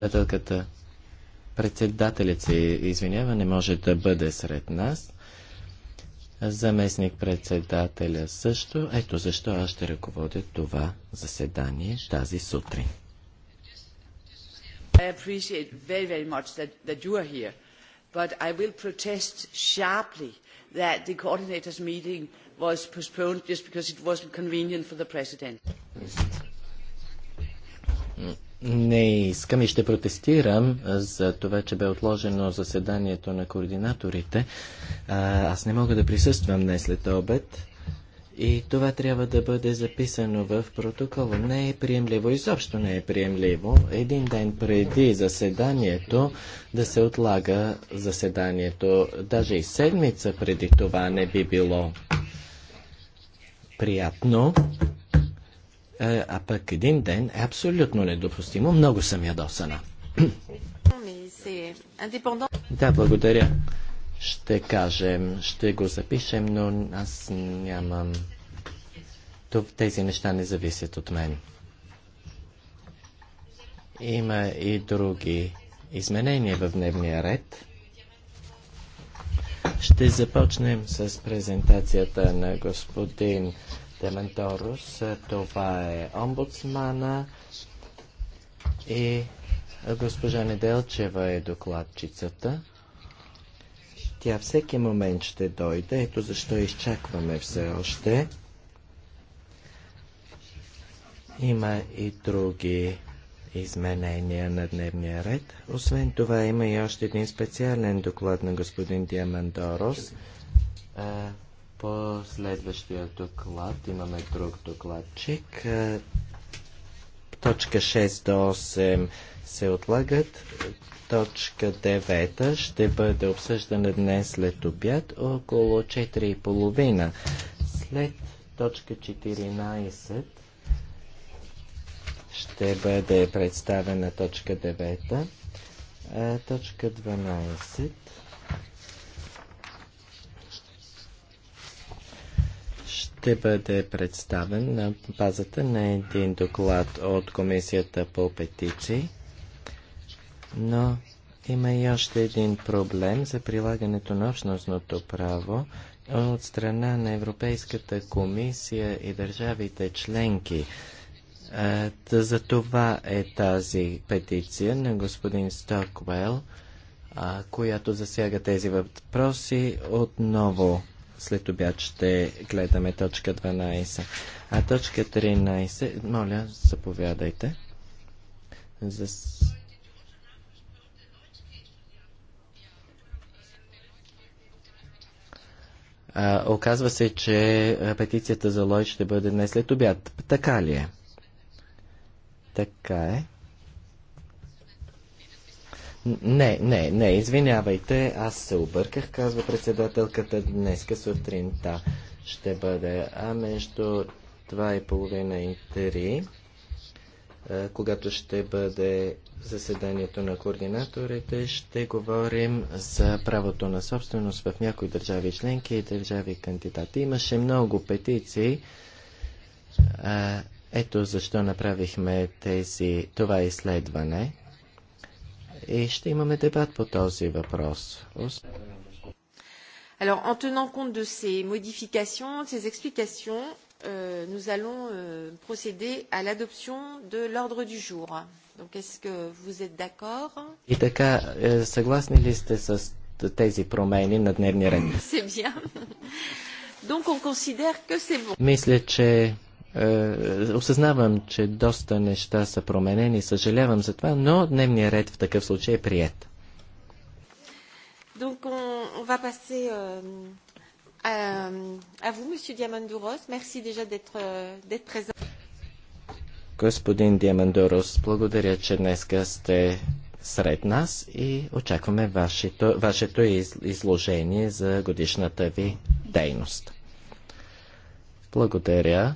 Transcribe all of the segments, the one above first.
Председателката, председателят се извинява, не може да бъде сред нас. Заместник председателя също. Ето защо аз ще ръководя това заседание тази сутрин. I appreciate very, very much that, that you are here, but I will protest sharply that the coordinators meeting was postponed just because it wasn't convenient for the president. Не искам и ще протестирам за това, че бе отложено заседанието на координаторите. Аз не мога да присъствам днес след обед. И това трябва да бъде записано в протокола. Не е приемливо, изобщо не е приемливо един ден преди заседанието да се отлага заседанието. Даже и седмица преди това не би било приятно. Е, а пък един ден е абсолютно недопустимо. Много съм ядосана. Да, благодаря. Ще кажем, ще го запишем, но аз нямам... Тези неща не зависят от мен. Има и други изменения в дневния ред. Ще започнем с презентацията на господин Деманторус, това е омбудсмана и госпожа Неделчева е докладчицата. Тя всеки момент ще дойде, ето защо изчакваме все още. Има и други изменения на дневния ред. Освен това има и още един специален доклад на господин Диамандорос по следващия доклад имаме друг докладчик. Е, точка 6 до 8 се отлагат. Точка 9 ще бъде обсъждана днес след обяд около 4.30. След точка 14 ще бъде представена точка 9. Е, точка 12 ще бъде представен на базата на един доклад от Комисията по петиции, но има и още един проблем за прилагането на общностното право от страна на Европейската комисия и държавите членки. За това е тази петиция на господин Стоквел, която засяга тези въпроси отново след обяд ще гледаме точка 12. А точка 13, моля, заповядайте. За... А, оказва се, че петицията за Лой ще бъде днес след обяд. Така ли е? Така е. Не, не, не, извинявайте, аз се обърках, казва председателката днеска сутринта. Ще бъде, а между 2 и половина и 3, когато ще бъде заседанието на координаторите, ще говорим за правото на собственост в някои държави членки и държави кандидати. Имаше много петиции. Ето защо направихме тези, това изследване и ще имаме дебат по този въпрос. Alors, en tenant compte de ces modifications, de ces explications, euh, nous allons euh, procéder à l'adoption de l'ordre du jour. Donc, est-ce que vous êtes d'accord C'est bien. Donc, on considère que c'est bon. Е, осъзнавам, че доста неща са променени, съжалявам за това, но дневният ред в такъв случай е прият. Donc on, va passer euh, à, à vous, Monsieur Diamandouros. Merci déjà d'être euh, présent. Господин Диамандорос, благодаря, че днес сте сред нас и очакваме вашето, вашето изложение за годишната ви дейност. Благодаря.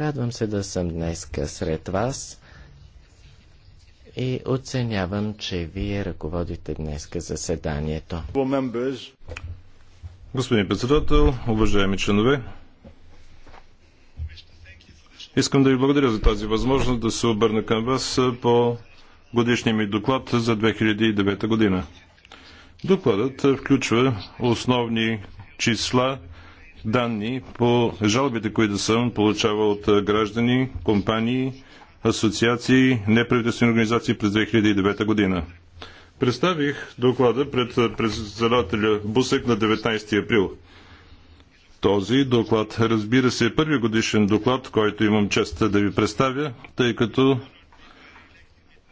Радвам се да съм днес сред вас и оценявам, че вие ръководите днес заседанието. Господин председател, уважаеми членове, искам да ви благодаря за тази възможност да се обърна към вас по годишния ми доклад за 2009 година. Докладът включва основни числа, данни по жалбите, които съм получавал от граждани, компании, асоциации, неправителствени организации през 2009 година. Представих доклада пред председателя Бусек на 19 април. Този доклад, разбира се, е първи годишен доклад, който имам честа да ви представя, тъй като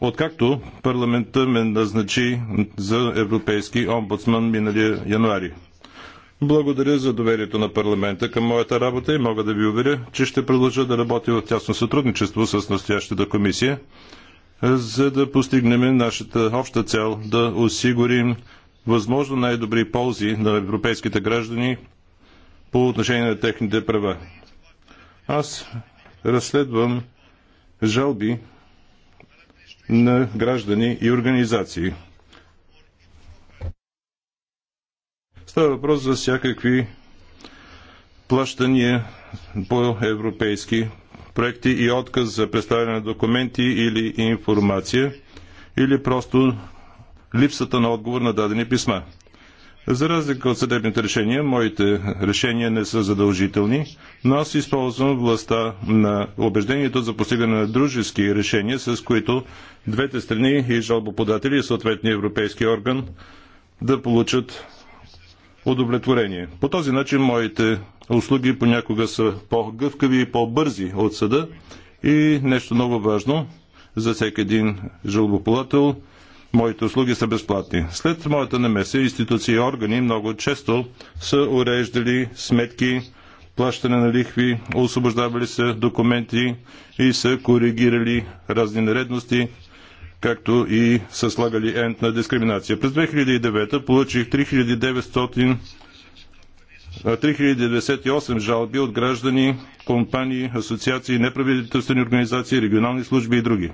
откакто парламента ме назначи за европейски омбудсман миналия януари. Благодаря за доверието на парламента към моята работа и мога да ви уверя, че ще продължа да работя в тясно сътрудничество с настоящата комисия, за да постигнем нашата обща цел да осигурим възможно най-добри ползи на европейските граждани по отношение на техните права. Аз разследвам жалби на граждани и организации – Става въпрос за всякакви плащания по европейски проекти и отказ за представяне на документи или информация или просто липсата на отговор на дадени писма. За разлика от съдебните решения, моите решения не са задължителни, но аз използвам властта на убеждението за постигане на дружески решения, с които двете страни и жалбоподатели и съответния европейски орган да получат удовлетворение. По този начин моите услуги понякога са по-гъвкави и по-бързи от съда и нещо много важно за всеки един жалбополател моите услуги са безплатни. След моята намеса институции и органи много често са уреждали сметки, плащане на лихви, освобождавали са документи и са коригирали разни наредности, както и са слагали енд на дискриминация. През 2009 получих 3900 3098 жалби от граждани, компании, асоциации, неправителствени организации, регионални служби и други.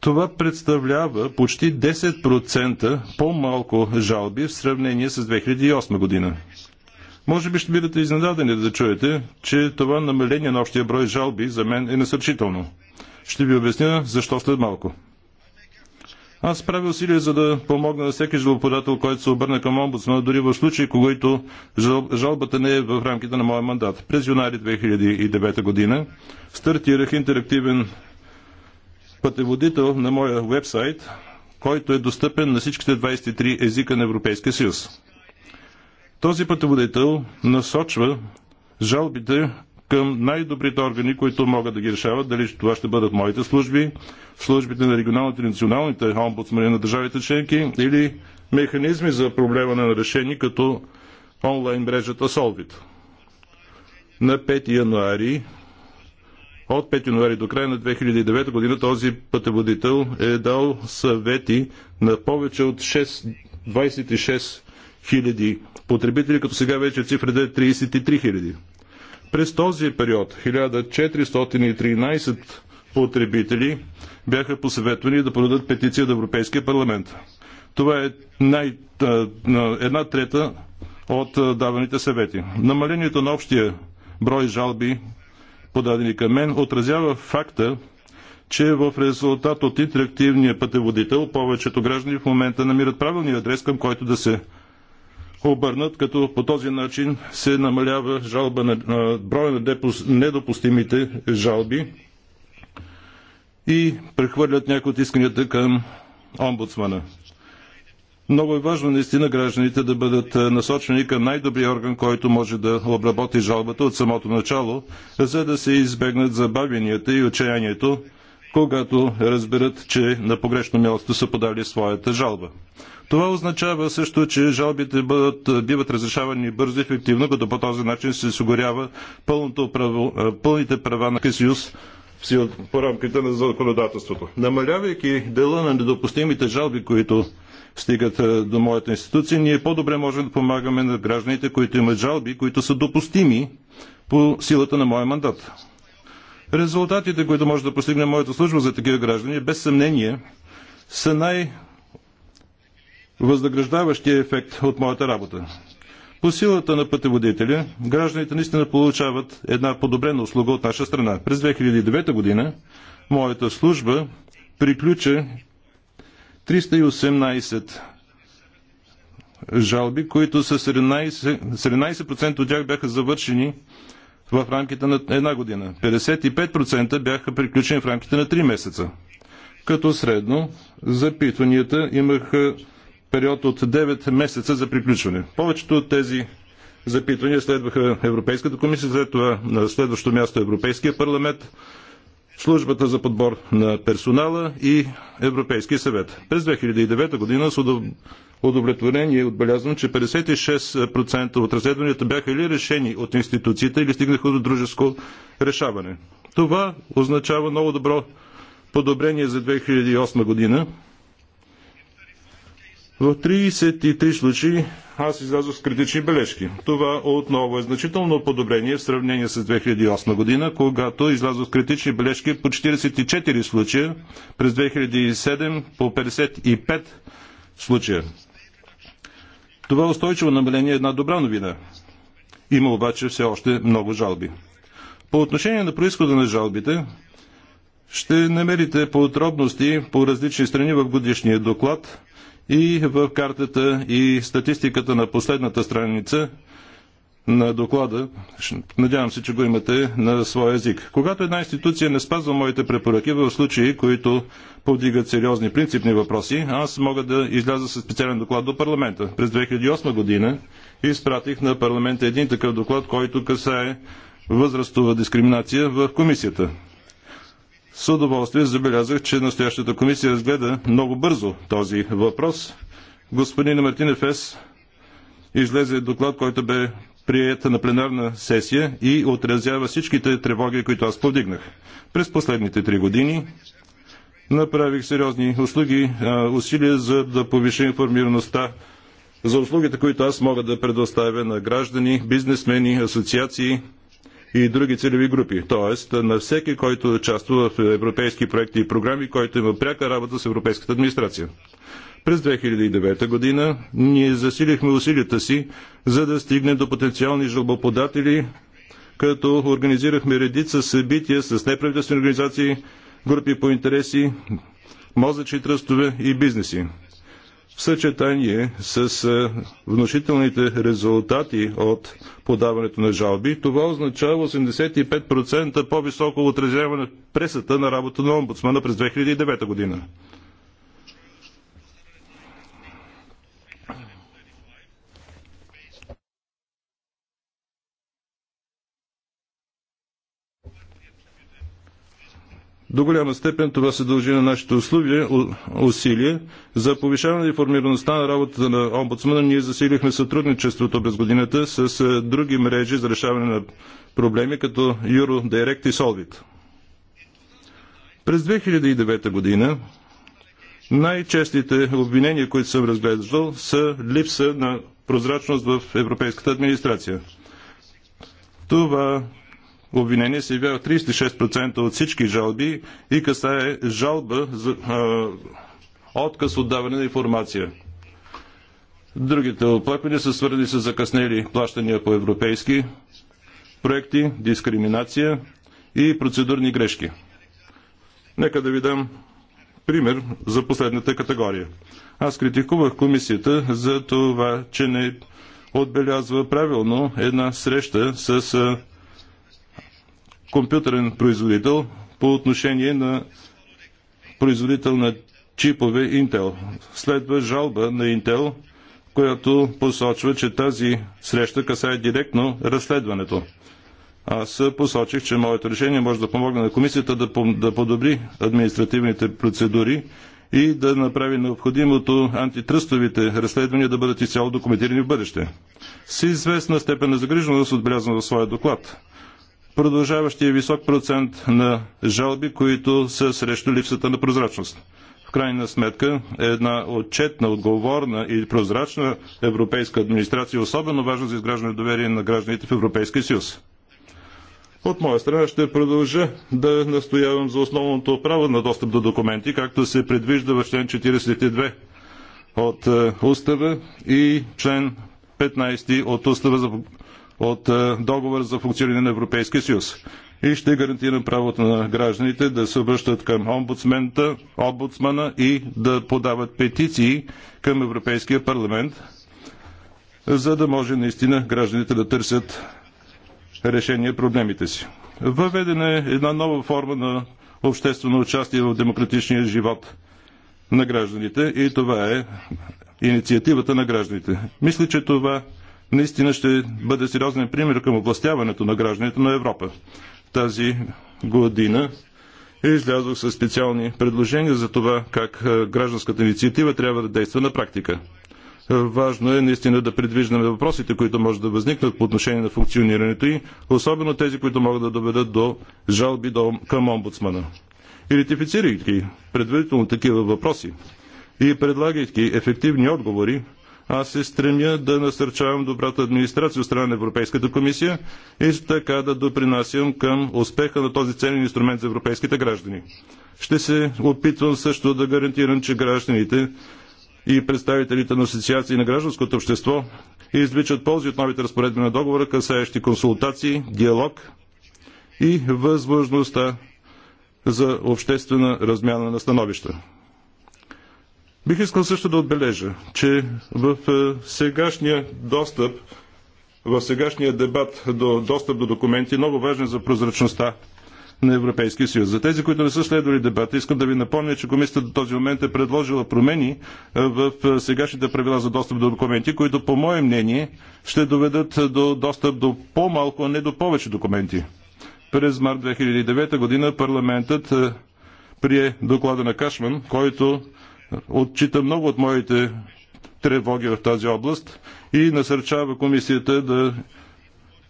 Това представлява почти 10% по-малко жалби в сравнение с 2008 година. Може би ще бъдете изненадани да чуете, че това намаление на общия брой жалби за мен е насърчително. Ще ви обясня защо след малко. Аз правя усилия за да помогна на всеки жалоподател, който се обърне към омбудсмана, дори в случай, когато жалбата не е в рамките на моя мандат. През юнари 2009 година стартирах интерактивен пътеводител на моя вебсайт, който е достъпен на всичките 23 езика на Европейския съюз. Този пътеводител насочва жалбите към най-добрите органи, които могат да ги решават. Дали това ще бъдат моите служби, службите на регионалните и националните омбудсмани на държавите членки или механизми за проблема на решени като онлайн мрежата Solvit. На 5 януари от 5 януари до края на 2009 година този пътеводител е дал съвети на повече от 6, 26 хиляди потребители, като сега вече цифрата е 33 хиляди. През този период 1413 потребители бяха посъветвани да подадат петиция до Европейския парламент. Това е най, една трета от даваните съвети. Намалението на общия брой жалби, подадени към мен, отразява факта, че в резултат от интерактивния пътеводител повечето граждани в момента намират правилния адрес, към който да се обърнат, като по този начин се намалява жалба на, на броя на недопустимите жалби и прехвърлят някои от исканията към омбудсмана. Много е важно наистина гражданите да бъдат насочени към най-добрия орган, който може да обработи жалбата от самото начало, за да се избегнат забавянията и отчаянието, когато разберат, че на погрешно място са подали своята жалба. Това означава също, че жалбите бъдат, биват разрешавани бързо и ефективно, като по този начин се осигурява пълните права на съюз по рамките на законодателството. Намалявайки дела на недопустимите жалби, които стигат до моята институция, ние по-добре можем да помагаме на гражданите, които имат жалби, които са допустими по силата на моя мандат. Резултатите, които може да постигне моята служба за такива граждани, без съмнение, са най- възнаграждаващия ефект от моята работа. По силата на пътеводителя, гражданите наистина получават една подобрена услуга от наша страна. През 2009 година моята служба приключи 318 жалби, които са 17%, 17% от тях бяха завършени в рамките на една година. 55% бяха приключени в рамките на 3 месеца. Като средно запитванията имаха период от 9 месеца за приключване. Повечето от тези запитвания следваха Европейската комисия, след това на следващо място Европейския парламент, Службата за подбор на персонала и Европейския съвет. През 2009 година с удовлетворение отбелязвам, че 56% от разследванията бяха или решени от институциите, или стигнаха до дружеско решаване. Това означава много добро подобрение за 2008 година, в 33 случаи аз излязох с критични бележки. Това отново е значително подобрение в сравнение с 2008 година, когато излязох с критични бележки по 44 случая, през 2007 по 55 случая. Това устойчиво намаление е една добра новина. Има обаче все още много жалби. По отношение на происхода на жалбите, ще намерите подробности по различни страни в годишния доклад – и в картата и статистиката на последната страница на доклада, надявам се, че го имате на своя език. Когато една институция не спазва моите препоръки в случаи, които повдигат сериозни принципни въпроси, аз мога да изляза със специален доклад до парламента. През 2008 година изпратих на парламента един такъв доклад, който касае възрастова дискриминация в комисията. С удоволствие забелязах, че настоящата комисия разгледа много бързо този въпрос. Господин Мартин Ефес излезе доклад, който бе прият на пленарна сесия и отразява всичките тревоги, които аз повдигнах. През последните три години направих сериозни услуги, усилия за да повиша информираността за услугите, които аз мога да предоставя на граждани, бизнесмени, асоциации – и други целеви групи. Тоест на всеки, който участва в европейски проекти и програми, който има пряка работа с европейската администрация. През 2009 година ние засилихме усилията си, за да стигнем до потенциални жалбоподатели, като организирахме редица събития с неправителствени организации, групи по интереси, мозъчни тръстове и бизнеси в съчетание с е, внушителните резултати от подаването на жалби, това означава 85% по-високо отразяване на пресата на работа на омбудсмана през 2009 година. До голяма степен това се дължи на нашите услуги, усилия. За повишаване на информираността на работата на омбудсмана ние засилихме сътрудничеството през годината с е, други мрежи за решаване на проблеми, като Eurodirect и Solvit. През 2009 година най-честите обвинения, които съм разглеждал, са липса на прозрачност в европейската администрация. Това Обвинение се явява 36% от всички жалби и касае жалба за а, отказ от даване на информация. Другите оплаквания са свързани с закъснели плащания по европейски проекти, дискриминация и процедурни грешки. Нека да ви дам пример за последната категория. Аз критикувах комисията за това, че не отбелязва правилно една среща с компютърен производител по отношение на производител на чипове Intel. Следва жалба на Intel, която посочва, че тази среща касае директно разследването. Аз посочих, че моето решение може да помогне на комисията да, да подобри административните процедури и да направи необходимото антитръстовите разследвания да бъдат изцяло документирани в бъдеще. С известна степен на загриженост отбелязвам в своя доклад, продължаващия висок процент на жалби, които са срещу липсата на прозрачност. В крайна сметка е една отчетна, отговорна и прозрачна европейска администрация, е особено важна за изграждане на доверие на гражданите в Европейския съюз. От моя страна ще продължа да настоявам за основното право на достъп до документи, както се предвижда в член 42 от е, Устава и член 15 от Устава за от е, договор за функциониране на Европейския съюз и ще гарантирам правото на гражданите да се обръщат към омбудсмента, омбудсмана и да подават петиции към Европейския парламент, за да може наистина гражданите да търсят решение проблемите си. Въведена е една нова форма на обществено участие в демократичния живот на гражданите и това е инициативата на гражданите. Мисля, че това наистина ще бъде сериозен пример към областяването на гражданите на Европа. Тази година е излязох със специални предложения за това как е, гражданската инициатива трябва да действа на практика. Е, важно е наистина да предвиждаме въпросите, които може да възникнат по отношение на функционирането и особено тези, които могат да доведат до жалби до, към омбудсмана. ретифицирайки предварително такива въпроси и предлагайки ефективни отговори, аз се стремя да насърчавам добрата администрация от страна на Европейската комисия и така да допринасям към успеха на този ценен инструмент за европейските граждани. Ще се опитвам също да гарантирам, че гражданите и представителите на асоциации на гражданското общество извличат ползи от новите разпоредби на договора, касаещи консултации, диалог и възможността за обществена размяна на становища. Бих искал също да отбележа, че в е, сегашния достъп, в сегашния дебат до достъп до документи е много важен за прозрачността на Европейския съюз. За тези, които не са следвали дебата, искам да ви напомня, че комисията до този момент е предложила промени е, в е, сегашните правила за достъп до документи, които по мое мнение ще доведат до достъп до по-малко, а не до повече документи. През март 2009 година парламентът прие доклада на Кашман, който отчита много от моите тревоги в тази област и насърчава комисията да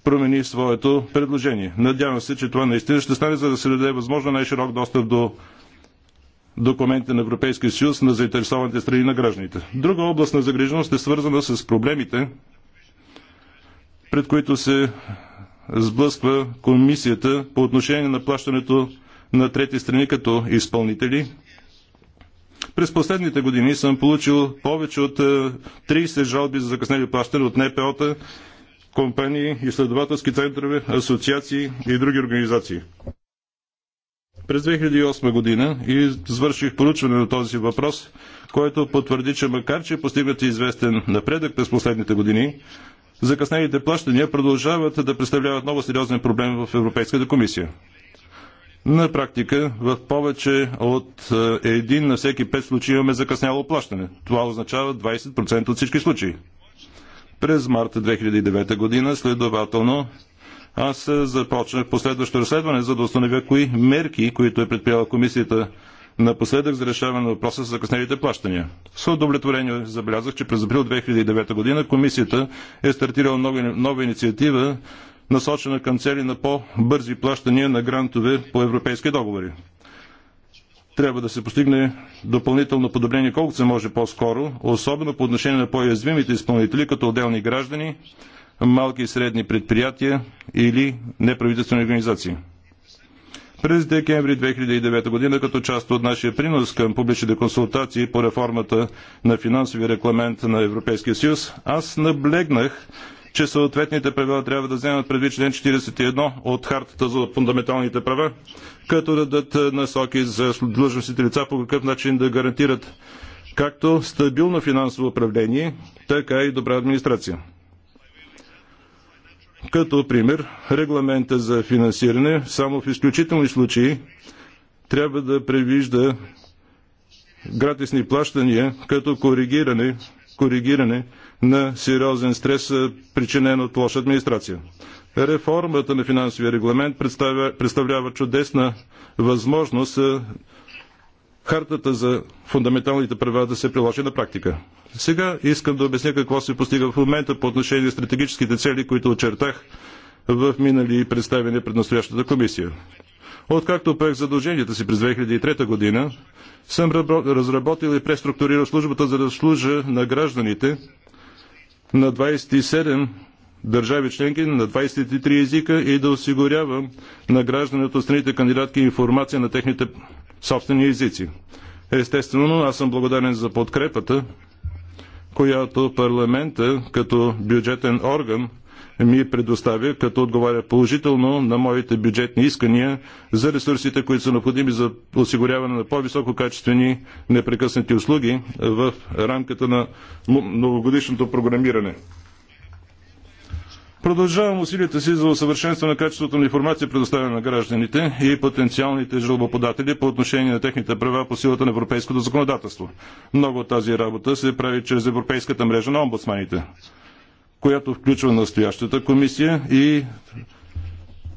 промени своето предложение. Надявам се, че това наистина ще стане, за да се даде възможно най-широк достъп до документите на Европейския съюз на заинтересованите страни на гражданите. Друга област на загриженост е свързана с проблемите, пред които се сблъсква комисията по отношение на плащането на трети страни като изпълнители – през последните години съм получил повече от 30 е, жалби за закъснели плащания от НПО-та, компании, изследователски центрове, асоциации и други организации. През 2008 година извърших поручване на този въпрос, който потвърди, че макар че е постигнат известен напредък през последните години, закъснелите плащания продължават да представляват много сериозен проблем в Европейската комисия. На практика в повече от е, един на всеки пет случаи имаме закъсняло плащане. Това означава 20% от всички случаи. През март 2009 година, следователно, аз е, започнах последващо разследване, за да установя кои мерки, които е предприела комисията напоследък за решаване на въпроса с закъснелите плащания. С удовлетворение забелязах, че през април 2009 година комисията е стартирала нова, нова инициатива насочена към цели на по-бързи плащания на грантове по европейски договори. Трябва да се постигне допълнително подобрение колкото се може по-скоро, особено по отношение на по-язвимите изпълнители, като отделни граждани, малки и средни предприятия или неправителствени организации. През декември 2009 година, като част от нашия принос към публичните консултации по реформата на финансовия регламент на Европейския съюз, аз наблегнах че съответните правила трябва да вземат предвид член 41 от Хартата за фундаменталните права, като да дадат е, насоки за длъжностите лица по какъв начин да гарантират както стабилно финансово управление, така и добра администрация. Като пример, регламента за финансиране само в изключителни случаи трябва да превижда гратисни плащания като коригиране, коригиране на сериозен стрес, е, причинен от лоша администрация. Реформата на финансовия регламент представя, представлява чудесна възможност е, хартата за фундаменталните права да се приложи на практика. Сега искам да обясня какво се постига в момента по отношение на стратегическите цели, които очертах в минали представени пред настоящата комисия. Откакто поех задълженията си през 2003 година, съм разработил и преструктурирал службата, за да служа на гражданите на 27 държави членки на 23 езика и да осигурява на гражданите от страните кандидатки информация на техните собствени езици. Естествено, аз съм благодарен за подкрепата, която парламента като бюджетен орган ми предоставя, като отговаря положително на моите бюджетни искания за ресурсите, които са необходими за осигуряване на по-високо качествени непрекъснати услуги в рамката на многогодишното програмиране. Продължавам усилията си за усъвършенство на качеството на информация, предоставена на гражданите и потенциалните жалбоподатели по отношение на техните права по силата на европейското законодателство. Много от тази работа се прави чрез Европейската мрежа на омбудсманите която включва настоящата комисия и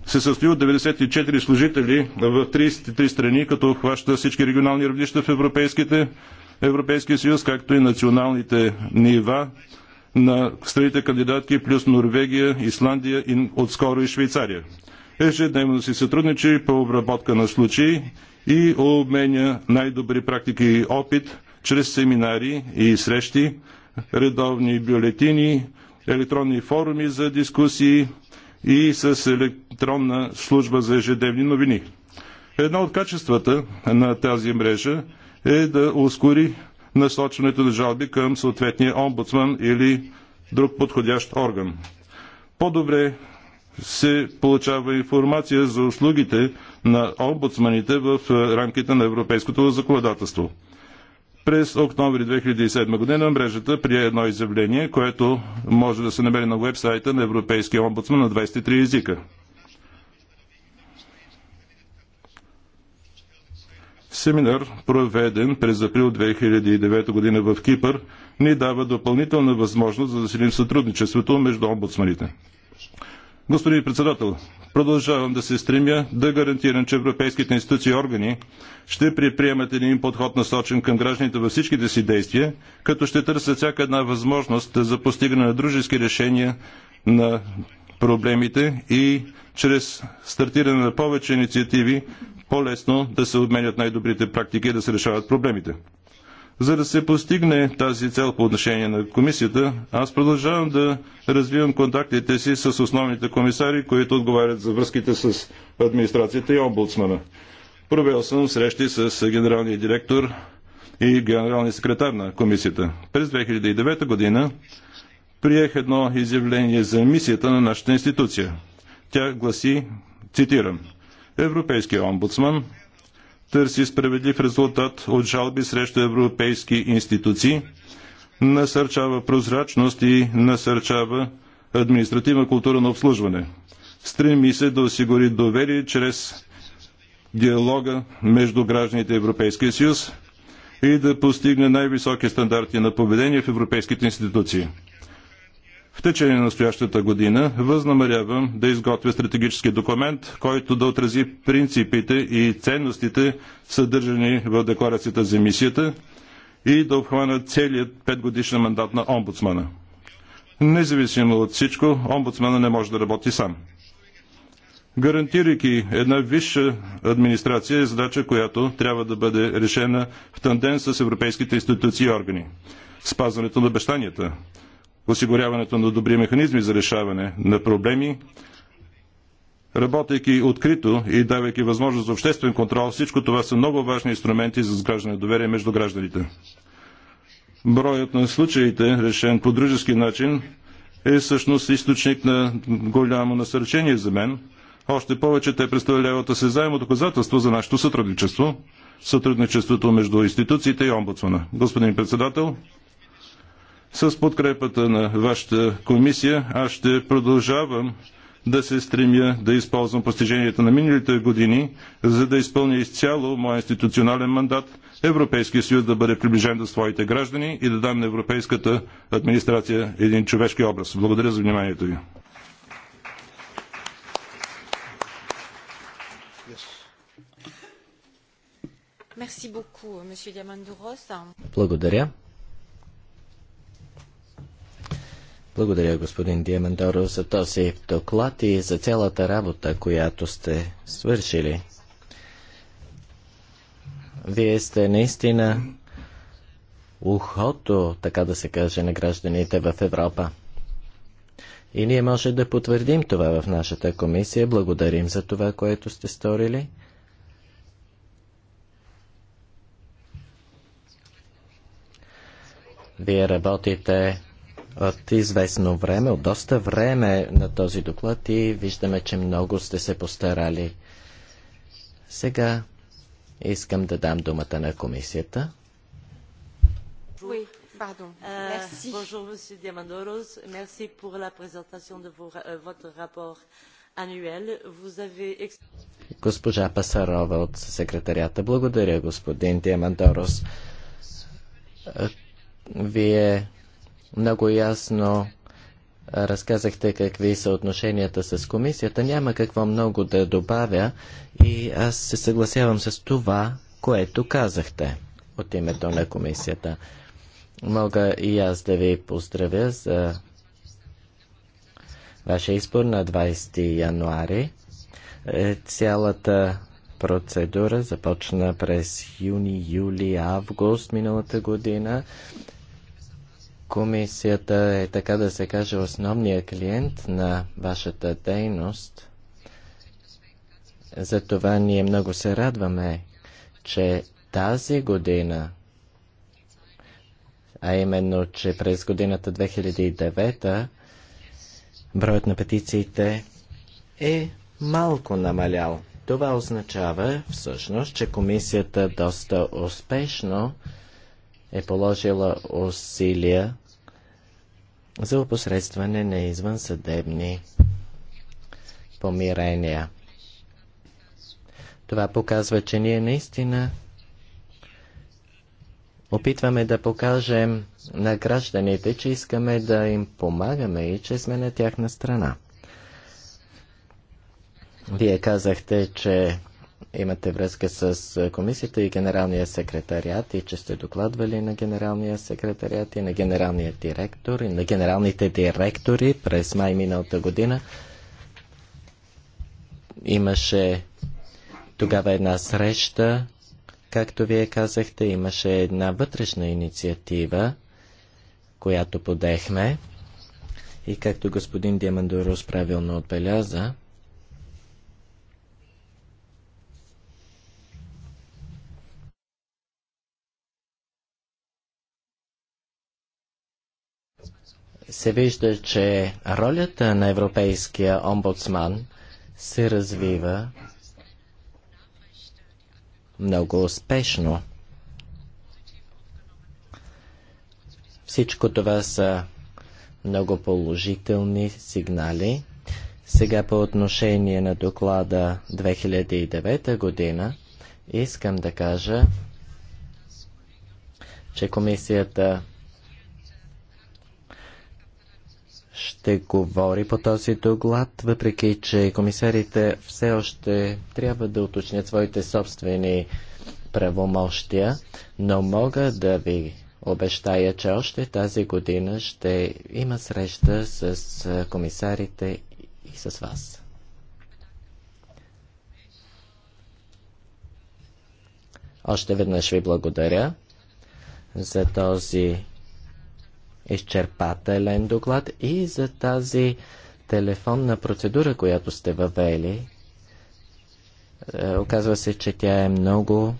се състои от 94 служители в 33 страни, като обхваща всички регионални равнища в Европейските, Европейския съюз, както и националните нива на страните кандидатки, плюс Норвегия, Исландия и отскоро и Швейцария. Ежедневно си сътрудничи по обработка на случаи и обменя най-добри практики и опит чрез семинари и срещи, редовни бюлетини, електронни форуми за дискусии и с електронна служба за ежедневни новини. Едно от качествата на тази мрежа е да ускори насочването на жалби към съответния омбудсман или друг подходящ орган. По-добре се получава информация за услугите на омбудсманите в рамките на европейското законодателство. През октомври 2007 година мрежата прие едно изявление, което може да се намери на вебсайта на Европейския омбудсман на 23 езика. Семинар, проведен през април 2009 година в Кипър, ни дава допълнителна възможност да засилим сътрудничеството между омбудсманите. Господин председател, продължавам да се стремя да гарантирам, че европейските институции и органи ще предприемат един подход насочен към гражданите във всичките си действия, като ще търсят всяка една възможност за постигане на дружески решения на проблемите и чрез стартиране на повече инициативи по-лесно да се обменят най-добрите практики и да се решават проблемите. За да се постигне тази цел по отношение на комисията, аз продължавам да развивам контактите си с основните комисари, които отговарят за връзките с администрацията и омбудсмана. Провел съм срещи с генералния директор и генералния секретар на комисията. През 2009 година приех едно изявление за мисията на нашата институция. Тя гласи, цитирам, Европейския омбудсман търси справедлив резултат от жалби срещу европейски институции, насърчава прозрачност и насърчава административна култура на обслужване. Стреми се да осигури доверие чрез диалога между гражданите Европейския съюз и да постигне най-високи стандарти на поведение в европейските институции. В течение на настоящата година възнамерявам да изготвя стратегически документ, който да отрази принципите и ценностите, съдържани в декларацията за мисията и да обхвана целият петгодишен мандат на омбудсмана. Независимо от всичко, омбудсмана не може да работи сам. Гарантирайки една висша администрация е задача, която трябва да бъде решена в тандем с европейските институции и органи. Спазването на обещанията, осигуряването на добри механизми за решаване на проблеми, работейки открито и давайки възможност за обществен контрол, всичко това са много важни инструменти за сграждане на доверие между гражданите. Броят на случаите, решен по дружески начин, е всъщност източник на голямо насърчение за мен. Още повече те представляват осезаемо доказателство за нашето сътрудничество, сътрудничеството между институциите и омбудсмана. Господин председател, с подкрепата на вашата комисия аз ще продължавам да се стремя да използвам постиженията на миналите години, за да изпълня изцяло моя институционален мандат, Европейския съюз да бъде приближен до своите граждани и да дам на европейската администрация един човешки образ. Благодаря за вниманието ви. Благодаря. Благодаря, господин Диамандоро, за този доклад и за цялата работа, която сте свършили. Вие сте наистина ухото, така да се каже, на гражданите в Европа. И ние може да потвърдим това в нашата комисия. Благодарим за това, което сте сторили. Вие работите от известно време, от доста време на този доклад и виждаме, че много сте се постарали. Сега искам да дам думата на комисията. Euh, euh, Госпожа Пасарова от секретарията. Благодаря, господин Диамандорос. Вие много ясно разказахте какви са отношенията с комисията. Няма какво много да добавя и аз се съгласявам с това, което казахте от името на комисията. Мога и аз да ви поздравя за вашия избор на 20 януари. Е, цялата процедура започна през юни, юли, август миналата година. Комисията е, така да се каже, основният клиент на вашата дейност. Затова ние много се радваме, че тази година, а именно, че през годината 2009 броят на петициите е малко намалял. Това означава всъщност, че комисията доста успешно е положила усилия за опосредстване на извънсъдебни помирения. Това показва, че ние наистина опитваме да покажем на гражданите, че искаме да им помагаме и че сме на тяхна страна. Вие казахте, че имате връзка с комисията и генералния секретариат и че сте докладвали на генералния секретариат и на генералния директор и на генералните директори през май миналата година. Имаше тогава една среща, както вие казахте, имаше една вътрешна инициатива, която подехме. И както господин Диамандорос правилно отбеляза, се вижда, че ролята на Европейския омбудсман се развива много успешно. Всичко това са много положителни сигнали. Сега по отношение на доклада 2009 година искам да кажа, че комисията ще говори по този доклад, въпреки че комисарите все още трябва да уточнят своите собствени правомощия, но мога да ви обещая, че още тази година ще има среща с комисарите и с вас. Още веднъж ви благодаря за този изчерпателен доклад и за тази телефонна процедура, която сте въвели. Е, оказва се, че тя е много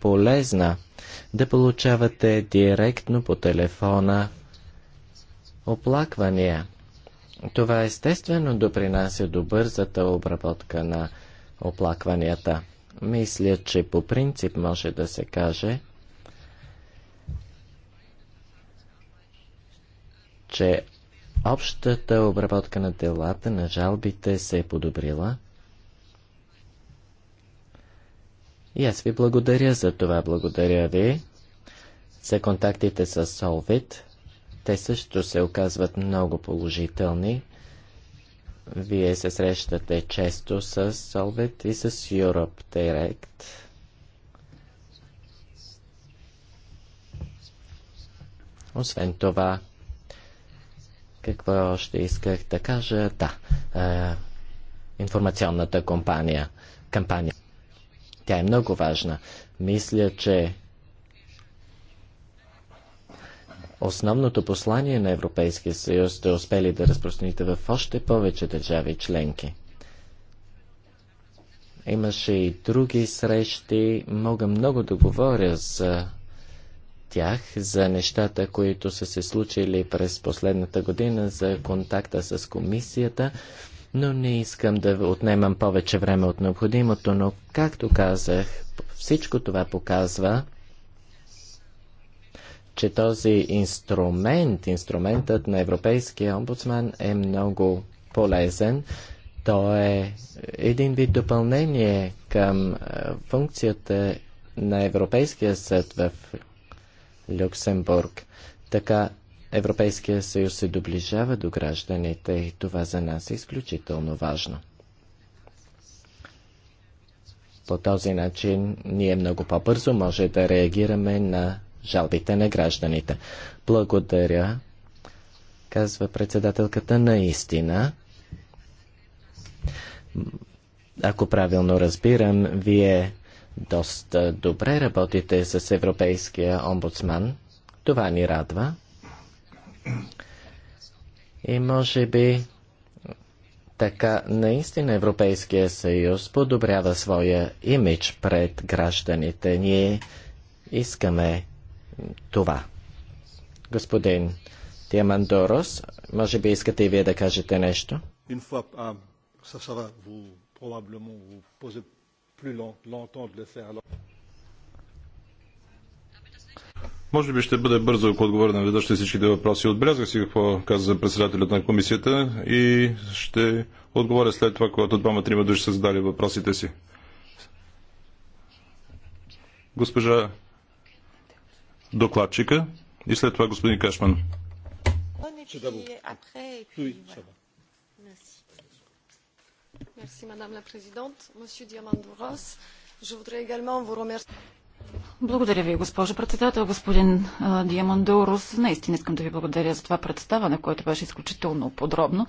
полезна да получавате директно по телефона оплаквания. Това естествено допринася до бързата обработка на оплакванията. Мисля, че по принцип може да се каже, че общата обработка на делата, на жалбите се е подобрила. И аз ви благодаря за това. Благодаря ви за контактите с Солвит. Те също се оказват много положителни. Вие се срещате често с Solvit и с Europe Direct. Освен това, какво още исках да кажа? Да. Е, информационната компания, кампания. Тя е много важна. Мисля, че основното послание на Европейския съюз сте успели да разпространите в още повече държави членки. Имаше и други срещи. Мога много да говоря за тях за нещата, които са се случили през последната година, за контакта с комисията, но не искам да отнемам повече време от необходимото, но както казах, всичко това показва, че този инструмент, инструментът на Европейския омбудсман е много полезен. То е един вид допълнение към функцията на Европейския съд в Люксембург. Така Европейския съюз се доближава до гражданите и това за нас е изключително важно. По този начин ние много по-бързо може да реагираме на жалбите на гражданите. Благодаря, казва председателката, наистина. Ако правилно разбирам, вие доста добре работите с Европейския омбудсман. Това ни радва. И може би така наистина Европейския съюз подобрява своя имидж пред гражданите. Ние искаме това. Господин Диамандорос, може би искате и вие да кажете нещо? plus long, longtemps de le faire. Alors... Може би ще бъде бързо, ако отговоря на веднъж всичките въпроси. Отбелязах си какво каза председателят на комисията и ще отговоря след това, когато двама-трима души са задали въпросите си. Госпожа докладчика и след това господин Кашман. Oui, ça va. Madame la Présidente. Monsieur Diamandouros, je voudrais également vous remercier. Благодаря ви, госпожо председател. Господин Диамандорус, наистина искам да ви благодаря за това представане, което беше изключително подробно.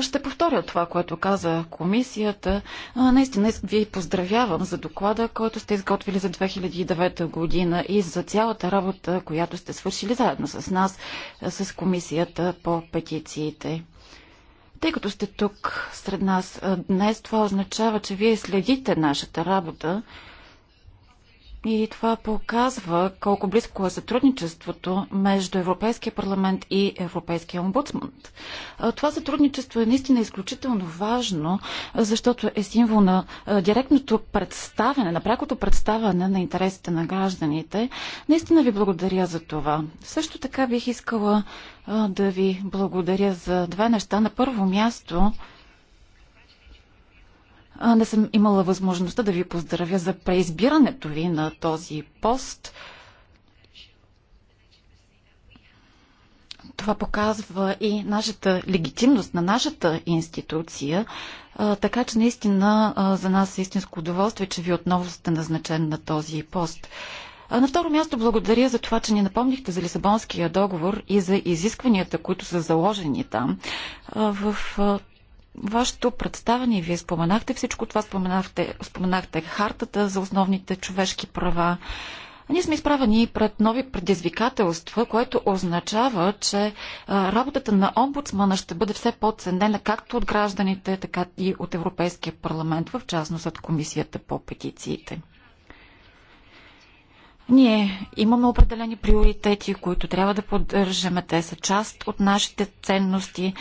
Ще повторя това, което каза комисията. Наистина ви поздравявам за доклада, който сте изготвили за 2009 година и за цялата работа, която сте свършили заедно с нас, с комисията по петициите. Тъй като сте тук сред нас днес, това означава, че вие следите нашата работа и това показва колко близко е сътрудничеството между Европейския парламент и Европейския омбудсман. Това сътрудничество е наистина изключително важно, защото е символ на директното представяне, на прякото представяне на интересите на гражданите. Наистина ви благодаря за това. Също така бих искала да ви благодаря за две неща. На първо място, не съм имала възможността да ви поздравя за преизбирането ви на този пост. Това показва и нашата легитимност на нашата институция, така че наистина за нас е истинско удоволствие, че ви отново сте назначен на този пост. На второ място благодаря за това, че ни напомнихте за Лисабонския договор и за изискванията, които са заложени там. В вашето представяне, вие споменахте всичко това, споменахте, споменахте хартата за основните човешки права. ние сме изправени пред нови предизвикателства, което означава, че работата на омбудсмана ще бъде все по-ценена както от гражданите, така и от Европейския парламент, в частност от Комисията по петициите. Ние имаме определени приоритети, които трябва да поддържаме. Те са част от нашите ценности.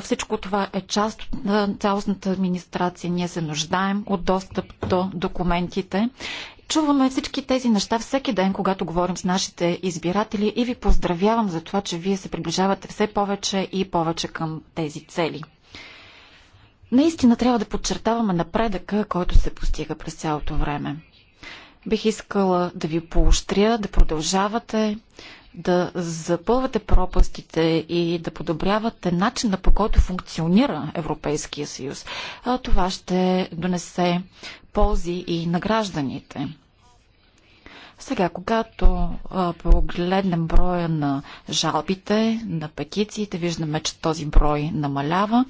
Всичко това е част от цялостната администрация. Ние се нуждаем от достъп до документите. Чуваме всички тези неща всеки ден, когато говорим с нашите избиратели и ви поздравявам за това, че вие се приближавате все повече и повече към тези цели. Наистина трябва да подчертаваме напредъка, който се постига през цялото време. Бих искала да ви поощря, да продължавате да запълвате пропастите и да подобрявате начина по който функционира Европейския съюз. А това ще донесе ползи и на гражданите. Сега, когато а, погледнем броя на жалбите, на петициите, виждаме, че този брой намалява.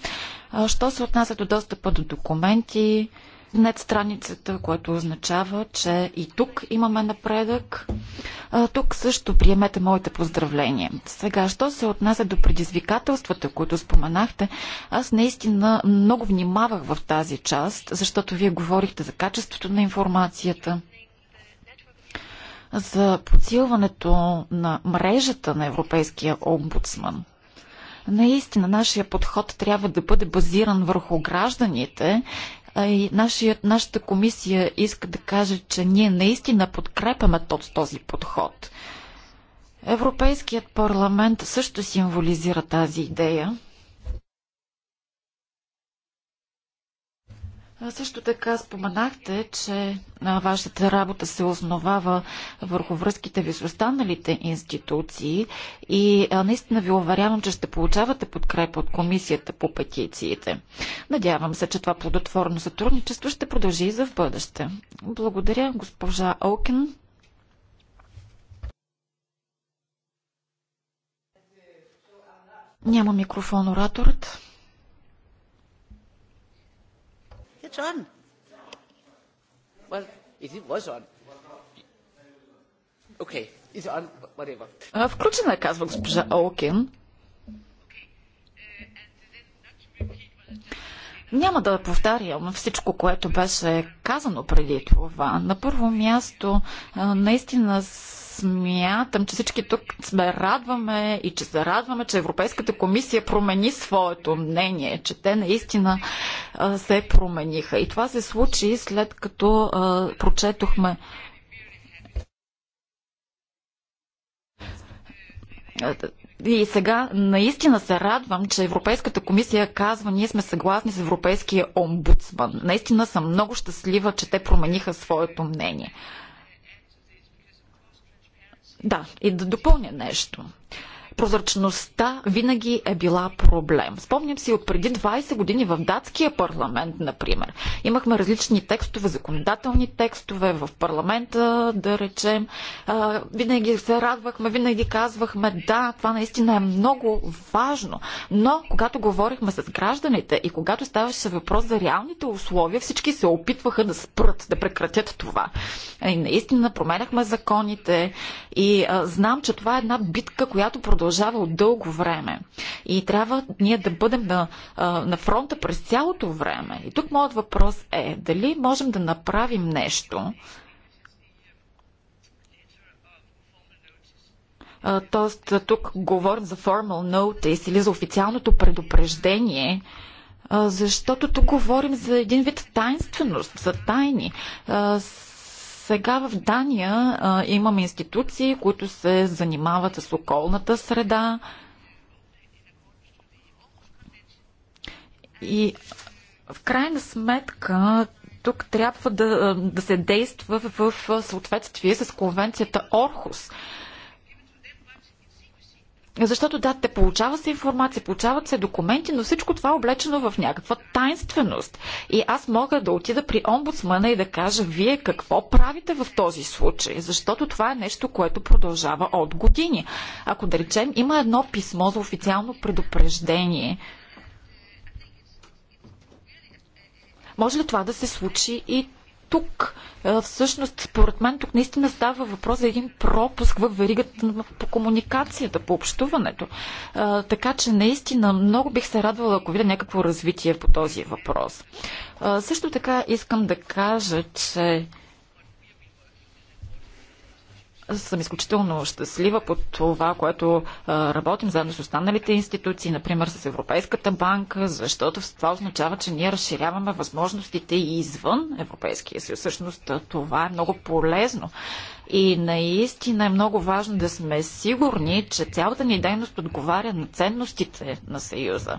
А, що се отнася до достъпа до документи, нет страницата, което означава, че и тук имаме напредък. А, тук също приемете моите поздравления. Сега, що се отнася до предизвикателствата, които споменахте, аз наистина много внимавах в тази част, защото вие говорихте за качеството на информацията, за подсилването на мрежата на Европейския омбудсман. Наистина, нашия подход трябва да бъде базиран върху гражданите и нашия, нашата комисия иска да каже, че ние наистина подкрепяме този подход. Европейският парламент също символизира тази идея. Също така споменахте, че вашата работа се основава върху връзките ви с останалите институции и наистина ви уверявам, че ще получавате подкрепа от комисията по петициите. Надявам се, че това плодотворно сътрудничество ще продължи и за в бъдеще. Благодаря, госпожа Окен. Няма микрофон ораторът. it's on. Well, if it was on. Okay, it's on, whatever. Включена е, казва госпожа Олкин. Няма да повтарям всичко, което беше казано преди това. На първо място, наистина Смятам, че всички тук сме радваме и че се радваме, че Европейската комисия промени своето мнение, че те наистина се промениха. И това се случи след като прочетохме И сега наистина се радвам, че Европейската комисия казва, ние сме съгласни с Европейския омбудсман. Наистина съм много щастлива, че те промениха своето мнение. Да, и да допълня нещо прозрачността винаги е била проблем. Спомням си от преди 20 години в датския парламент, например. Имахме различни текстове, законодателни текстове в парламента, да речем. Винаги се радвахме, винаги казвахме, да, това наистина е много важно. Но когато говорихме с гражданите и когато ставаше въпрос за реалните условия, всички се опитваха да спрат, да прекратят това. И наистина променяхме законите и а, знам, че това е една битка, която продължава продължава от дълго време. И трябва ние да бъдем на, на фронта през цялото време. И тук моят въпрос е, дали можем да направим нещо, Т.е. тук говорим за formal notice или за официалното предупреждение, защото тук говорим за един вид тайнственост, за тайни. Сега в Дания а, имам институции, които се занимават с околната среда. И в крайна сметка тук трябва да, да се действа в съответствие с конвенцията Орхус. Защото да, те получава се информация, получават се документи, но всичко това е облечено в някаква тайнственост. И аз мога да отида при омбудсмана и да кажа, вие какво правите в този случай? Защото това е нещо, което продължава от години. Ако да речем, има едно писмо за официално предупреждение, може ли това да се случи и тук, всъщност, според мен, тук наистина става въпрос за един пропуск в веригата по комуникацията, по общуването. Така че, наистина, много бих се радвала, ако видя някакво развитие по този въпрос. Също така искам да кажа, че съм изключително щастлива под това, което работим заедно с останалите институции, например с Европейската банка, защото това означава, че ние разширяваме възможностите и извън Европейския съюз. Всъщност това е много полезно. И наистина е много важно да сме сигурни, че цялата ни дейност отговаря на ценностите на Съюза.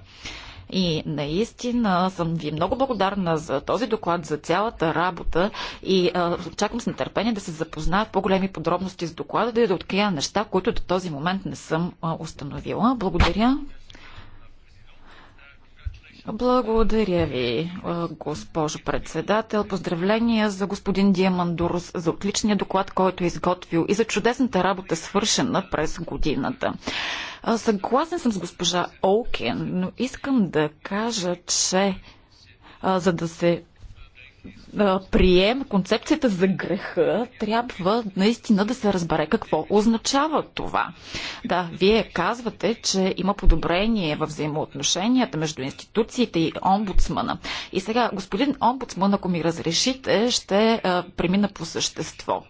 И наистина съм ви много благодарна за този доклад, за цялата работа и очаквам с нетърпение да се запозная в по-големи подробности с доклада, да и да открия неща, които до този момент не съм установила. Благодаря. Благодаря ви, госпожо председател. Поздравления за господин Диамандурус за отличния доклад, който е изготвил и за чудесната работа, свършена през годината. Съгласен съм с госпожа Олкен, но искам да кажа, че за да се прием концепцията за греха, трябва наистина да се разбере какво означава това. Да, вие казвате, че има подобрение в взаимоотношенията между институциите и омбудсмана. И сега, господин омбудсман, ако ми разрешите, ще премина по същество.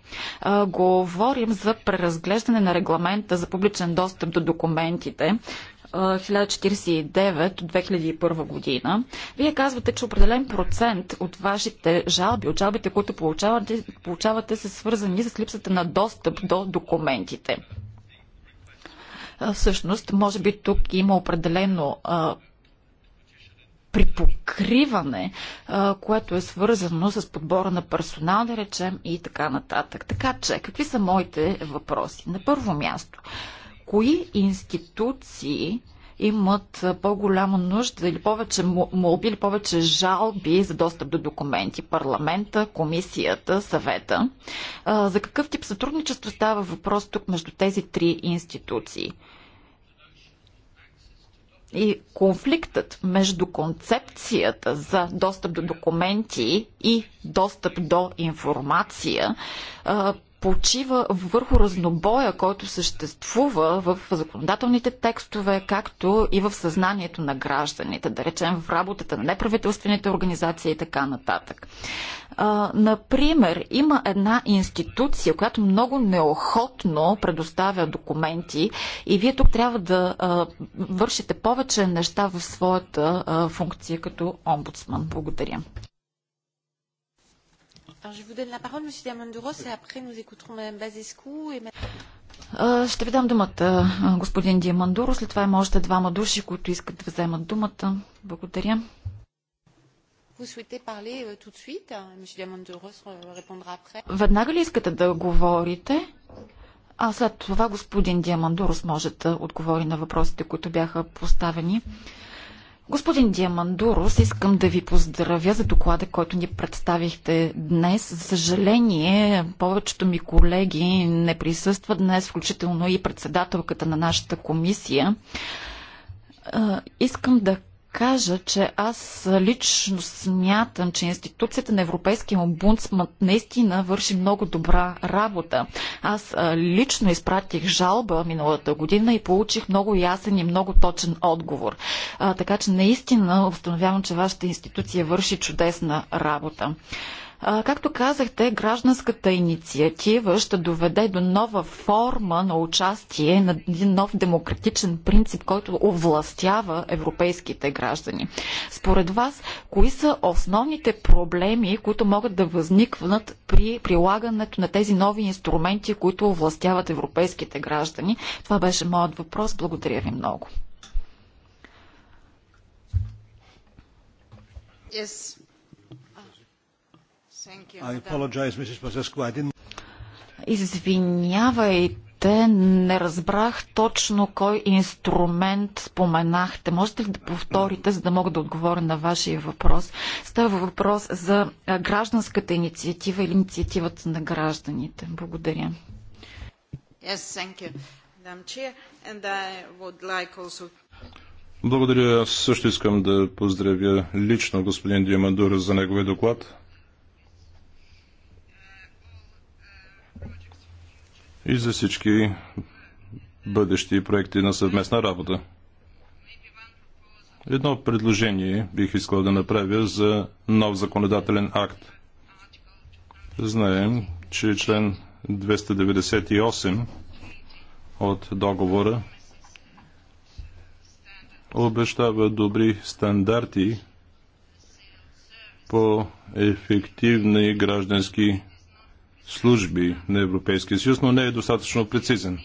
говорим за преразглеждане на регламента за публичен достъп до документите, 1049 от 2001 година. Вие казвате, че определен процент от вашите жалби, от жалбите, които получавате, получавате са свързани с липсата на достъп до документите. Всъщност, може би тук има определено припокриване, което е свързано с подбора на персонал, да речем, и така нататък. Така че, какви са моите въпроси? На първо място, кои институции имат по-голяма нужда или повече молби или повече жалби за достъп до документи? Парламента, комисията, съвета. За какъв тип сътрудничество става въпрос тук между тези три институции? И конфликтът между концепцията за достъп до документи и достъп до информация почива върху разнобоя, който съществува в законодателните текстове, както и в съзнанието на гражданите, да речем в работата на неправителствените организации и така нататък. А, например, има една институция, която много неохотно предоставя документи и вие тук трябва да а, вършите повече неща в своята а, функция като омбудсман. Благодаря. Ще ви дам думата, е, господин Диамандуро. След това има още двама души, които искат да вземат думата. Благодаря. Euh, euh, Веднага ли искате да говорите? А след това господин Диамандурос може да отговори на въпросите, които бяха поставени. Господин Диамандурос, искам да ви поздравя за доклада, който ни представихте днес. За съжаление, повечето ми колеги не присъстват днес, включително и председателката на нашата комисия. Искам да кажа, че аз лично смятам, че институцията на Европейския омбудсман наистина върши много добра работа. Аз лично изпратих жалба миналата година и получих много ясен и много точен отговор. А, така че наистина установявам, че вашата институция върши чудесна работа както казахте, гражданската инициатива ще доведе до нова форма на участие на един нов демократичен принцип, който овластява европейските граждани. Според вас, кои са основните проблеми, които могат да възникнат при прилагането на тези нови инструменти, които овластяват европейските граждани? Това беше моят въпрос. Благодаря ви много. Yes. Извинявайте, не разбрах точно кой инструмент споменахте. Можете ли да повторите, за да мога да отговоря на вашия въпрос? Става въпрос за гражданската инициатива или инициативата на гражданите. Благодаря. Yes, благодаря. Аз също искам да поздравя лично господин Диамандура за неговия доклад. и за всички бъдещи проекти на съвместна работа. Едно предложение бих искал да направя за нов законодателен акт. Знаем, че член 298 от договора обещава добри стандарти по ефективни граждански служби на Европейския съюз, но не е достатъчно прецизен.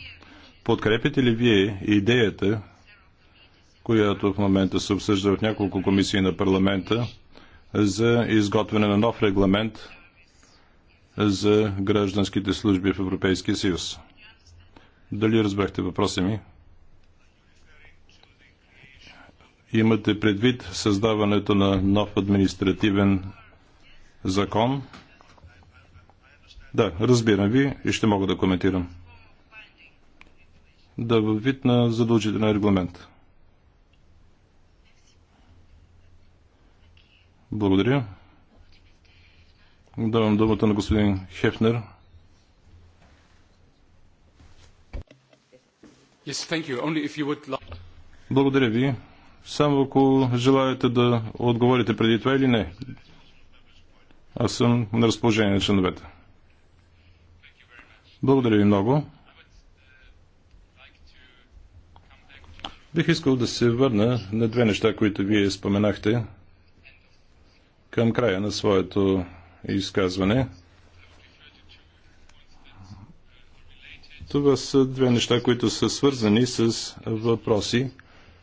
Подкрепите ли вие идеята, която в момента се обсъжда в няколко комисии на парламента, за изготвяне на нов регламент за гражданските служби в Европейския съюз? Дали разбрахте въпроса ми? Имате предвид създаването на нов административен закон – да, разбирам ви и ще мога да коментирам. Да, във вид на задължителен регламент. Благодаря. Давам думата на господин Хефнер. Yes, would... Благодаря ви. Само ако желаете да отговорите преди това или не. Аз съм на разположение на членовете. Благодаря ви много. Бих искал да се върна на две неща, които вие споменахте към края на своето изказване. Това са две неща, които са свързани с въпроси,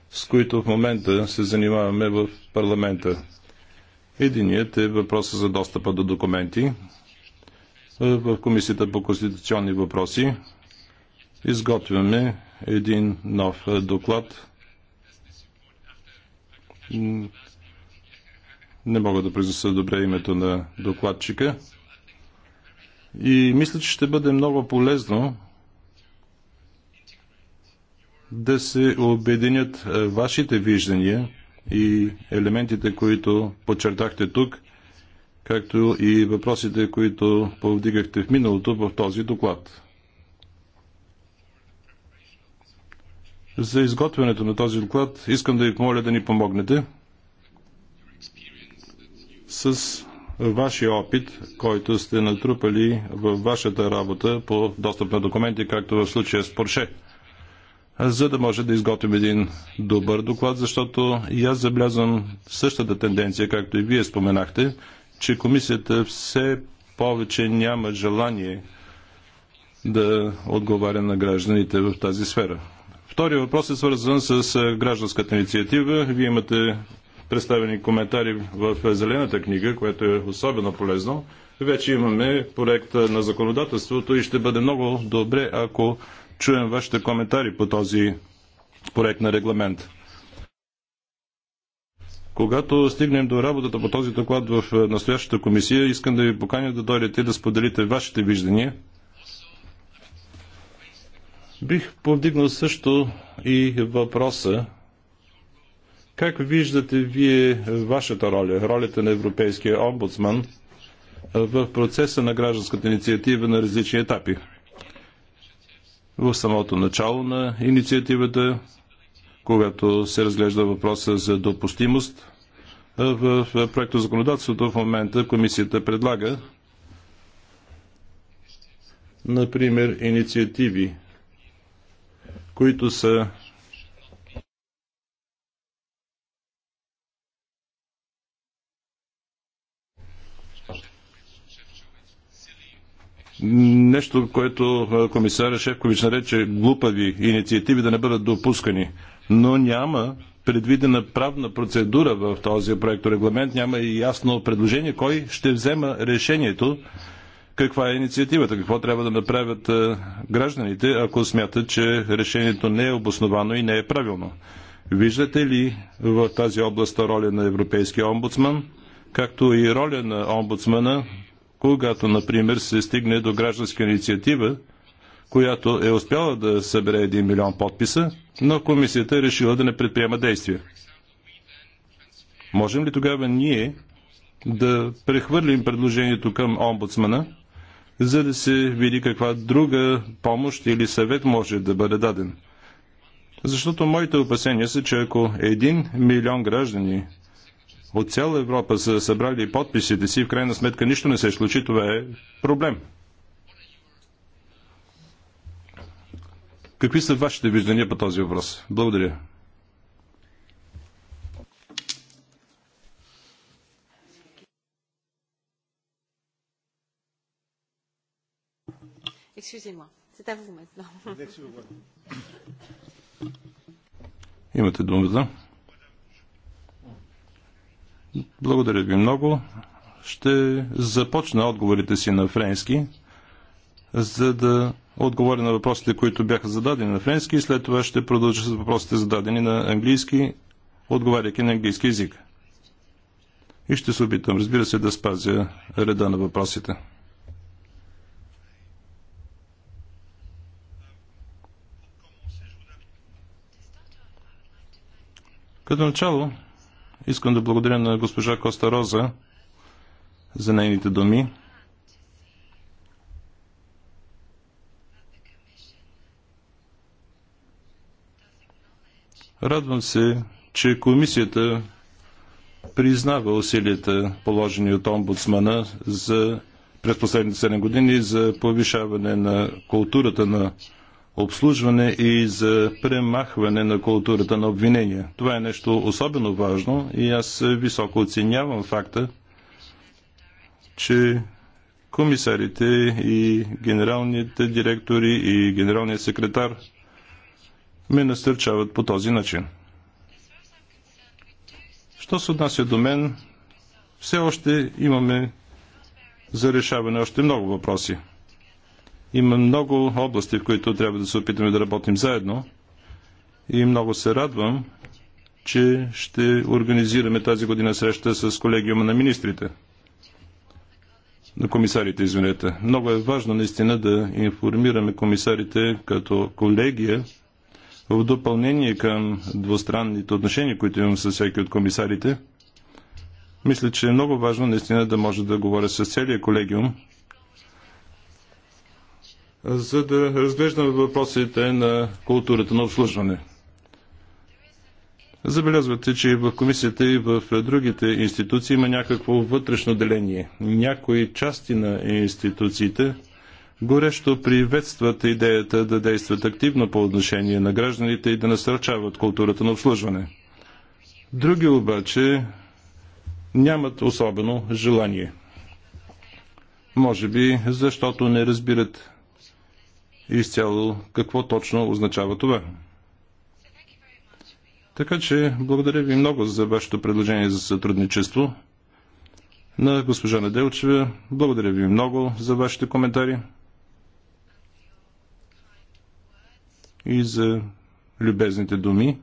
с които в момента се занимаваме в парламента. Единият е въпроса за достъпа до документи, в Комисията по конституционни въпроси изготвяме един нов е, доклад. Не мога да произнеса добре името на докладчика. И мисля, че ще бъде много полезно да се обединят е, вашите виждания и елементите, които подчертахте тук, както и въпросите, които повдигахте в миналото в този доклад. За изготвянето на този доклад искам да ви помоля да ни помогнете с вашия опит, който сте натрупали във вашата работа по достъп на документи, както в случая с Порше, за да може да изготвим един добър доклад, защото и аз забелязвам същата тенденция, както и вие споменахте – че комисията все повече няма желание да отговаря на гражданите в тази сфера. Втория въпрос е свързан с гражданската инициатива. Вие имате представени коментари в Зелената книга, което е особено полезно. Вече имаме проект на законодателството и ще бъде много добре, ако чуем вашите коментари по този проект на регламент. Когато стигнем до работата по този доклад в е, настоящата комисия, искам да ви поканя да дойдете да споделите вашите виждания. Бих повдигнал също и въпроса как виждате вие вашата роля, ролята на Европейския омбудсман е, в процеса на гражданската инициатива на различни етапи? В самото начало на инициативата, когато се разглежда въпроса за допустимост. В проекто законодателството в момента комисията предлага например инициативи, които са нещо, което комисаря Шевкович нарече глупави инициативи да не бъдат допускани но няма предвидена правна процедура в този проект регламент, няма и ясно предложение кой ще взема решението, каква е инициативата, какво трябва да направят е, гражданите, ако смятат, че решението не е обосновано и не е правилно. Виждате ли в тази област роля на Европейския омбудсман, както и роля на омбудсмана, когато, например, се стигне до гражданска инициатива, която е успяла да събере 1 милион подписа – но комисията е решила да не предприема действия. Можем ли тогава ние да прехвърлим предложението към омбудсмана, за да се види каква друга помощ или съвет може да бъде даден? Защото моите опасения са, че ако един милион граждани от цяла Европа са събрали подписите си, в крайна сметка нищо не се случи, това е проблем. Какви са вашите виждания по този въпрос? Благодаря. Имате думата. Благодаря ви много. Ще започна отговорите си на френски, за да отговоря на въпросите, които бяха зададени на френски и след това ще продължа с въпросите зададени на английски, отговаряйки на английски язик. И ще се опитам, разбира се, да спазя реда на въпросите. Като начало, искам да благодаря на госпожа Коста Роза за нейните думи. Радвам се, че комисията признава усилията, положени от омбудсмана за през последните 7 години за повишаване на културата на обслужване и за премахване на културата на обвинения. Това е нещо особено важно и аз високо оценявам факта, че комисарите и генералните директори и генералният секретар – ме насърчават по този начин. Що се отнася до мен, все още имаме за решаване още много въпроси. Има много области, в които трябва да се опитаме да работим заедно и много се радвам, че ще организираме тази година среща с колегиума на министрите. На комисарите, извинете. Много е важно наистина да информираме комисарите като колегия в допълнение към двустранните отношения, които имам с всеки от комисарите, мисля, че е много важно наистина да може да говоря с целия колегиум, за да разглеждаме въпросите на културата на обслужване. Забелязвате, че в комисията и в другите институции има някакво вътрешно деление. Някои части на институциите – горещо приветстват идеята да действат активно по отношение на гражданите и да насърчават културата на обслужване. Други обаче нямат особено желание. Може би, защото не разбират изцяло какво точно означава това. Така че, благодаря ви много за вашето предложение за сътрудничество. На госпожа Неделчева, благодаря ви много за вашите коментари. и за любезните думи.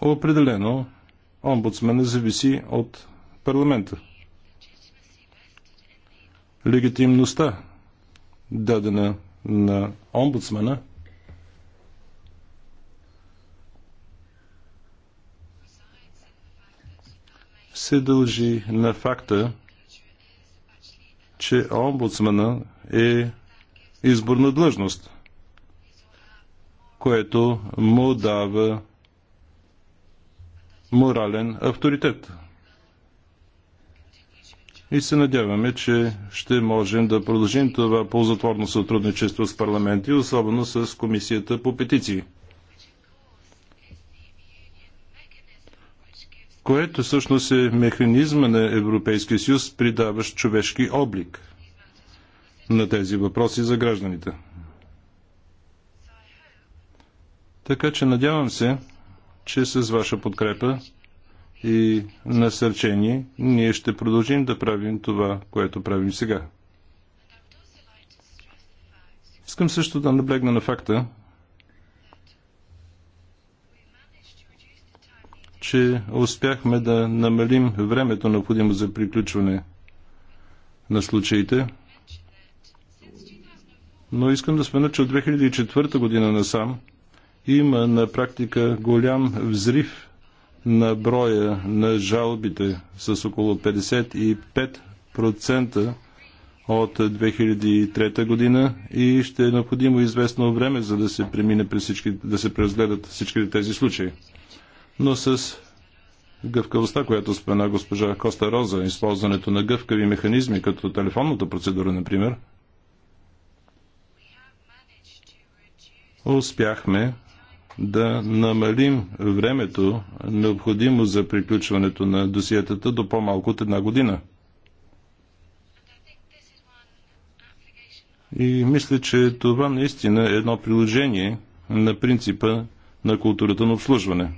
Определено омбудсмена зависи от парламента. Легитимността, дадена на омбудсмена, се дължи на факта, че омбудсмана е изборна длъжност, което му дава морален авторитет. И се надяваме, че ще можем да продължим това ползотворно сътрудничество с парламенти, особено с Комисията по петиции. което всъщност е механизма на Европейския съюз, придаващ човешки облик на тези въпроси за гражданите. Така че надявам се, че с ваша подкрепа и насърчение ние ще продължим да правим това, което правим сега. Искам също да наблегна на факта, че успяхме да намалим времето необходимо за приключване на случаите. Но искам да спомена, че от 2004 година насам има на практика голям взрив на броя на жалбите с около 55% от 2003 година и ще е необходимо известно време, за да се премине през всички, да се преразгледат всички тези случаи но с гъвкавостта, която спомена госпожа Коста Роза, използването на гъвкави механизми, като телефонната процедура, например, успяхме да намалим времето, необходимо за приключването на досиетата до по-малко от една година. И мисля, че това наистина е едно приложение на принципа на културата на обслужване.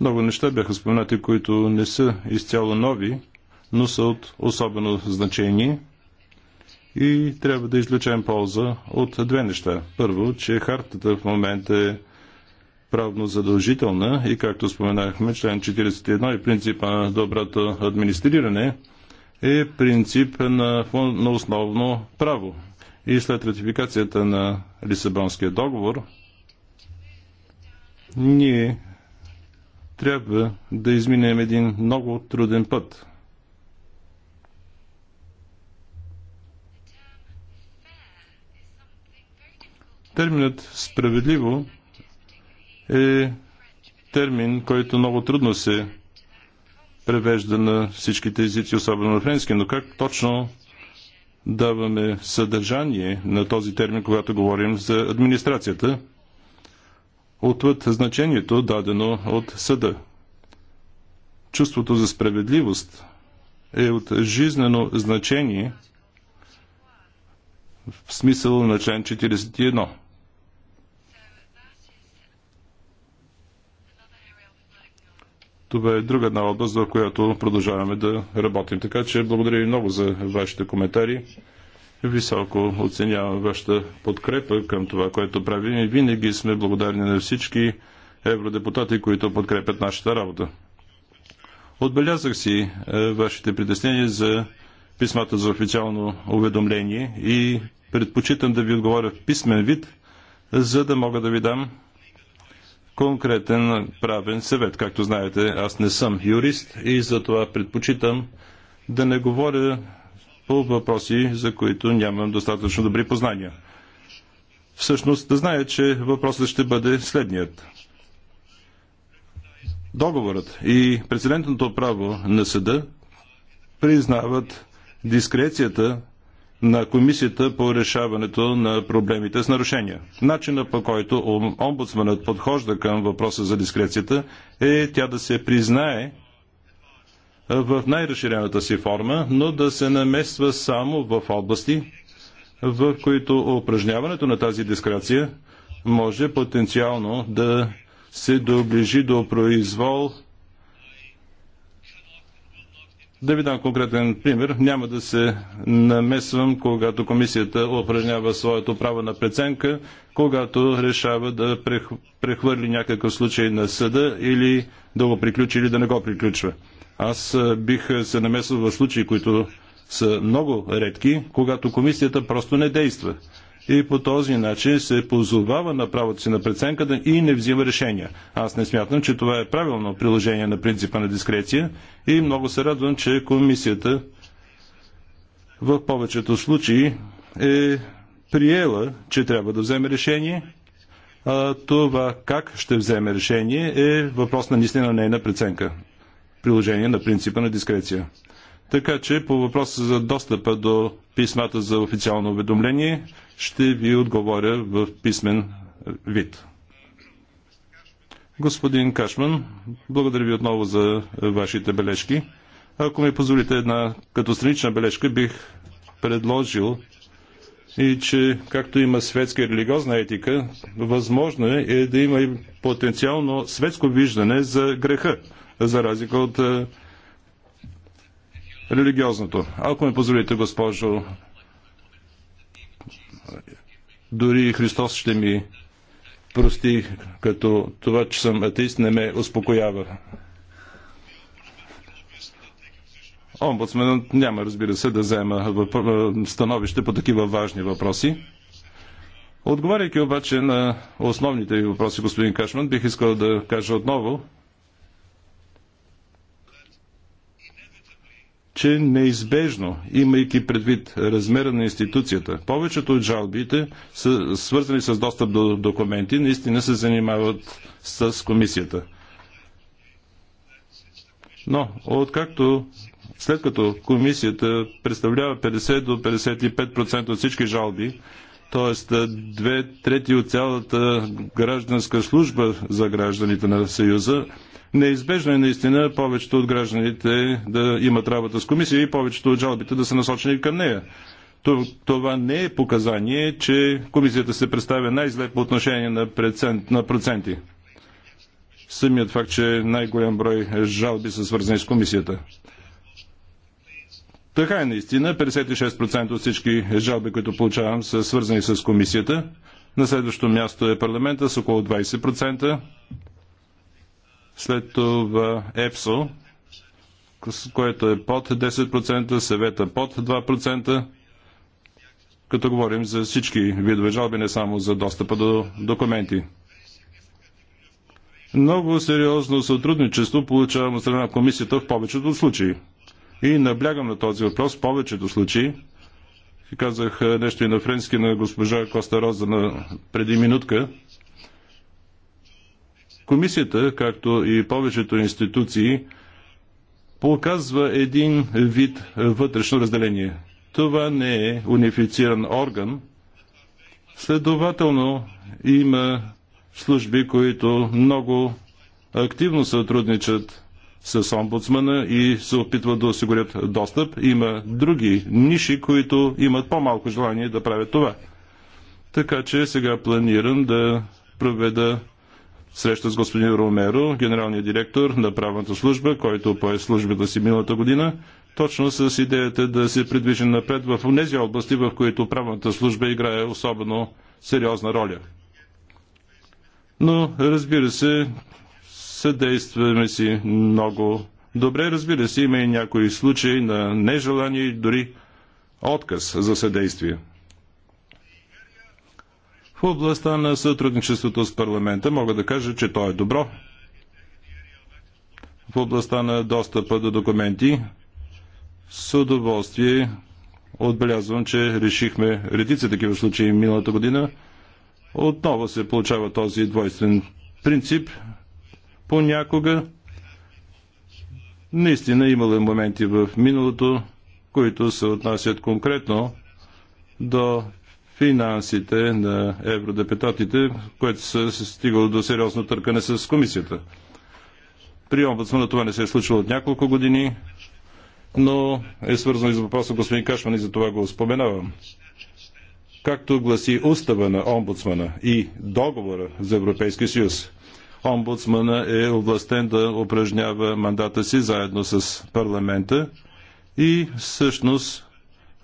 Много неща бяха споменати, които не са изцяло нови, но са от особено значение и трябва да излечем полза от две неща. Първо, че хартата в момента е правно задължителна и както споменахме, член 41 и принципа на доброто администриране е принцип на, на основно право. И след ратификацията на Лисабонския договор, ние трябва да изминем един много труден път. Терминът справедливо е термин, който много трудно се превежда на всичките езици, особено на френски, но как точно даваме съдържание на този термин, когато говорим за администрацията – отвъд значението дадено от съда. Чувството за справедливост е от жизнено значение в смисъл на член 41. Това е друга една област, в която продължаваме да работим. Така че благодаря ви много за вашите коментари високо оценявам вашата подкрепа към това, което правим и винаги сме благодарни на всички евродепутати, които подкрепят нашата работа. Отбелязах си е, вашите притеснения за писмата за официално уведомление и предпочитам да ви отговоря в писмен вид, за да мога да ви дам конкретен правен съвет. Както знаете, аз не съм юрист и затова предпочитам да не говоря по въпроси, за които нямам достатъчно добри познания. Всъщност, да зная, че въпросът ще бъде следният. Договорът и прецедентното право на съда признават дискрецията на комисията по решаването на проблемите с нарушения. Начина по който омбудсманът подхожда към въпроса за дискрецията е тя да се признае в най-разширената си форма, но да се намества само в области, в които упражняването на тази дискреция може потенциално да се доближи до произвол. Да ви дам конкретен пример. Няма да се намесвам, когато комисията упражнява своето право на преценка, когато решава да прехвърли някакъв случай на съда или да го приключи или да не го приключва. Аз бих се намесил в случаи, които са много редки, когато комисията просто не действа. И по този начин се позовава на правото си на преценка да и не взима решения. Аз не смятам, че това е правилно приложение на принципа на дискреция и много се радвам, че комисията в повечето случаи е приела, че трябва да вземе решение. А това как ще вземе решение е въпрос на наистина нейна преценка приложение на принципа на дискреция. Така че по въпроса за достъпа до писмата за официално уведомление ще ви отговоря в писмен вид. Господин Кашман, благодаря ви отново за вашите бележки. Ако ми позволите една като странична бележка, бих предложил и че както има светска и религиозна етика, възможно е, е да има и потенциално светско виждане за греха за разлика от е, религиозното. Ако ми позволите, госпожо, дори Христос ще ми прости, като това, че съм атеист, не ме успокоява. Омбудсменът няма, разбира се, да взема е, становище по такива важни въпроси. Отговаряйки обаче на основните ви въпроси, господин Кашман, бих искал да кажа отново, че неизбежно, имайки предвид размера на институцията, повечето от жалбите, са свързани с достъп до документи, наистина се занимават с комисията. Но, откакто след като комисията представлява 50 до 55% от всички жалби, т.е. две трети от цялата гражданска служба за гражданите на Съюза, Неизбежно е наистина повечето от гражданите да имат работа с комисия и повечето от жалбите да са насочени към нея. Това не е показание, че комисията се представя най-зле по отношение на, процент, на проценти. Самият факт, че най-голям брой жалби са свързани с комисията. Така е наистина. 56% от всички жалби, които получавам, са свързани с комисията. На следващото място е парламента с около 20%. След това ЕПСО, което е под 10%, съвета под 2%, като говорим за всички видове жалби, не само за достъпа до документи. Много сериозно сътрудничество получавам от страна на комисията в повечето случаи. И наблягам на този въпрос в повечето случаи. Казах нещо и на френски на госпожа Коста Роза на преди минутка – Комисията, както и повечето институции, показва един вид вътрешно разделение. Това не е унифициран орган. Следователно има служби, които много активно сътрудничат с омбудсмана и се опитват да осигурят достъп. Има други ниши, които имат по-малко желание да правят това. Така че сега планирам да проведа среща с господин Ромеро, генералния директор на правната служба, който пое службата си миналата година, точно с идеята да се придвижи напред в тези области, в които правната служба играе особено сериозна роля. Но, разбира се, съдействаме си много добре. Разбира се, има и някои случаи на нежелание и дори отказ за съдействие. В областта на сътрудничеството с парламента мога да кажа, че то е добро. В областта на достъпа до документи с удоволствие отбелязвам, че решихме редица такива случаи миналата година. Отново се получава този двойствен принцип. Понякога наистина имало е моменти в миналото, които се отнасят конкретно до финансите на евродепутатите, което се стигало до сериозно търкане с комисията. При омбудсмана това не се е случило от няколко години, но е свързано и с въпроса господин Кашман и за това го споменавам. Както гласи устава на омбудсмана и договора за Европейския съюз, омбудсмана е областен да упражнява мандата си заедно с парламента и всъщност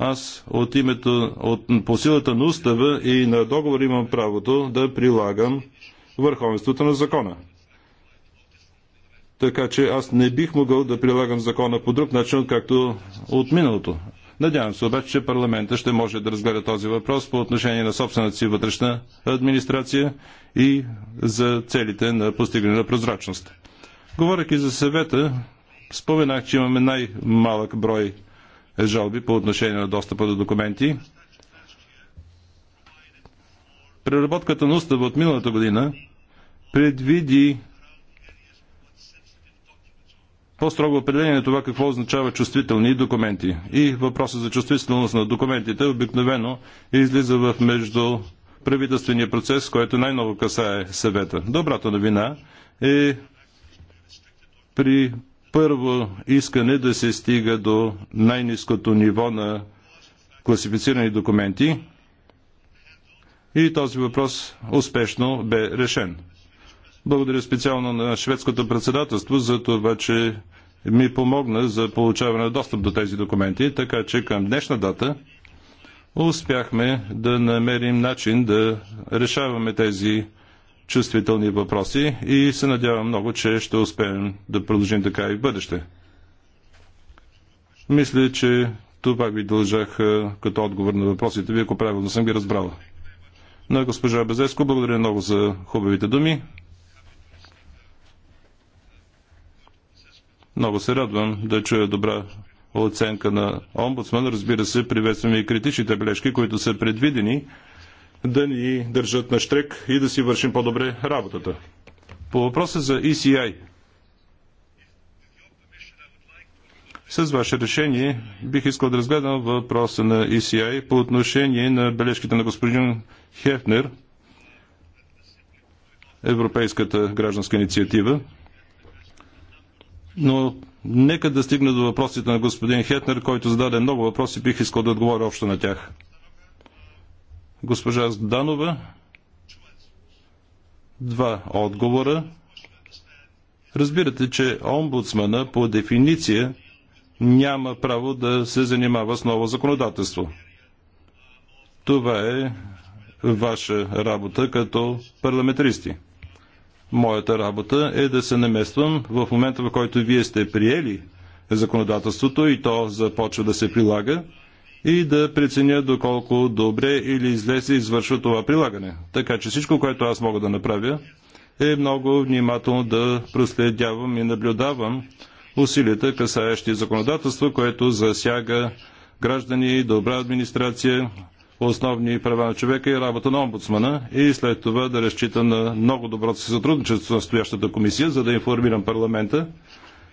аз от името, от, по силата на устава и на договор имам правото да прилагам върховенството на закона. Така че аз не бих могъл да прилагам закона по друг начин, както от миналото. Надявам се обаче, че парламента ще може да разгледа този въпрос по отношение на собствената си вътрешна администрация и за целите на постигане на прозрачност. Говоряки за съвета, споменах, че имаме най-малък брой жалби по отношение на достъпа до документи. Преработката на устава от миналата година предвиди по-строго определение на това какво означава чувствителни документи. И въпросът за чувствителност на документите обикновено излиза в между правителствения процес, който най ново касае съвета. Добрата новина е при първо искане да се стига до най-низкото ниво на класифицирани документи и този въпрос успешно бе решен. Благодаря специално на шведското председателство за това, че ми помогна за получаване на достъп до тези документи, така че към днешна дата успяхме да намерим начин да решаваме тези чувствителни въпроси и се надявам много, че ще успеем да продължим така и в бъдеще. Мисля, че това ви дължах като отговор на въпросите ви, ако правилно съм ги разбрала. На госпожа Безеско, благодаря много за хубавите думи. Много се радвам да чуя добра оценка на омбудсмана. Разбира се, приветстваме и критичните бележки, които са предвидени да ни държат на штрек и да си вършим по-добре работата. По въпроса за ECI. С ваше решение бих искал да разгледам въпроса на ECI по отношение на бележките на господин Хефнер, Европейската гражданска инициатива. Но нека да стигна до въпросите на господин Хетнер, който зададе много въпроси, бих искал да отговоря общо на тях. Госпожа Данова, два отговора. Разбирате, че омбудсмана по дефиниция няма право да се занимава с ново законодателство. Това е ваша работа като парламентаристи. Моята работа е да се намествам в момента, в който вие сте приели законодателството и то започва да се прилага и да преценя доколко добре или зле се извършва това прилагане. Така че всичко, което аз мога да направя, е много внимателно да проследявам и наблюдавам усилията, касаещи законодателство, което засяга граждани, добра администрация, основни права на човека и работа на омбудсмана и след това да разчита на много доброто си сътрудничество с настоящата комисия, за да информирам парламента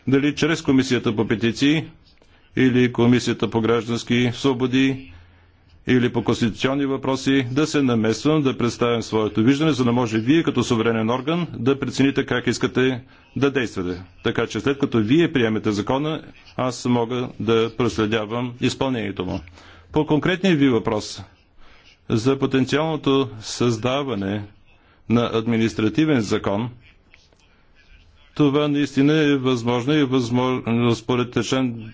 дали чрез комисията по петиции или Комисията по граждански свободи или по конституционни въпроси да се намесвам, да представям своето виждане, за да може вие като суверенен орган да прецените как искате да действате. Така че след като вие приемете закона, аз мога да проследявам изпълнението му. По конкретния ви въпрос за потенциалното създаване на административен закон, това наистина е възможно и възможно според член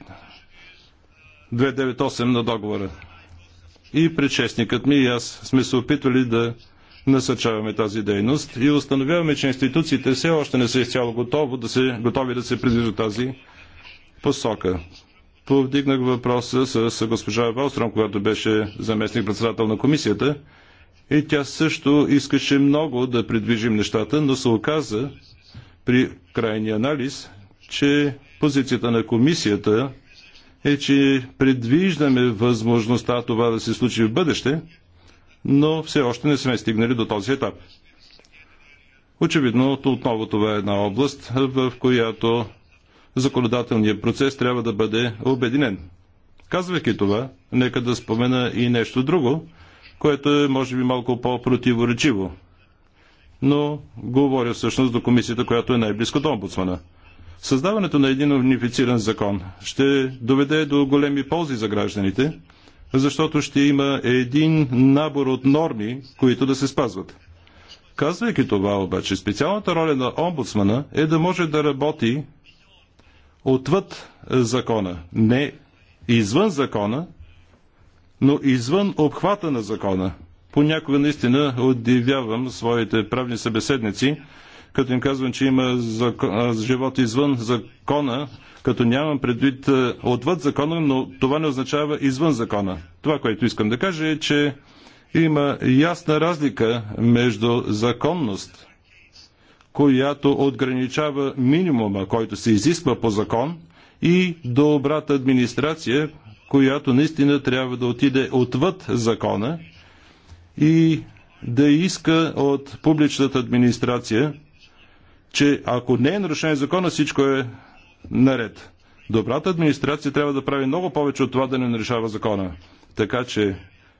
298 на договора. И предшественикът ми и аз сме се опитвали да насърчаваме тази дейност и установяваме, че институциите все още не са изцяло готови да се, готови да се придвижат тази посока. Повдигнах въпроса с, с госпожа Валстром, която беше заместник-председател на комисията и тя също искаше много да придвижим нещата, но се оказа при крайния анализ, че позицията на комисията е, че предвиждаме възможността това да се случи в бъдеще, но все още не сме стигнали до този етап. Очевидно, отново това е една област, в която законодателният процес трябва да бъде обединен. Казвайки това, нека да спомена и нещо друго, което е може би малко по-противоречиво. Но говоря всъщност до комисията, която е най-близко до омбудсмана – Създаването на един унифициран закон ще доведе до големи ползи за гражданите, защото ще има един набор от норми, които да се спазват. Казвайки това обаче, специалната роля на омбудсмана е да може да работи отвъд закона, не извън закона, но извън обхвата на закона. Понякога наистина отдивявам своите правни събеседници, като им казвам, че има закон, живот извън закона, като нямам предвид отвъд закона, но това не означава извън закона. Това, което искам да кажа е, че има ясна разлика между законност, която отграничава минимума, който се изисква по закон, и добрата администрация, която наистина трябва да отиде отвъд закона и да иска от публичната администрация че ако не е нарушен закона, всичко е наред. Добрата администрация трябва да прави много повече от това да не нарушава закона. Така че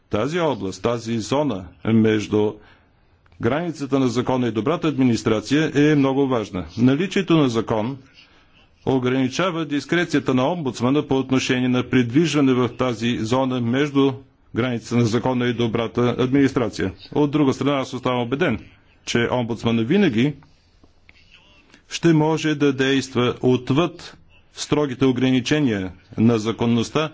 тази област, тази зона между границата на закона и добрата администрация е много важна. Наличието на закон ограничава дискрецията на омбудсмана по отношение на придвижване в тази зона между границата на закона и добрата администрация. От друга страна, аз оставам убеден, че омбудсмана винаги ще може да действа отвъд строгите ограничения на законността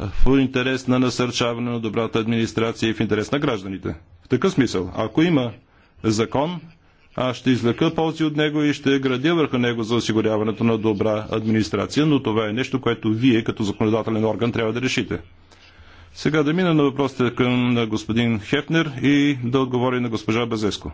в интерес на насърчаване на добрата администрация и в интерес на гражданите. В такъв смисъл, ако има закон, аз ще излека ползи от него и ще градя върху него за осигуряването на добра администрация, но това е нещо, което вие като законодателен орган трябва да решите. Сега да мина на въпросите към господин Хефнер и да отговори на госпожа Базеско.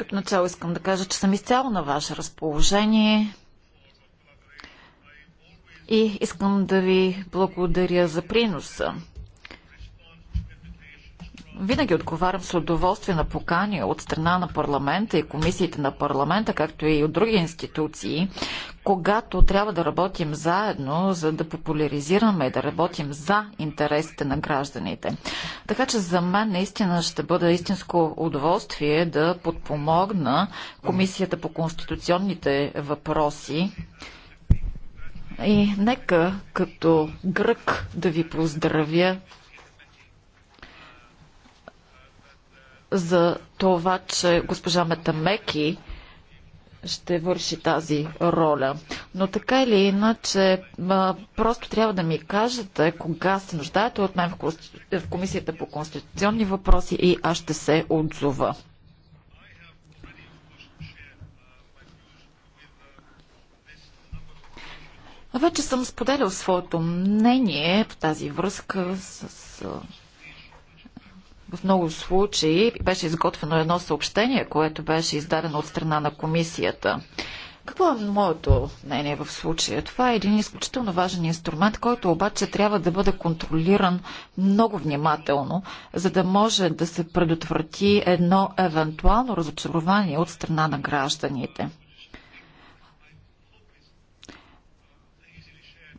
Като начало искам да кажа, че съм изцяло на ваше разположение и искам да ви благодаря за приноса. Винаги отговарям с удоволствие на покани от страна на парламента и комисиите на парламента, както и от други институции, когато трябва да работим заедно, за да популяризираме и да работим за интересите на гражданите. Така че за мен наистина ще бъде истинско удоволствие да подпомогна Комисията по конституционните въпроси и нека като грък да ви поздравя за това, че госпожа Метамеки ще върши тази роля. Но така или иначе, просто трябва да ми кажете кога се нуждаете от мен в Комисията по конституционни въпроси и аз ще се отзова. Вече съм споделял своето мнение по тази връзка с в много случаи беше изготвено едно съобщение, което беше издадено от страна на комисията. Какво е моето мнение в случая? Това е един изключително важен инструмент, който обаче трябва да бъде контролиран много внимателно, за да може да се предотврати едно евентуално разочарование от страна на гражданите.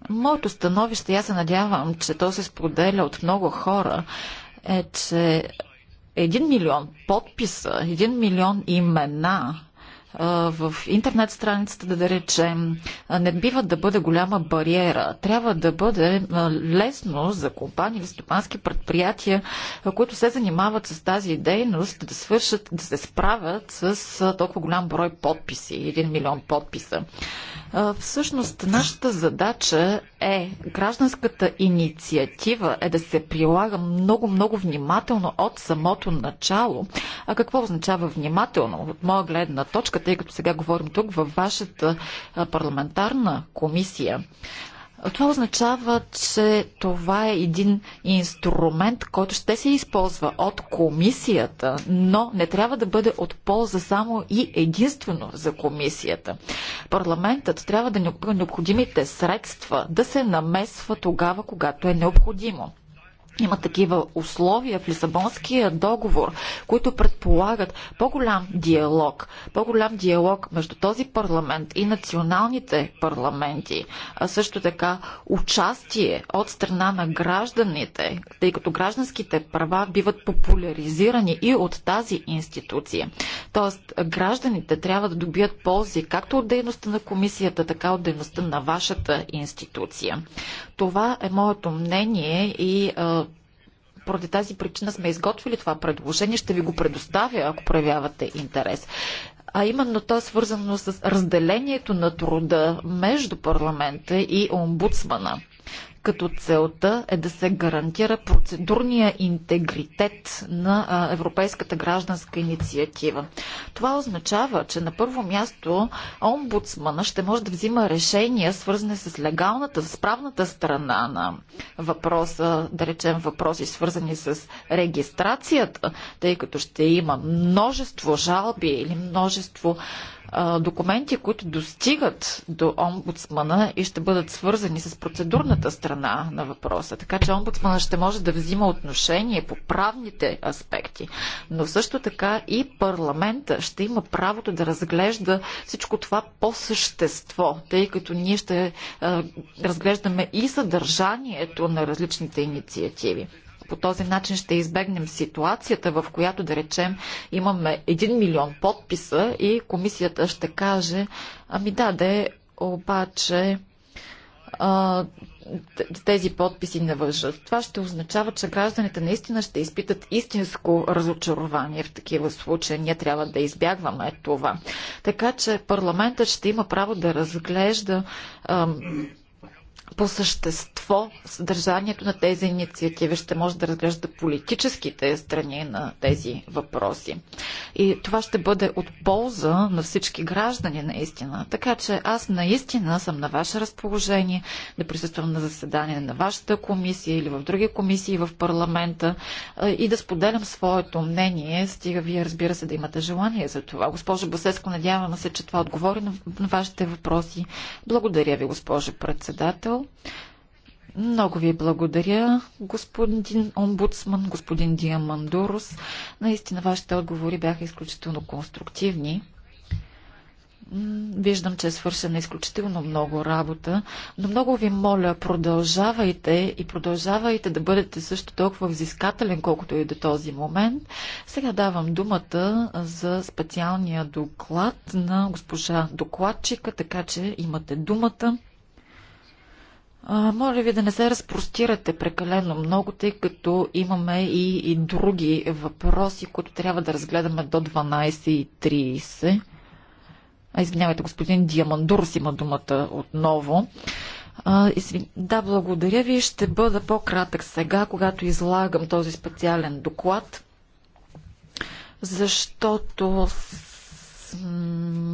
Моето становище, я се надявам, че то се споделя от много хора, е, че един милион подписа, един милион имена в интернет страницата, да, да речем, не бива да бъде голяма бариера. Трябва да бъде лесно за компании или стопански предприятия, които се занимават с тази дейност, да свършат, да се справят с толкова голям брой подписи, един милион подписа. Всъщност, нашата задача е гражданската инициатива е да се прилага много-много внимателно от самото начало. А какво означава внимателно? От моя гледна точка, тъй като сега говорим тук във вашата парламентарна комисия, това означава, че това е един инструмент, който ще се използва от комисията, но не трябва да бъде от полза само и единствено за комисията. Парламентът трябва да необходимите средства да се намесва тогава, когато е необходимо. Има такива условия в Лисабонския договор, които предполагат по-голям диалог, по-голям диалог между този парламент и националните парламенти, а също така участие от страна на гражданите, тъй като гражданските права биват популяризирани и от тази институция. Тоест, гражданите трябва да добият ползи както от дейността на комисията, така от дейността на вашата институция. Това е моето мнение и поради тази причина сме изготвили това предложение. Ще ви го предоставя, ако проявявате интерес. А именно то е свързано с разделението на труда между парламента и омбудсмана като целта е да се гарантира процедурния интегритет на Европейската гражданска инициатива. Това означава, че на първо място омбудсмана ще може да взима решения, свързани с легалната, с правната страна на въпроса, да речем въпроси, свързани с регистрацията, тъй като ще има множество жалби или множество документи, които достигат до омбудсмана и ще бъдат свързани с процедурната страна на въпроса. Така че омбудсмана ще може да взима отношение по правните аспекти, но също така и парламента ще има правото да разглежда всичко това по същество, тъй като ние ще разглеждаме и съдържанието на различните инициативи. По този начин ще избегнем ситуацията, в която да речем имаме 1 милион подписа и комисията ще каже, ами да, де, обаче тези подписи не въжат. Това ще означава, че гражданите наистина ще изпитат истинско разочарование в такива случаи. Ние трябва да избягваме това. Така че парламентът ще има право да разглежда ам, по същество съдържанието на тези инициативи, ще може да разглежда политическите страни на тези въпроси. И това ще бъде от полза на всички граждани наистина. Така че аз наистина съм на ваше разположение да присъствам на заседание на вашата комисия или в други комисии в парламента и да споделям своето мнение, стига вие разбира се да имате желание за това. Госпожо Басеско, надявам се, че това отговори на вашите въпроси. Благодаря ви, госпожо председател председател. Много ви благодаря, господин омбудсман, господин Диамандурус. Наистина, вашите отговори бяха изключително конструктивни. Виждам, че е свършена изключително много работа, но много ви моля, продължавайте и продължавайте да бъдете също толкова взискателен, колкото и до този момент. Сега давам думата за специалния доклад на госпожа докладчика, така че имате думата. А, моля ви да не се разпростирате прекалено много, тъй като имаме и, и други въпроси, които трябва да разгледаме до 12.30. А, извинявайте, господин Диамандурс има думата отново. А, извин... Да, благодаря ви. Ще бъда по-кратък сега, когато излагам този специален доклад, защото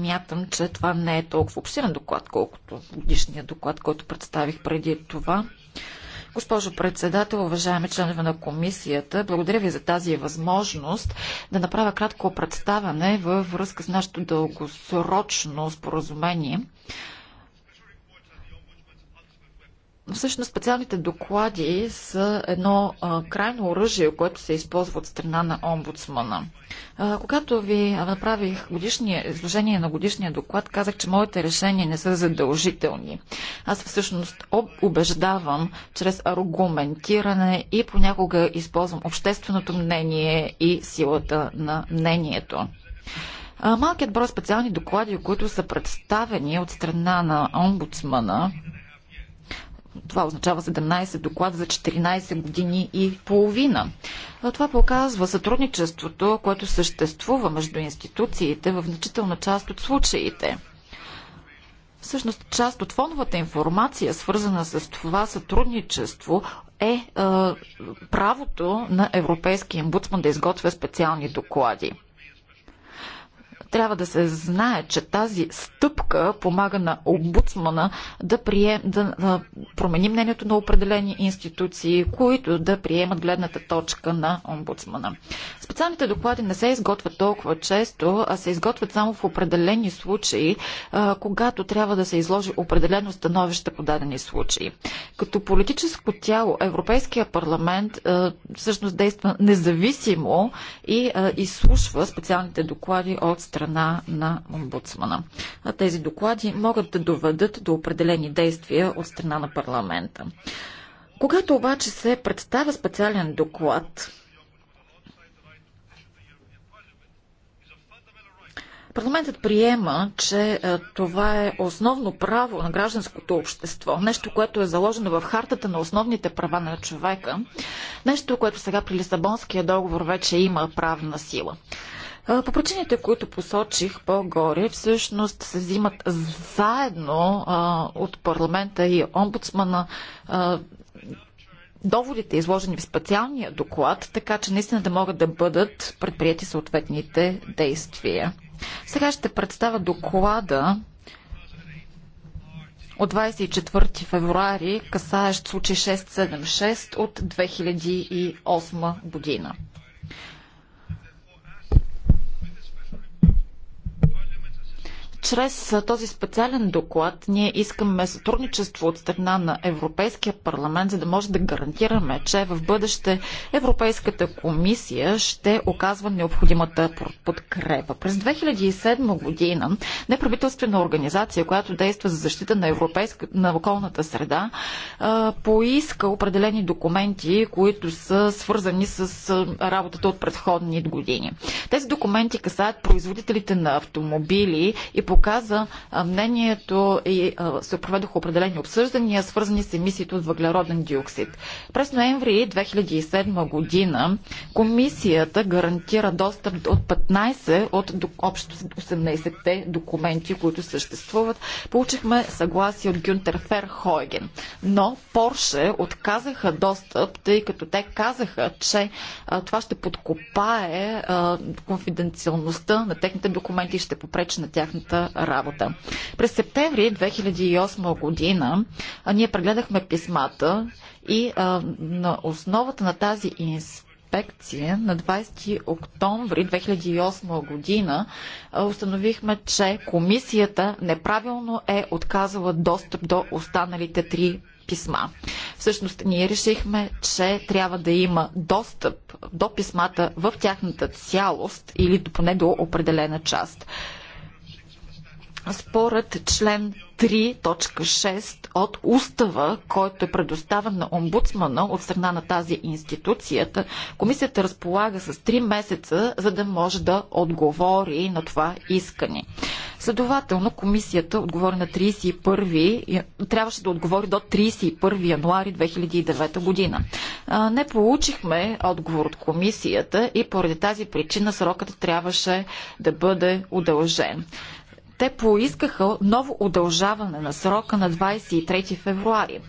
мятам, че това не е толкова обширен доклад, колкото годишния доклад, който представих преди това. Госпожо председател, уважаеми членове на комисията, благодаря ви за тази възможност да направя кратко представяне във връзка с нашето дългосрочно споразумение Всъщност специалните доклади са едно а, крайно оръжие, което се използва от страна на омбудсмана. А, когато ви направих годишния, изложение на годишния доклад, казах, че моите решения не са задължителни. Аз всъщност убеждавам чрез аргументиране и понякога използвам общественото мнение и силата на мнението. А, малкият брой специални доклади, които са представени от страна на омбудсмана, това означава 17 доклада за 14 години и половина. това показва сътрудничеството, което съществува между институциите в значителна част от случаите. Всъщност, част от фоновата информация, свързана с това сътрудничество, е, е правото на Европейския имбудсман да изготвя специални доклади. Трябва да се знае, че тази стъпка помага на омбудсмана да, прием, да, да промени мнението на определени институции, които да приемат гледната точка на омбудсмана. Специалните доклади не се изготвят толкова често, а се изготвят само в определени случаи, когато трябва да се изложи определено становище по дадени случаи. Като политическо тяло Европейския парламент всъщност действа независимо и изслушва специалните доклади от страна страна на омбудсмана. А тези доклади могат да доведат до определени действия от страна на парламента. Когато обаче се представя специален доклад, Парламентът приема, че е, това е основно право на гражданското общество, нещо, което е заложено в хартата на основните права на човека, нещо, което сега при Лисабонския договор вече има правна сила. По причините, които посочих по-горе, всъщност се взимат заедно а, от парламента и омбудсмана а, доводите, изложени в специалния доклад, така че наистина да могат да бъдат предприяти съответните действия. Сега ще представя доклада от 24 февруари, касаещ случай 676 от 2008 година. Чрез този специален доклад ние искаме сътрудничество от страна на Европейския парламент, за да може да гарантираме, че в бъдеще Европейската комисия ще оказва необходимата подкрепа. През 2007 година неправителствена организация, която действа за защита на, европейска, на околната среда, поиска определени документи, които са свързани с работата от предходни години. Тези документи касаят производителите на автомобили и показа мнението и се проведоха определени обсъждания, свързани с емисиите от въглероден диоксид. През ноември 2007 година комисията гарантира достъп от 15 от общо 18-те документи, които съществуват. Получихме съгласие от Гюнтер Ферхойген. Но Порше отказаха достъп, тъй като те казаха, че това ще подкопае конфиденциалността на техните документи и ще попречи на тяхната своята работа. През септември 2008 година ние прегледахме писмата и а, на основата на тази инспекция на 20 октомври 2008 година установихме, че комисията неправилно е отказала достъп до останалите три писма. Всъщност ние решихме, че трябва да има достъп до писмата в тяхната цялост или поне до определена част според член 3.6 от устава, който е предоставен на омбудсмана от страна на тази институцията, комисията разполага с 3 месеца, за да може да отговори на това искане. Следователно, комисията отговори на 31, трябваше да отговори до 31 януари 2009 година. Не получихме отговор от комисията и поради тази причина срокът трябваше да бъде удължен. Те поискаха ново удължаване на срока на 23 февруари.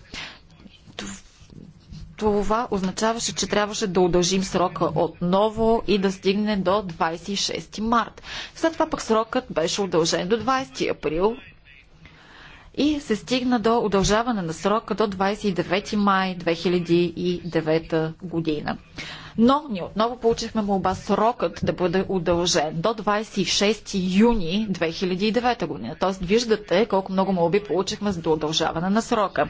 Това означаваше, че трябваше да удължим срока отново и да стигне до 26 март. След това пък срокът беше удължен до 20 април и се стигна до удължаване на срока до 29 май 2009 година. Но ние отново получихме молба срокът да бъде удължен до 26 юни 2009 година. Тоест виждате колко много молби получихме за удължаване на срока.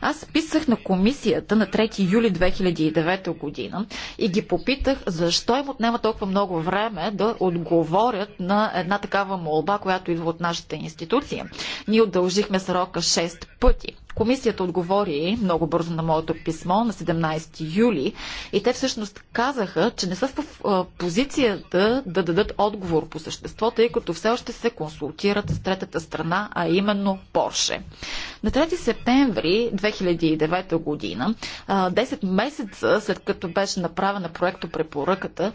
Аз писах на комисията на 3 юли 2009 година и ги попитах защо им отнема толкова много време да отговорят на една такава молба, която идва от нашата институция. Ние удължихме срока 6 пъти. Комисията отговори много бързо на моето писмо на 17 юли и те всъщност казаха, че не са в позицията да дадат отговор по същество, тъй като все още се консултират с третата страна, а именно Порше. На 3 септември 2009 година, 10 месеца след като беше направена проекто препоръката,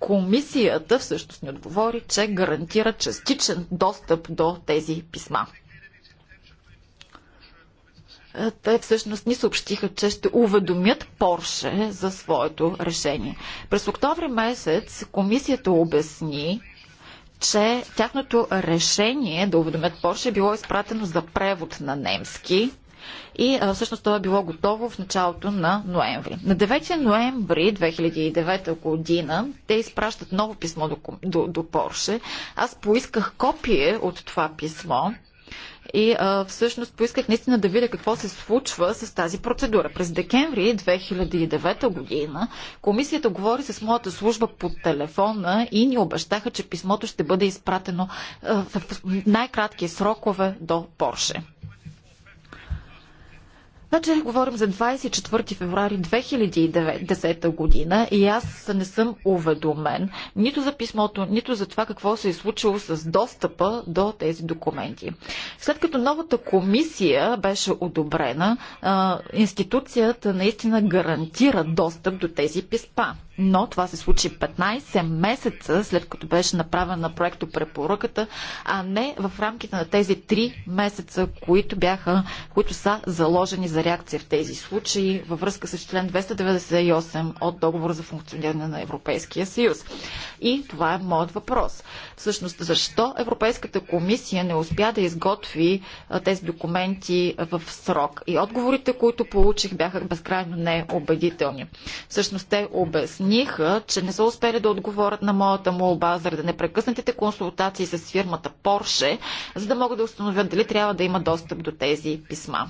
комисията всъщност ни отговори, че гарантира частичен достъп до тези писма. Е, те всъщност ни съобщиха, че ще уведомят Порше за своето решение. През октомври месец комисията обясни, че тяхното решение да уведомят Порше е било изпратено за превод на немски и всъщност това е било готово в началото на ноември. На 9 ноември 2009 година те изпращат ново писмо до, до, до Порше. Аз поисках копие от това писмо и а, всъщност поисках наистина да видя какво се случва с тази процедура. През декември 2009 година комисията говори с моята служба по телефона и ни обещаха, че писмото ще бъде изпратено а, в най-кратки срокове до Порше. Значи говорим за 24 феврари 2010 година и аз не съм уведомен нито за писмото, нито за това какво се е случило с достъпа до тези документи. След като новата комисия беше одобрена, институцията наистина гарантира достъп до тези писма но това се случи 15 месеца след като беше направена проекто препоръката, а не в рамките на тези 3 месеца, които бяха, които са заложени за реакция в тези случаи във връзка с член 298 от договора за функциониране на Европейския съюз. И това е моят въпрос. Всъщност, защо Европейската комисия не успя да изготви тези документи в срок? И отговорите, които получих, бяха безкрайно неубедителни. Всъщност те обясни обясниха, че не са успели да отговорят на моята молба заради непрекъснатите консултации с фирмата Porsche, за да могат да установят дали трябва да има достъп до тези писма.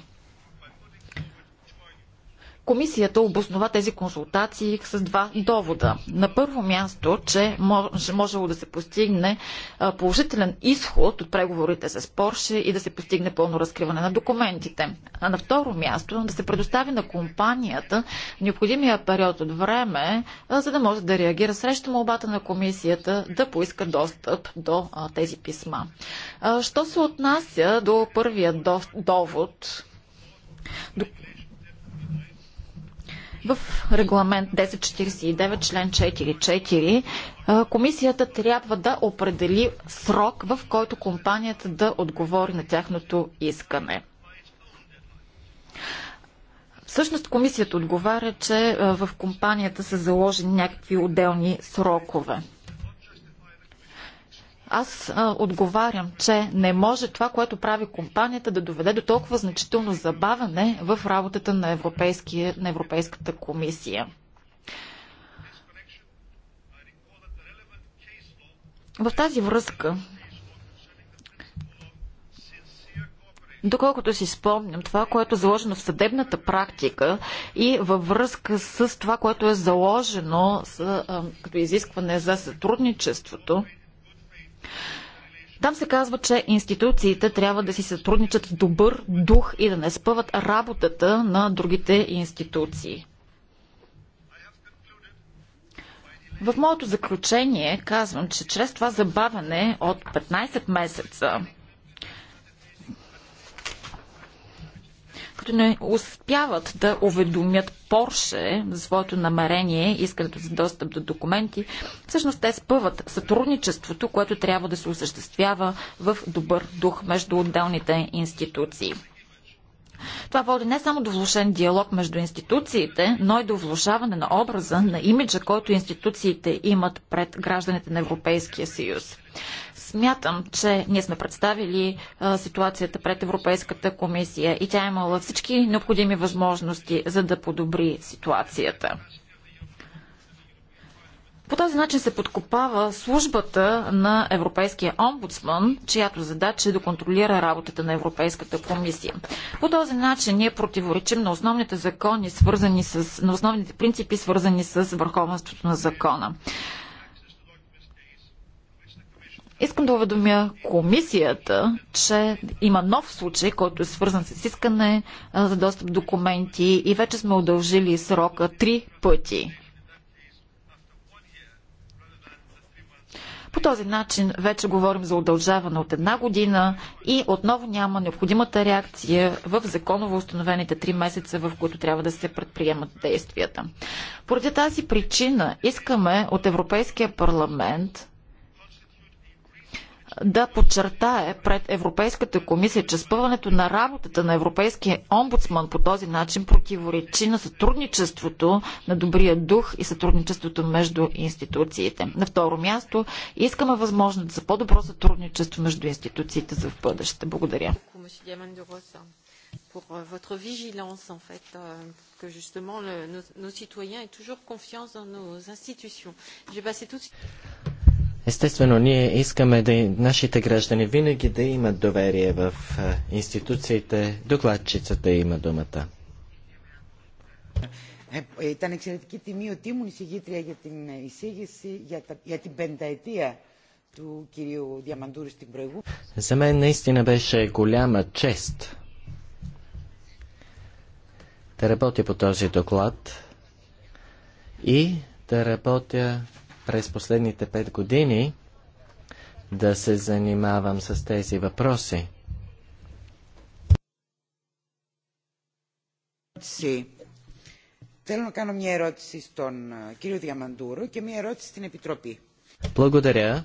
Комисията обоснова тези консултации с два довода. На първо място, че може, можело да се постигне положителен изход от преговорите с Порше и да се постигне пълно разкриване на документите. А на второ място, да се предостави на компанията необходимия период от време, за да може да реагира срещу молбата на комисията да поиска достъп до тези писма. Що се отнася до първия довод, в регламент 1049, член 4.4, комисията трябва да определи срок, в който компанията да отговори на тяхното искане. Всъщност комисията отговаря, че в компанията са заложени някакви отделни срокове. Аз а, отговарям, че не може това, което прави компанията, да доведе до толкова значително забавяне в работата на, на Европейската комисия. В тази връзка, доколкото си спомням, това, което е заложено в съдебната практика и във връзка с това, което е заложено с, а, като изискване за сътрудничеството, там се казва, че институциите трябва да си сътрудничат в добър дух и да не спъват работата на другите институции. В моето заключение казвам, че чрез това забавяне от 15 месеца които не успяват да уведомят Порше за своето намерение, искането за достъп до документи, всъщност те спъват сътрудничеството, което трябва да се осъществява в добър дух между отделните институции. Това води не само до влушен диалог между институциите, но и до влушаване на образа, на имиджа, който институциите имат пред гражданите на Европейския съюз. Смятам, че ние сме представили а, ситуацията пред Европейската комисия и тя е имала всички необходими възможности, за да подобри ситуацията. По този начин се подкопава службата на Европейския омбудсман, чиято задача е да контролира работата на Европейската комисия. По този начин ние противоречим на основните закони, свързани с, на основните принципи, свързани с върховенството на закона. Искам да уведомя комисията, че има нов случай, който е свързан с искане за достъп до документи и вече сме удължили срока три пъти. По този начин вече говорим за удължаване от една година и отново няма необходимата реакция в законово установените три месеца, в които трябва да се предприемат действията. Поради тази причина искаме от Европейския парламент да подчертае пред Европейската комисия, че спъването на работата на Европейския омбудсман по този начин противоречи на сътрудничеството на добрия дух и сътрудничеството между институциите. На второ място, искаме възможност за по-добро сътрудничество между институциите за в бъдеще. Благодаря. Pour euh, votre vigilance, en fait, euh, que justement nos, citoyens aient toujours confiance dans nos institutions. J'ai passé tout de suite. Естествено, ние искаме да нашите граждани винаги да имат доверие в институциите. Докладчицата има думата. Ήταν εξαιρετική τιμή ότι ήμουν εισηγήτρια για την εισήγηση για, τα, για την πενταετία του κυρίου Διαμαντούρη στην προηγούμενη. За мен наистина беше голяма чест да работя по този доклад и да работя през последните пет години да се занимавам с тези въпроси. Θέλω να κάνω μια ερώτηση στον κύριο Διαμαντούρο και μια ερώτηση στην Επιτροπή. Благодаря.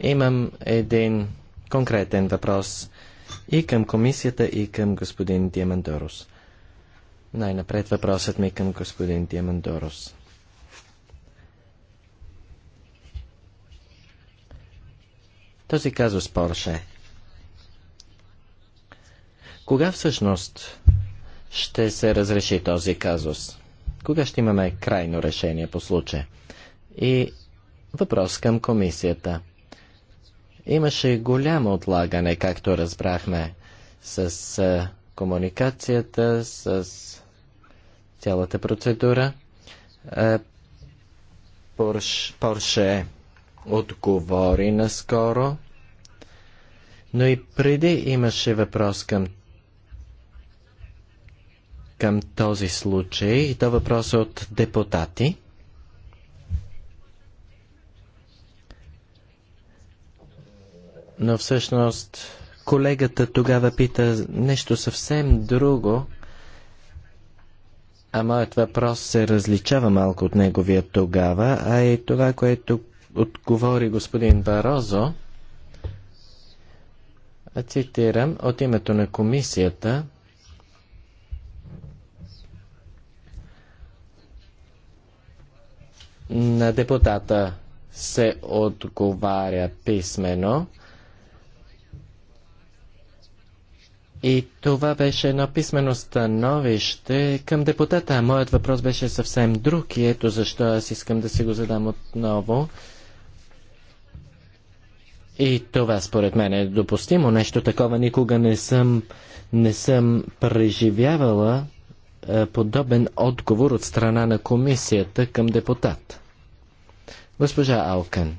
Имам един конкретен въпрос и към комисията, и към господин Диамандорос. Най-напред въпросът ми към господин Диамандорос. Този казус Порше. Кога всъщност ще се разреши този казус? Кога ще имаме крайно решение по случая? И въпрос към комисията. Имаше голямо отлагане, както разбрахме, с комуникацията, с цялата процедура. Порше отговори наскоро но и преди имаше въпрос към към този случай и то въпрос е от депутати. Но всъщност колегата тогава пита нещо съвсем друго, а моят въпрос се различава малко от неговия тогава, а и е това, което отговори господин Барозо, Цитирам от името на комисията. На депутата се отговаря писмено. И това беше едно писмено становище към депутата. Моят въпрос беше съвсем друг и ето защо аз искам да си го задам отново. И това според мен е допустимо. Нещо такова никога не съм, не съм преживявала е, подобен отговор от страна на комисията към депутат. Госпожа Алкен.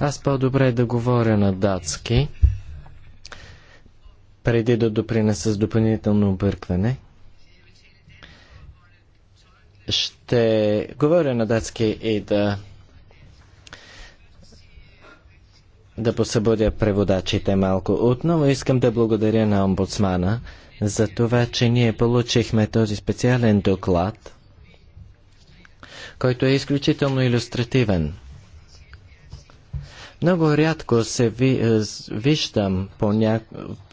Аз по-добре да говоря на датски, преди да допринеса с допълнително объркване. Ще говоря на датски и да да посъбудя преводачите малко. Отново искам да благодаря на омбудсмана за това, че ние получихме този специален доклад, който е изключително иллюстративен. Много рядко се ви, е, виждам, ня...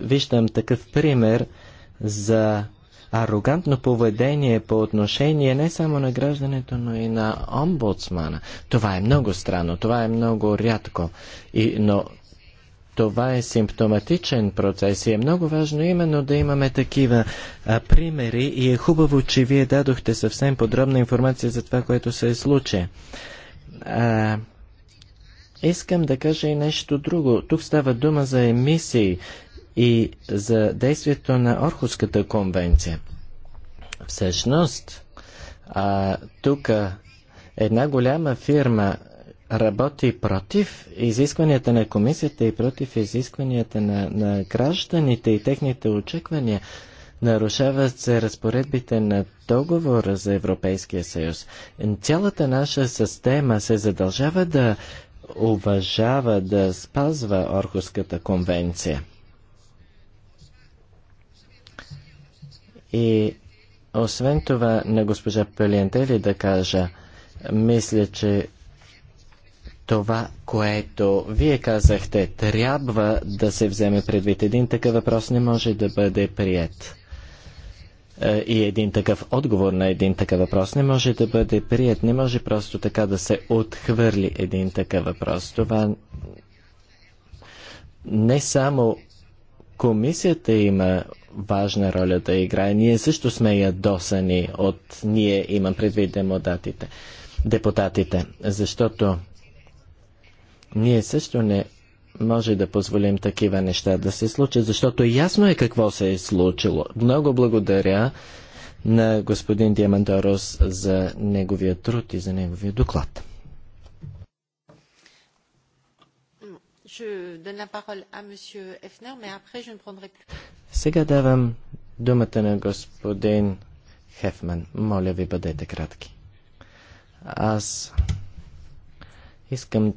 виждам такъв пример за арогантно поведение по отношение не само на граждането, но и на омбудсмана. Това е много странно, това е много рядко. И, но това е симптоматичен процес и е много важно именно да имаме такива а, примери и е хубаво, че вие дадохте съвсем подробна информация за това, което се е случи. А, искам да кажа и нещо друго. Тук става дума за емисии и за действието на Орхуската конвенция. Всъщност, а, тук една голяма фирма работи против изискванията на комисията и против изискванията на, на гражданите и техните очаквания. Нарушават се разпоредбите на договора за Европейския съюз. Цялата наша система се задължава да уважава, да спазва Орхуската конвенция. И освен това на госпожа Пелиентели да кажа, мисля, че това, което вие казахте, трябва да се вземе предвид. Един такъв въпрос не може да бъде прият. Е, и един такъв отговор на един такъв въпрос не може да бъде прият. Не може просто така да се отхвърли един такъв въпрос. Това не само комисията има важна роля да играе. Ние също сме ядосани от ние, имам предвид демодатите, депутатите, защото ние също не може да позволим такива неща да се случат, защото ясно е какво се е случило. Много благодаря на господин Диамандорос за неговия труд и за неговия доклад. Сега давам думата на господин Хефман. Моля ви, бъдете кратки. Аз искам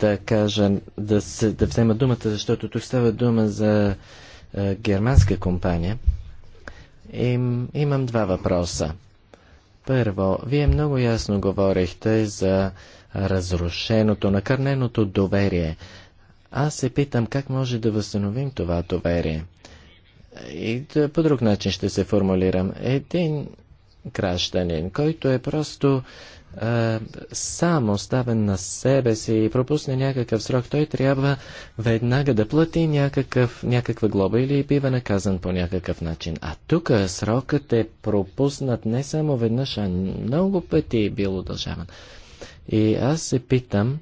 да кажа, да, се, да взема думата, защото тук става дума за е, германска компания. И имам два въпроса. Първо, вие много ясно говорихте за разрушеното, накърненото доверие. Аз се питам как може да възстановим това доверие. И да, по друг начин ще се формулирам. Един гражданин, който е просто а, сам оставен на себе си и пропусне някакъв срок, той трябва веднага да плати някакъв, някаква глоба или бива наказан по някакъв начин. А тук срокът е пропуснат не само веднъж, а много пъти е бил удължаван. И аз се питам,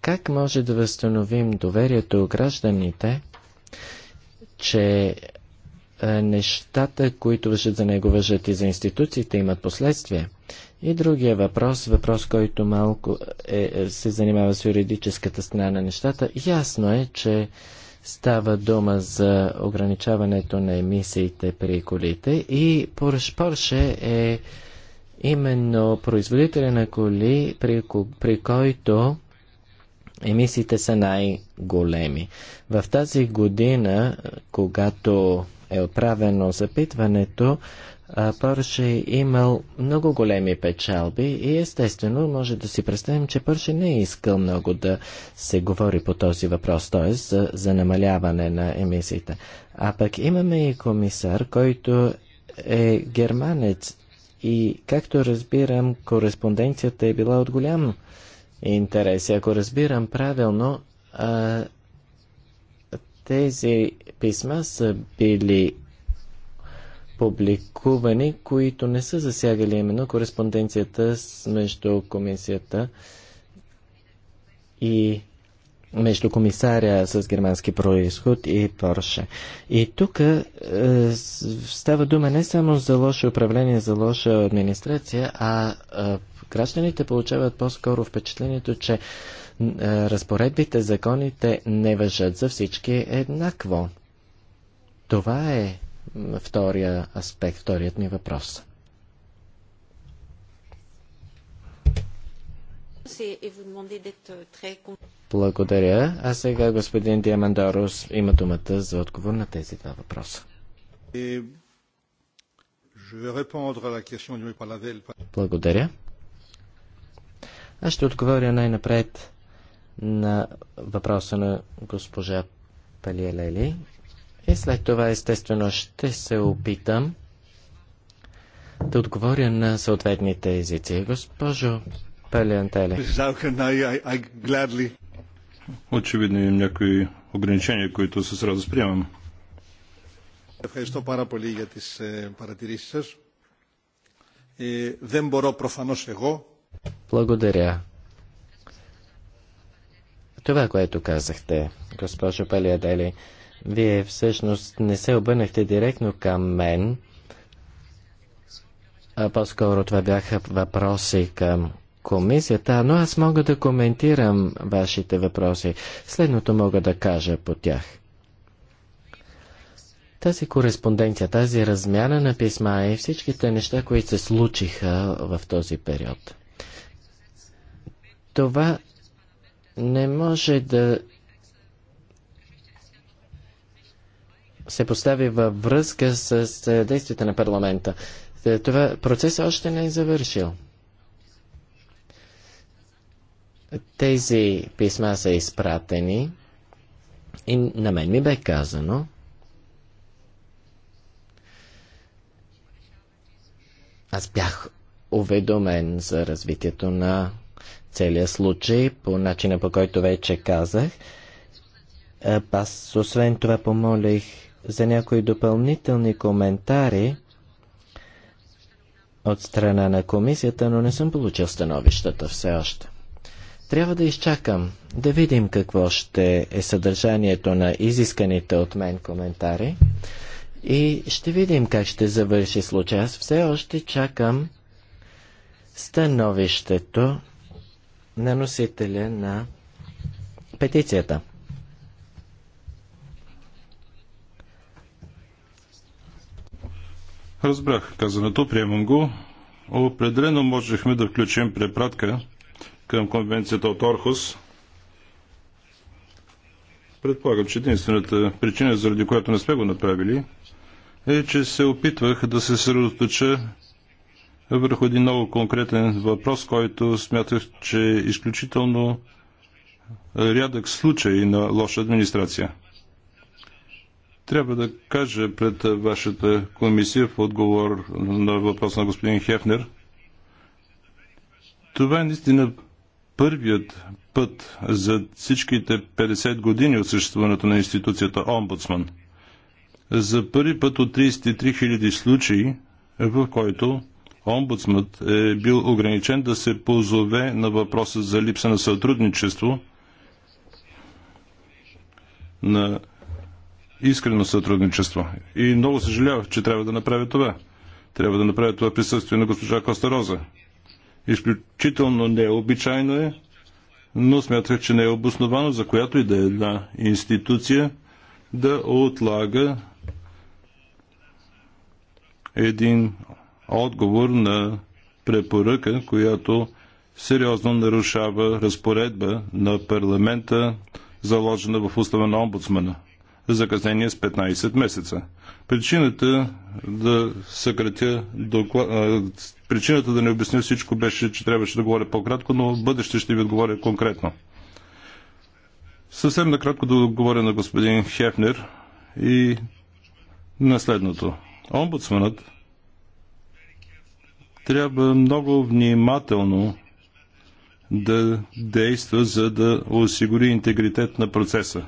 как може да възстановим доверието у гражданите, че е, нещата, които въжат за него, въжат и за институциите, имат последствия. И другия въпрос, въпрос, който малко е, е, се занимава с юридическата страна на нещата, ясно е, че става дума за ограничаването на емисиите при колите и Порше е именно производителя на коли, при, при който емисиите са най-големи. В тази година, когато е отправено запитването, Порше е имал много големи печалби и естествено може да си представим, че Порше не е искал много да се говори по този въпрос, т.е. За, за намаляване на емисиите. А пък имаме и комисар, който е германец и както разбирам, кореспонденцията е била от голям интерес. И ако разбирам правилно, а, тези писма са били публикувани, които не са засягали именно кореспонденцията между комисията и между комисаря с германски происход и Порше. И тук е, става дума не само за лошо управление, за лоша администрация, а е, гражданите получават по-скоро впечатлението, че е, разпоредбите, законите не въжат за всички еднакво. Това е втория аспект, вторият ми въпрос. Благодаря. А сега господин Диамандорос има думата за отговор на тези два въпроса. Благодаря. Аз ще отговоря най-напред на въпроса на госпожа Палиелели. И след това, естествено, ще се опитам да отговоря на съответните езици. Госпожо Пелиантели. Очевидно имам някои ограничения, които с радост приемам. Ευχαριστώ πάρα πολύ για τις παρατηρήσεις σας. Δεν μπορώ προφανώς εγώ. Благодаря. Това, което казахте, госпожо Палиадели, вие всъщност не се обърнахте директно към мен, а по-скоро това бяха въпроси към комисията, но аз мога да коментирам вашите въпроси. Следното мога да кажа по тях. Тази кореспонденция, тази размяна на писма и всичките неща, които се случиха в този период. Това не може да се постави във връзка с действията на парламента. Е, това процес още не е завършил. Тези писма са изпратени и на мен ми бе казано, аз бях уведомен за развитието на целия случай по начина по който вече казах. Аз освен това помолих за някои допълнителни коментари от страна на комисията, но не съм получил становищата все още. Трябва да изчакам, да видим какво ще е съдържанието на изисканите от мен коментари и ще видим как ще завърши случай. Аз все още чакам становището на носителя на петицията. Разбрах казаното, приемам го. Определено можехме да включим препратка към конвенцията от Орхус. Предполагам, че единствената причина, заради която не сме го направили, е, че се опитвах да се съсредоточа върху един много конкретен въпрос, който смятах, че е изключително рядък случай на лоша администрация. Трябва да кажа пред вашата комисия в отговор на въпрос на господин Хефнер. Това е наистина първият път за всичките 50 години от съществуването на институцията Омбудсман. За първи път от 33 000 случаи, в който омбудсмът е бил ограничен да се позове на въпроса за липса на сътрудничество, на искрено сътрудничество. И много съжалявах, че трябва да направя това. Трябва да направя това присъствие на госпожа Костароза. Изключително необичайно е, но смятах, че не е обосновано за която и да е една институция да отлага един отговор на препоръка, която сериозно нарушава разпоредба на парламента, заложена в устава на омбудсмана закъснение с 15 месеца. Причината да съкратя доклад... Причината да не обясня всичко беше, че трябваше да говоря по-кратко, но в бъдеще ще ви отговоря конкретно. Съвсем накратко да отговоря на господин Хефнер и на следното. Омбудсманът трябва много внимателно да действа, за да осигури интегритет на процеса.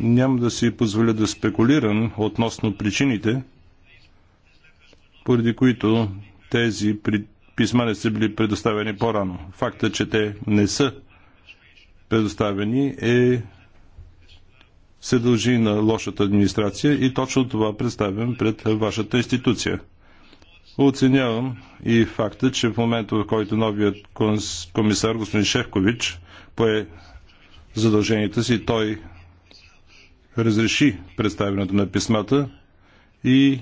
Няма да си позволя да спекулирам относно причините, поради които тези писма не са били предоставени по-рано. Факта, че те не са предоставени е се дължи на лошата администрация и точно това представям пред вашата институция. Оценявам и факта, че в момента, в който новият комисар господин Шефкович пое задълженията си, той разреши представянето на писмата и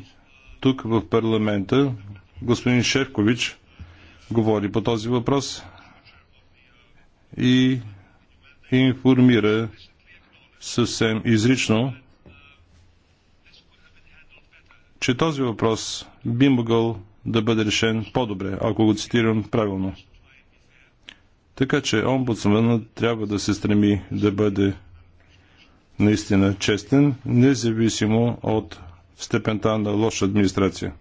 тук в парламента господин Шевкович говори по този въпрос и информира съвсем изрично, че този въпрос би могъл да бъде решен по-добре, ако го цитирам правилно. Така че омбудсманът трябва да се стреми да бъде наистина честен, независимо от степента на лоша администрация.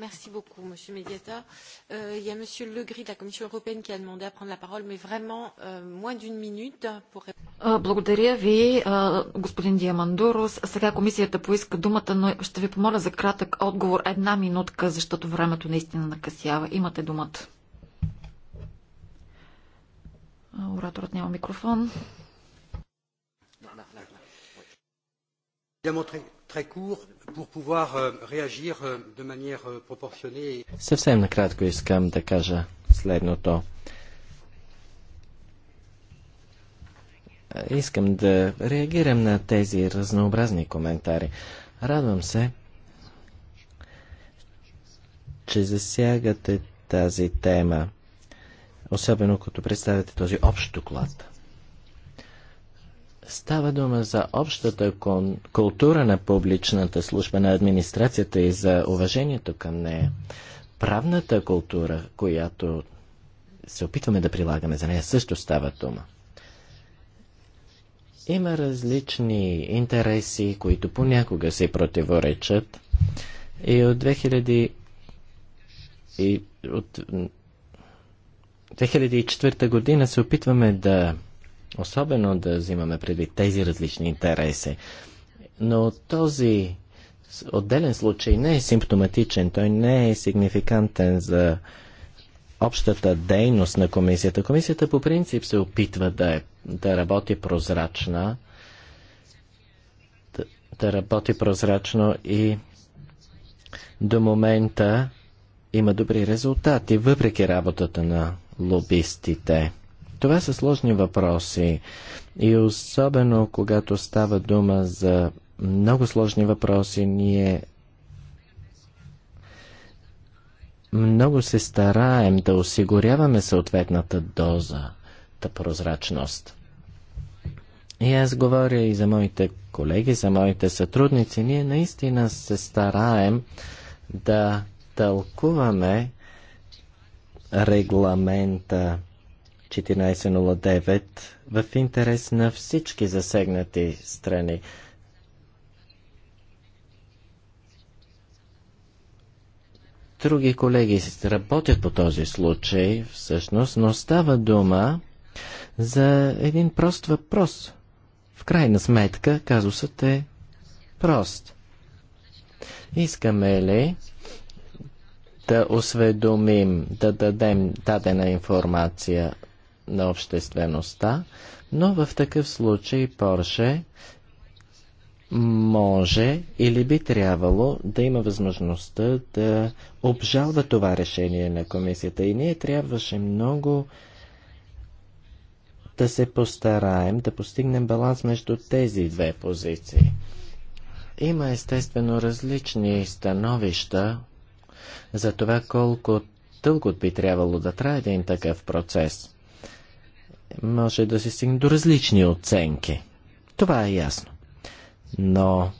Merci beaucoup, Monsieur le Médiateur. Euh, il y a Monsieur Le Gris de la Commission européenne qui a demandé à prendre la parole, mais vraiment euh, moins d'une minute pour répondre. Благодаря ви, господин Диамандурос. Сега комисията поиска думата, но ще ви помоля за кратък отговор една минутка, защото времето наистина накъсява. Имате думата. Ораторът няма микрофон. Euh, euh, euh, Съвсем накратко искам да кажа следното. Е, искам да реагирам на тези разнообразни коментари. Радвам се, че засягате тази тема, особено като представяте този общ доклад. Става дума за общата култура на публичната служба на администрацията и за уважението към нея. Правната култура, която се опитваме да прилагаме за нея, също става дума. Има различни интереси, които понякога се противоречат. И от 2000 и от 2004 година се опитваме да Особено да взимаме предвид тези различни интереси. Но този отделен случай не е симптоматичен, той не е сигнификантен за общата дейност на комисията. Комисията по принцип се опитва да, е, да работи прозрачна, да, да работи прозрачно и до момента има добри резултати, въпреки работата на лобистите. Това са сложни въпроси и особено когато става дума за много сложни въпроси, ние много се стараем да осигуряваме съответната доза та прозрачност. И аз говоря и за моите колеги, за моите сътрудници. Ние наистина се стараем да тълкуваме регламента 1409 в интерес на всички засегнати страни. Други колеги работят по този случай, всъщност, но става дума за един прост въпрос. В крайна сметка, казусът е прост. Искаме ли да осведомим, да дадем дадена информация на обществеността, но в такъв случай Порше може или би трябвало да има възможността да обжалва това решение на комисията. И ние трябваше много да се постараем да постигнем баланс между тези две позиции. Има естествено различни становища за това колко дълго би трябвало да трае един такъв процес може да се стигне до различни оценки. Това е ясно. Но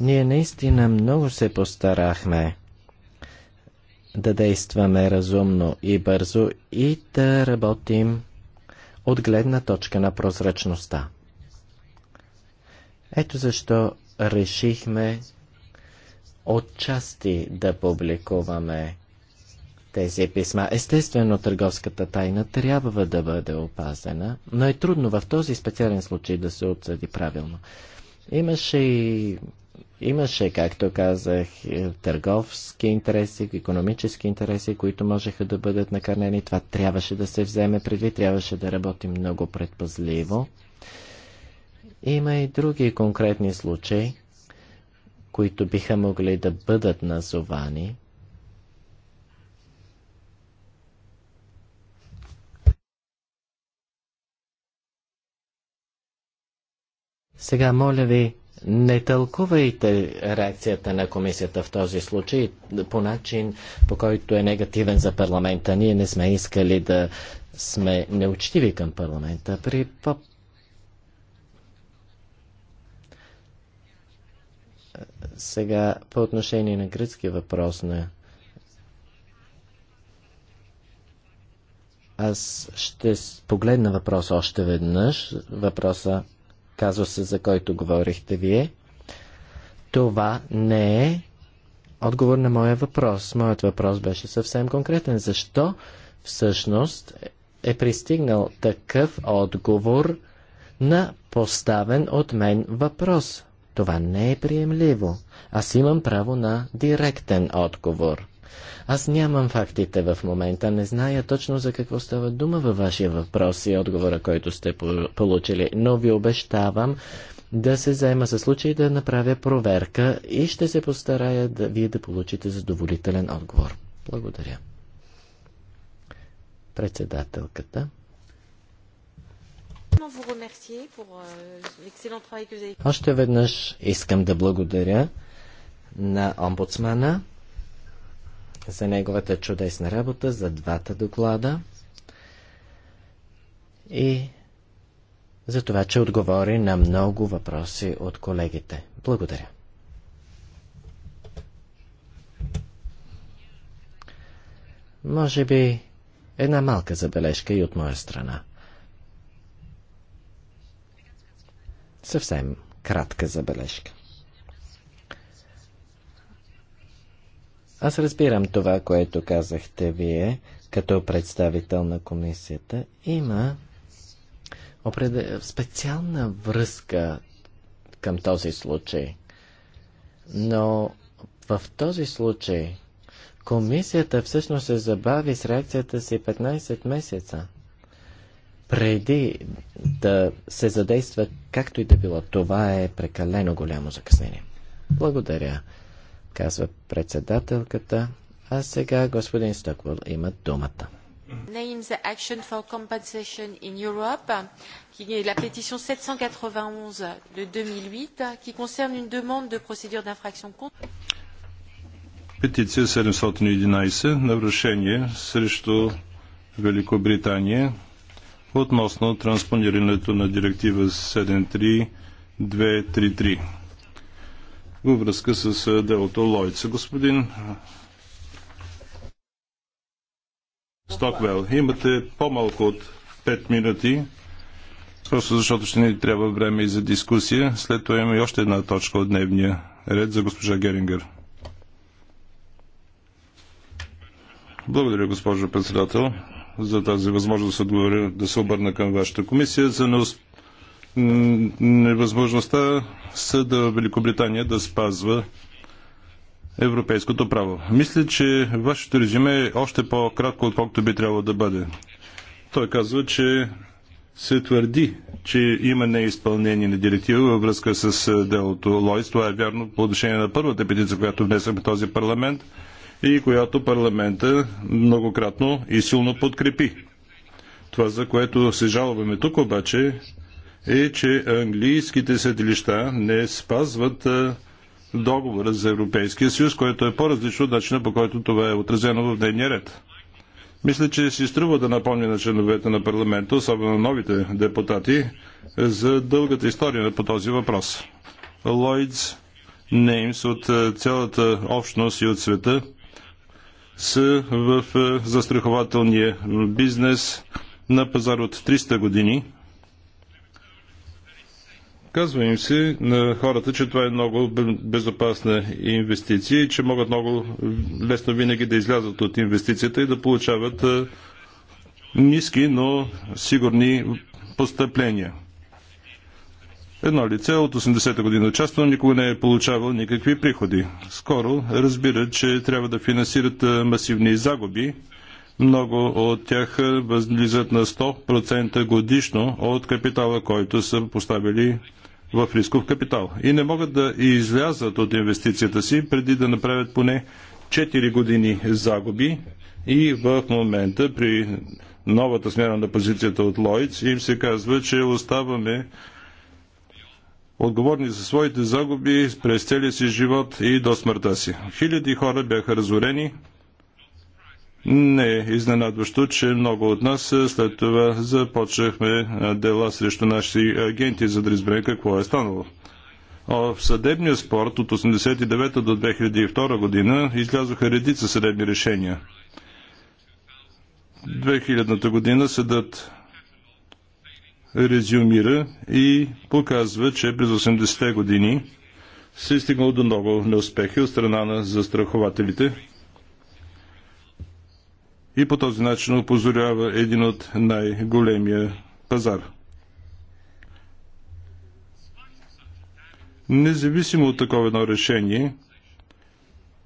ние наистина много се постарахме да действаме разумно и бързо и да работим от гледна точка на прозрачността. Ето защо решихме отчасти да публикуваме тези писма. Естествено, търговската тайна трябва да бъде опазена, но е трудно в този специален случай да се обсъди правилно. Имаше и имаше, както казах, търговски интереси, економически интереси, които можеха да бъдат накърнени. Това трябваше да се вземе предвид, трябваше да работим много предпазливо. Има и други конкретни случаи, които биха могли да бъдат назовани. Сега, моля ви, не тълкувайте реакцията на комисията в този случай по начин, по който е негативен за парламента. Ние не сме искали да сме неучтиви към парламента. При Сега, по отношение на гръцки въпрос на Аз ще погледна въпрос още веднъж. Въпроса казуса, за който говорихте вие. Това не е отговор на моя въпрос. Моят въпрос беше съвсем конкретен. Защо всъщност е пристигнал такъв отговор на поставен от мен въпрос? Това не е приемливо. Аз имам право на директен отговор. Аз нямам фактите в момента, не зная точно за какво става дума във вашия въпрос и отговора, който сте получили, но ви обещавам да се заема със случай да направя проверка и ще се постарая да вие да получите задоволителен отговор. Благодаря. Председателката. Euh, Още веднъж искам да благодаря на омбудсмана за неговата чудесна работа, за двата доклада и за това, че отговори на много въпроси от колегите. Благодаря. Може би една малка забележка и от моя страна. Съвсем кратка забележка. Аз разбирам това, което казахте вие, като представител на комисията. Има специална връзка към този случай. Но в този случай комисията всъщност се забави с реакцията си 15 месеца преди да се задейства както и да било. Това е прекалено голямо закъснение. Благодаря казва председателката. А сега господин Стъквал има думата. Names Action for Compensation in Europe, qui est la pétition 791 de 2008, qui concerne une demande de procédure d'infraction contre. Петиция 711, нарушение срещу Великобритания относно транспонирането на директива 73233 във връзка с делото Лойца. Господин Стоквел, имате по-малко от 5 минути, просто защото ще ни трябва време и за дискусия. След това има и още една точка от дневния ред за госпожа Герингър. Благодаря, госпожо председател, за тази възможност да се, обърна към вашата комисия за неуспешност невъзможността съда в Великобритания да спазва европейското право. Мисля, че вашето резюме е още по-кратко, отколкото би трябвало да бъде. Той казва, че се твърди, че има неизпълнение на директива във връзка с е, делото Лойс. Това е вярно по отношение на първата петиция, която внесахме в този парламент и която парламента многократно и силно подкрепи. Това, за което се жалваме тук обаче, е, че английските съдилища не спазват е, договора за Европейския съюз, който е по-различно от начина по който това е отразено в дневния ред. Мисля, че си струва да напомня на членовете на парламента, особено новите депутати, за дългата история по този въпрос. Лойдс Неймс от е, цялата общност и от света са в е, застрахователния бизнес на пазар от 300 години Казва им се на хората, че това е много безопасна инвестиция и че могат много лесно винаги да излязат от инвестицията и да получават ниски, но сигурни постъпления. Едно лице от 80-та година участва, никога не е получавал никакви приходи. Скоро разбира, че трябва да финансират масивни загуби. Много от тях възлизат на 100% годишно от капитала, който са поставили в рисков капитал и не могат да излязат от инвестицията си преди да направят поне 4 години загуби и в момента при новата смяна на позицията от Лойц им се казва, че оставаме отговорни за своите загуби през целия си живот и до смъртта си. Хиляди хора бяха разорени, не е изненадващо, че много от нас е, след това започнахме е, дела срещу наши агенти, за да разберем какво е станало. В съдебния спорт от 1989 до 2002 година излязоха редица съдебни решения. 2000-та година съдът резюмира и показва, че през 80-те години се е стигнал до много неуспехи от страна на застрахователите, и по този начин опозорява един от най-големия пазар. Независимо от такова едно решение,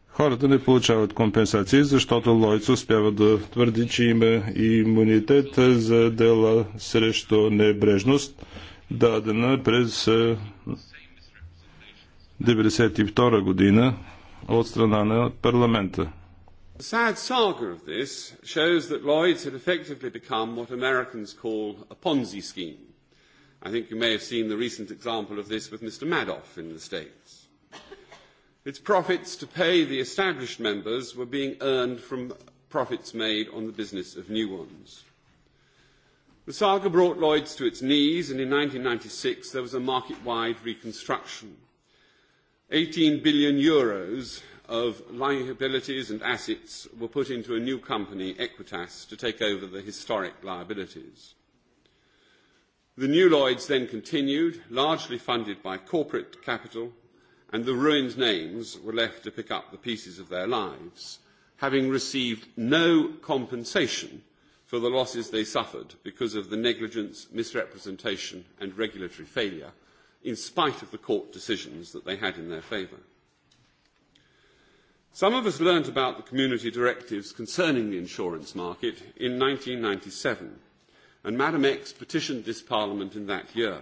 хората не получават компенсации, защото Лойц успява да твърди, че има имунитет за дела срещу небрежност, дадена през 1992 година от страна на парламента. The sad saga of this shows that Lloyd's had effectively become what Americans call a Ponzi scheme. I think you may have seen the recent example of this with Mr. Madoff in the States. Its profits to pay the established members were being earned from profits made on the business of new ones. The saga brought Lloyd's to its knees, and in ninety six there was a market-wide reconstruction. 18 billion euros of liabilities and assets were put into a new company, Equitas, to take over the historic liabilities. The new Lloyds then continued, largely funded by corporate capital, and the ruined names were left to pick up the pieces of their lives, having received no compensation for the losses they suffered because of the negligence, misrepresentation and regulatory failure, in spite of the court decisions that they had in their favour. Some of us learnt about the community directives concerning the insurance market in ninety seven, and Madam X petitioned this Parliament in that year.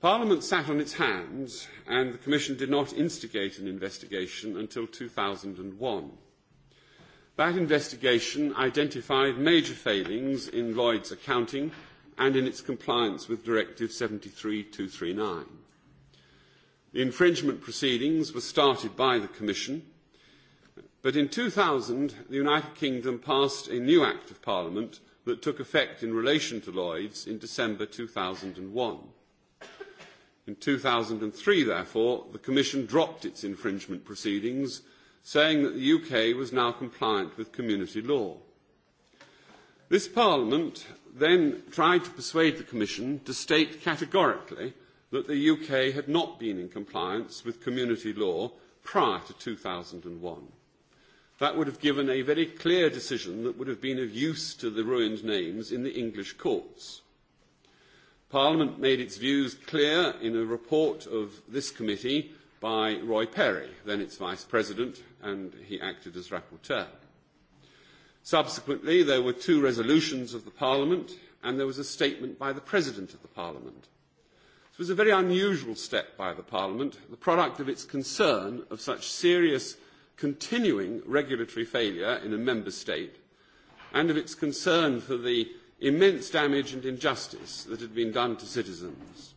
Parliament sat on its hands, and the Commission did not instigate an investigation until two thousand one. That investigation identified major failings in Lloyd's accounting and in its compliance with Directive seventy three 73239. The infringement proceedings were started by the Commission, but in 2000 the United Kingdom passed a new Act of Parliament that took effect in relation to Lloyds in December 2001. In 2003, therefore, the Commission dropped its infringement proceedings, saying that the UK was now compliant with community law. This Parliament then tried to persuade the Commission to state categorically that the UK had not been in compliance with community law prior to two thousand one. That would have given a very clear decision that would have been of use to the ruined names in the English courts. Parliament made its views clear in a report of this committee by Roy Perry, then its Vice President, and he acted as rapporteur. Subsequently, there were two resolutions of the Parliament, and there was a statement by the President of the Parliament was a very unusual step by the Parliament, the product of its concern of such serious continuing regulatory failure in a member state and of its concern for the immense damage and injustice that had been done to citizens.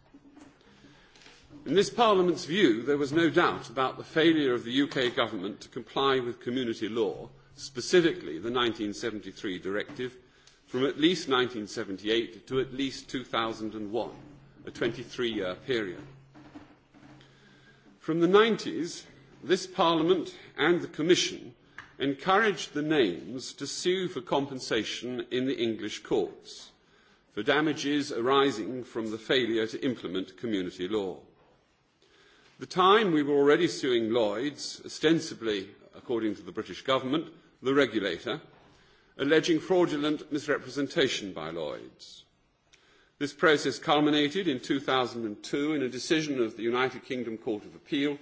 In this Parliament's view, there was no doubt about the failure of the UK government to comply with community law, specifically the seventy three directive, from at least seventy eight to at least two thousand and one a 23-year period. From the 90s, this Parliament and the Commission encouraged the names to sue for compensation in the English courts for damages arising from the failure to implement community law. At the time, we were already suing Lloyds, ostensibly, according to the British government, the regulator, alleging fraudulent misrepresentation by Lloyds. This process culminated in two thousand two in a decision of the United Kingdom Court of Appeal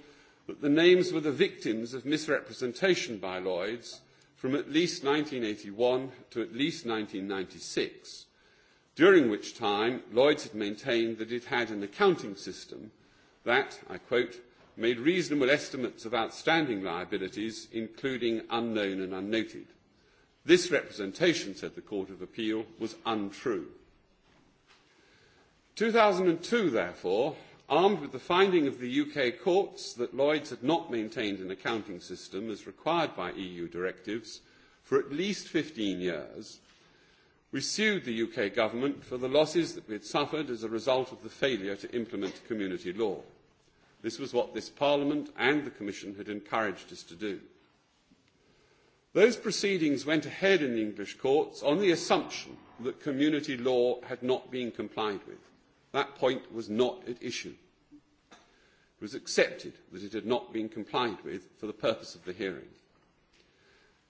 that the names were the victims of misrepresentation by Lloyds from at least eighty one to at least ninety six, during which time Lloyds had maintained that it had an accounting system that, I quote, made reasonable estimates of outstanding liabilities, including unknown and unnoted. This representation, said the Court of Appeal, was untrue. 2002, therefore, armed with the finding of the UK courts that Lloyds had not maintained an accounting system as required by EU directives for at least 15 years, we sued the UK government for the losses that we had suffered as a result of the failure to implement community law. This was what this Parliament and the Commission had encouraged us to do. Those proceedings went ahead in the English courts on the assumption that community law had not been complied with. That point was not at issue. It was accepted that it had not been complied with for the purpose of the hearing.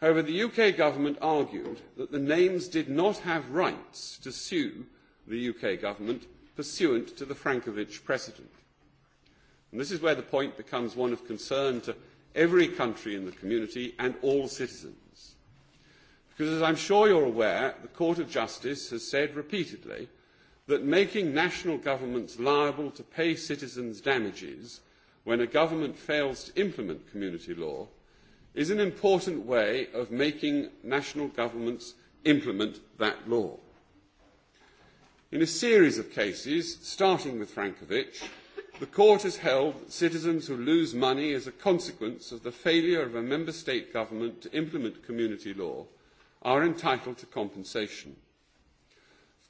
However, the UK government argued that the names did not have rights to sue the UK government pursuant to the Frankovich precedent. And this is where the point becomes one of concern to every country in the community and all citizens. Because as I'm sure you're aware, the Court of Justice has said repeatedly that making national governments liable to pay citizens damages when a government fails to implement community law is an important way of making national governments implement that law. In a series of cases, starting with Frankovic, the court has held that citizens who lose money as a consequence of the failure of a member state government to implement community law are entitled to compensation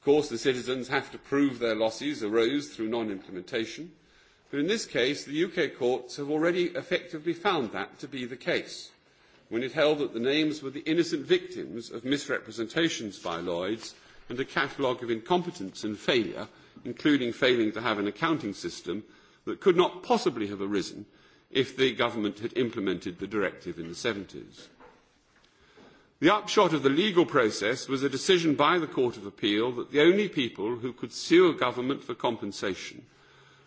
course, the citizens have to prove their losses arose through non-implementation, but in this case, the UK courts have already effectively found that to be the case when it held that the names were the innocent victims of misrepresentations by Lloyds and a catalogue of incompetence and failure, including failing to have an accounting system that could not possibly have arisen if the government had implemented the directive in the 70s. The upshot of the legal process was a decision by the Court of Appeal that the only people who could sue a government for compensation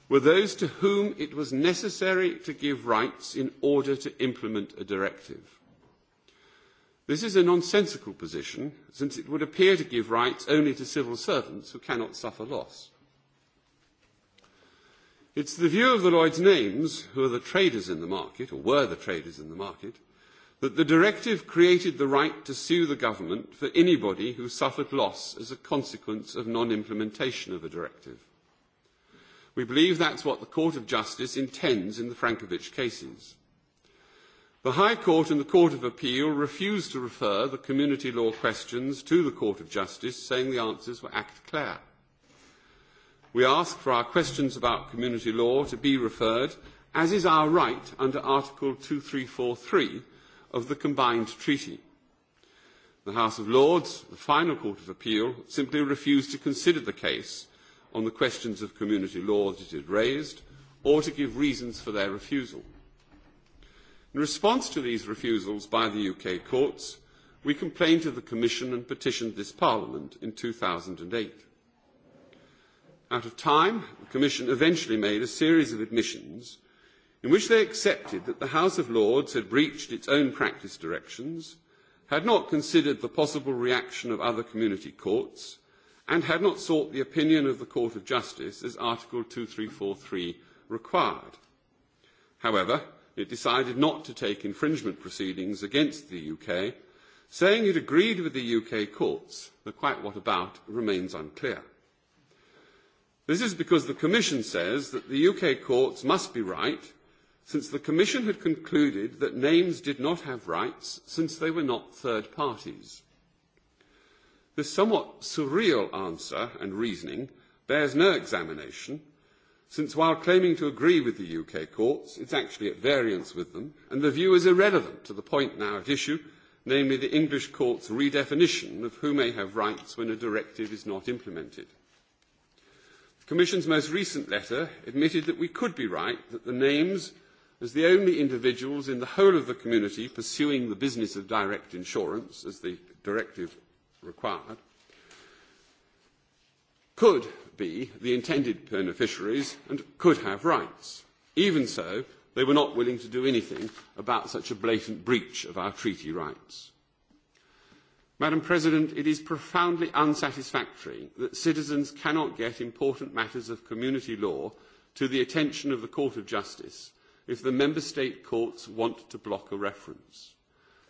were those to whom it was necessary to give rights in order to implement a directive. This is a nonsensical position, since it would appear to give rights only to civil servants who cannot suffer loss. It is the view of the Lloyds names, who are the traders in the market, or were the traders in the market, that the directive created the right to sue the government for anybody who suffered loss as a consequence of non-implementation of a directive. We believe that's what the Court of Justice intends in the Frankovich cases. The High Court and the Court of Appeal refused to refer the community law questions to the Court of Justice, saying the answers were act clair. We ask for our questions about community law to be referred, as is our right under Article 2343 of the combined treaty. The House of Lords, the final Court of Appeal, simply refused to consider the case on the questions of community law that it had raised or to give reasons for their refusal. In response to these refusals by the UK courts, we complained to the Commission and petitioned this Parliament in two thousand eight. Out of time, the Commission eventually made a series of admissions in which they accepted that the House of Lords had breached its own practice directions, had not considered the possible reaction of other community courts, and had not sought the opinion of the Court of Justice as Article two hundred and three required. However, it decided not to take infringement proceedings against the UK, saying it agreed with the UK courts, though quite what about remains unclear. This is because the Commission says that the UK courts must be right since the Commission had concluded that names did not have rights since they were not third parties. This somewhat surreal answer and reasoning bears no examination, since while claiming to agree with the UK courts, it's actually at variance with them, and the view is irrelevant to the point now at issue, namely the English court's redefinition of who may have rights when a directive is not implemented. The Commission's most recent letter admitted that we could be right that the names as the only individuals in the whole of the community pursuing the business of direct insurance, as the directive required, could be the intended beneficiaries and could have rights. Even so, they were not willing to do anything about such a blatant breach of our treaty rights. Madam President, it is profoundly unsatisfactory that citizens cannot get important matters of community law to the attention of the Court of Justice if the member state courts want to block a reference.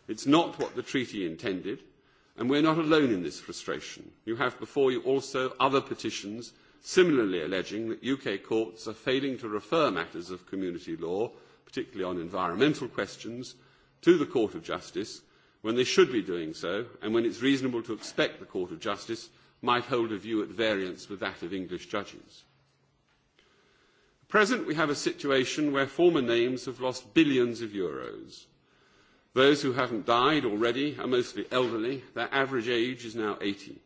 It's not what the treaty intended, and we're not alone in this frustration. You have before you also other petitions similarly alleging that UK courts are failing to refer matters of community law, particularly on environmental questions, to the Court of Justice when they should be doing so and when it's reasonable to expect the Court of Justice might hold a view at variance with that of English judges present, we have a situation where former names have lost billions of euros. Those who haven't died already are mostly elderly. Their average age is now 80.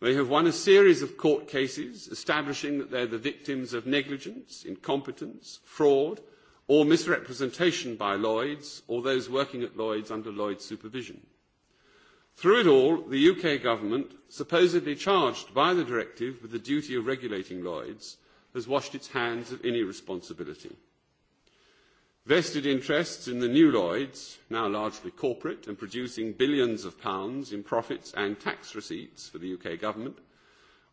They have won a series of court cases establishing that they're the victims of negligence, incompetence, fraud, or misrepresentation by Lloyds or those working at Lloyds under Lloyds supervision. Through it all, the UK government, supposedly charged by the directive with the duty of regulating Lloyds, has washed its hands of any responsibility. Vested interests in the new Lloyds, now largely corporate and producing billions of pounds in profits and tax receipts for the UK government,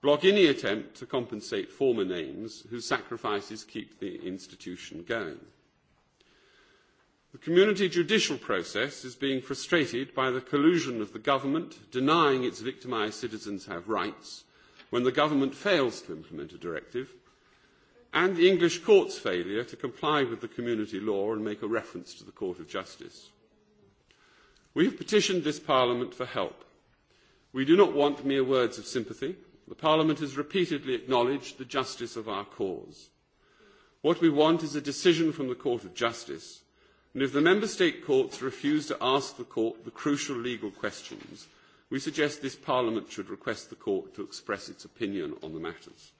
block any attempt to compensate former names whose sacrifices keep the institution going. The community judicial process is being frustrated by the collusion of the government denying its victimised citizens have rights when the government fails to implement a directive and the English court's failure to comply with the community law and make a reference to the Court of Justice. We have petitioned this Parliament for help. We do not want mere words of sympathy. The Parliament has repeatedly acknowledged the justice of our cause. What we want is a decision from the Court of Justice, and if the Member State courts refuse to ask the Court the crucial legal questions, we suggest this Parliament should request the Court to express its opinion on the matters.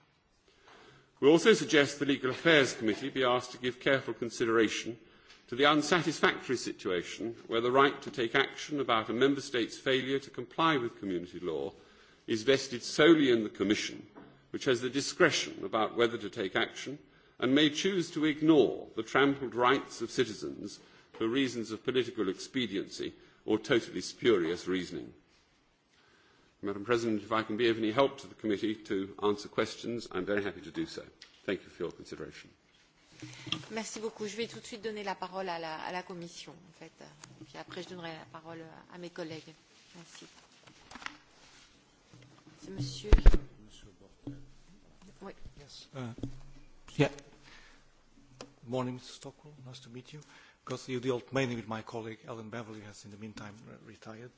We also suggest the Legal Affairs Committee be asked to give careful consideration to the unsatisfactory situation where the right to take action about a member state's failure to comply with community law is vested solely in the Commission, which has the discretion about whether to take action and may choose to ignore the trampled rights of citizens for reasons of political expediency or totally spurious reasoning. Madam President, if I can be of any help to the committee to answer questions, I'm very happy to do so. Thank you for your consideration. Merci beaucoup. Je vais tout de suite donner la parole à la, à la Commission, en fait. Puis après, je donnerai la parole à mes collègues. Merci. C'est Monsieur. Oui. Yes. Uh, yeah. Morning, Mr. Stockwell. Nice to meet you because you dealt mainly with my colleague, Alan Beverley, has in the meantime retired.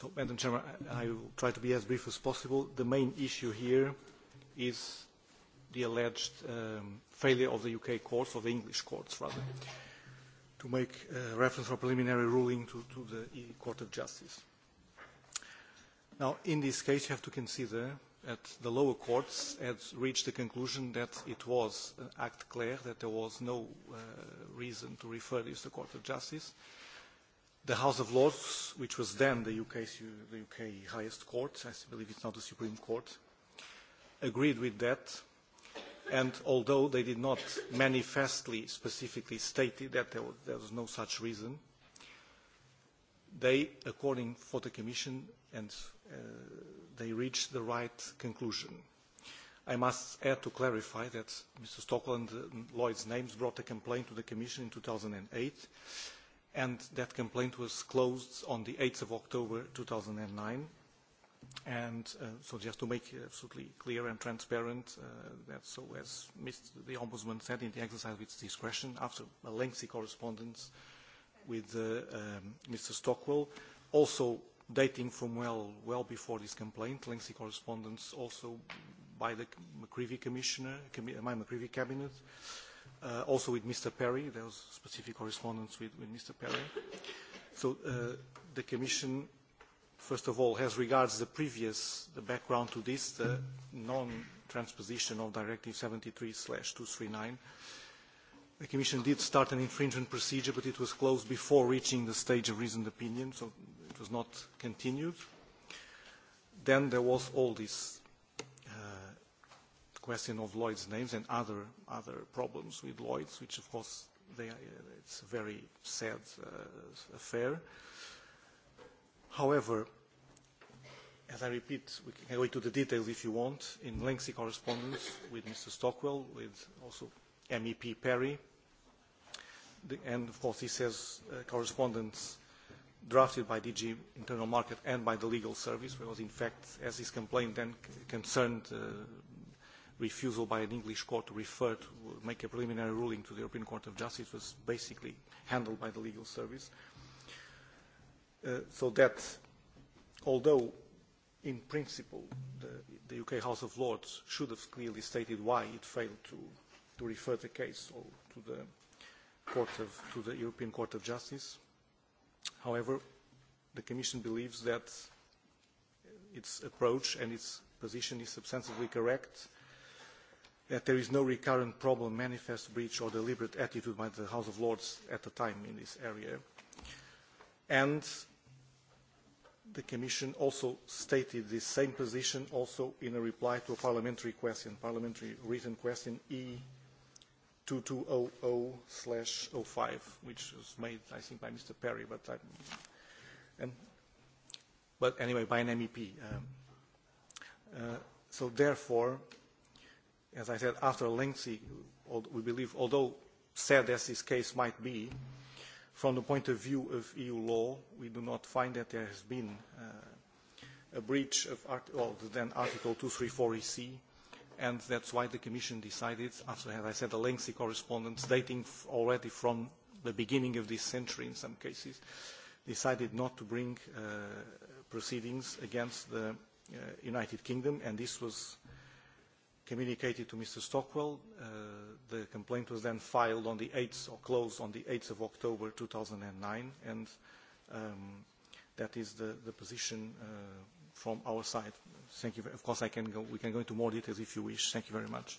So, Madam Chairman, I will try to be as brief as possible. The main issue here is the alleged um, failure of the UK courts, of the English courts rather, to make uh, reference for preliminary ruling to, to the Court of Justice. Now, in this case, you have to consider at the lower courts had reached the conclusion that it was an act clear, that there was no reason to refer this to the Court of Justice. The House of Lords, which was then the UK's, the UK highest court, I believe it's now the Supreme Court, agreed with that. And although they did not manifestly, specifically state that there was, there was no such reason, they, according for the Commission, and they reached the right conclusion. I must add to clarify that Mr. Stockwell and Lloyd's names brought a complaint to the Commission in two thousand eight, and that complaint was closed on the 8th of October two thousand nine. And so just to make it absolutely clear and transparent, that so as the Ombudsman said, in the exercise of its discretion, after a lengthy correspondence with Mr. Stockwell, also dating from well, well before this complaint, lengthy correspondence also by the McCreevy Commissioner, my McCreevy Cabinet, uh, also with Mr. Perry. There was specific correspondence with, with Mr. Perry. So uh, the Commission, first of all, has regards the previous, the background to this, the non-transposition of Directive 73-239. The Commission did start an infringement procedure, but it was closed before reaching the stage of reasoned opinion, so was not continued. Then there was all this uh, question of Lloyd's names and other, other problems with Lloyd's, which of course they, uh, it's a very sad uh, affair. However, as I repeat, we can go into the details if you want, in lengthy correspondence with Mr. Stockwell, with also MEP Perry, and of course he says uh, correspondence drafted by DG Internal Market and by the legal service, because in fact, as his complaint then concerned uh, refusal by an English court to refer to make a preliminary ruling to the European Court of Justice was basically handled by the legal service. Uh, so that although in principle the, the UK House of Lords should have clearly stated why it failed to, to refer the case or to the, court of, to the European Court of Justice, However, the Commission believes that its approach and its position is substantively correct, that there is no recurrent problem, manifest breach or deliberate attitude by the House of Lords at the time in this area. And the Commission also stated the same position also in a reply to a parliamentary question, parliamentary written question E 2200/05, which was made, I think, by Mr. Perry, but I, and, but anyway, by an MEP. Um, uh, so therefore, as I said, after lengthy, we believe, although sad as this case might be, from the point of view of EU law, we do not find that there has been uh, a breach of art, well, then Article 234 EC and that's why the Commission decided, after, as I said, a lengthy correspondence dating already from the beginning of this century in some cases, decided not to bring uh, proceedings against the uh, United Kingdom, and this was communicated to Mr. Stockwell. Uh, the complaint was then filed on the 8th, or closed on the 8th of October 2009, and um, that is the, the position uh, from our side. Thank you. Of course, I can go, we can go into more details if you wish. Thank you very much.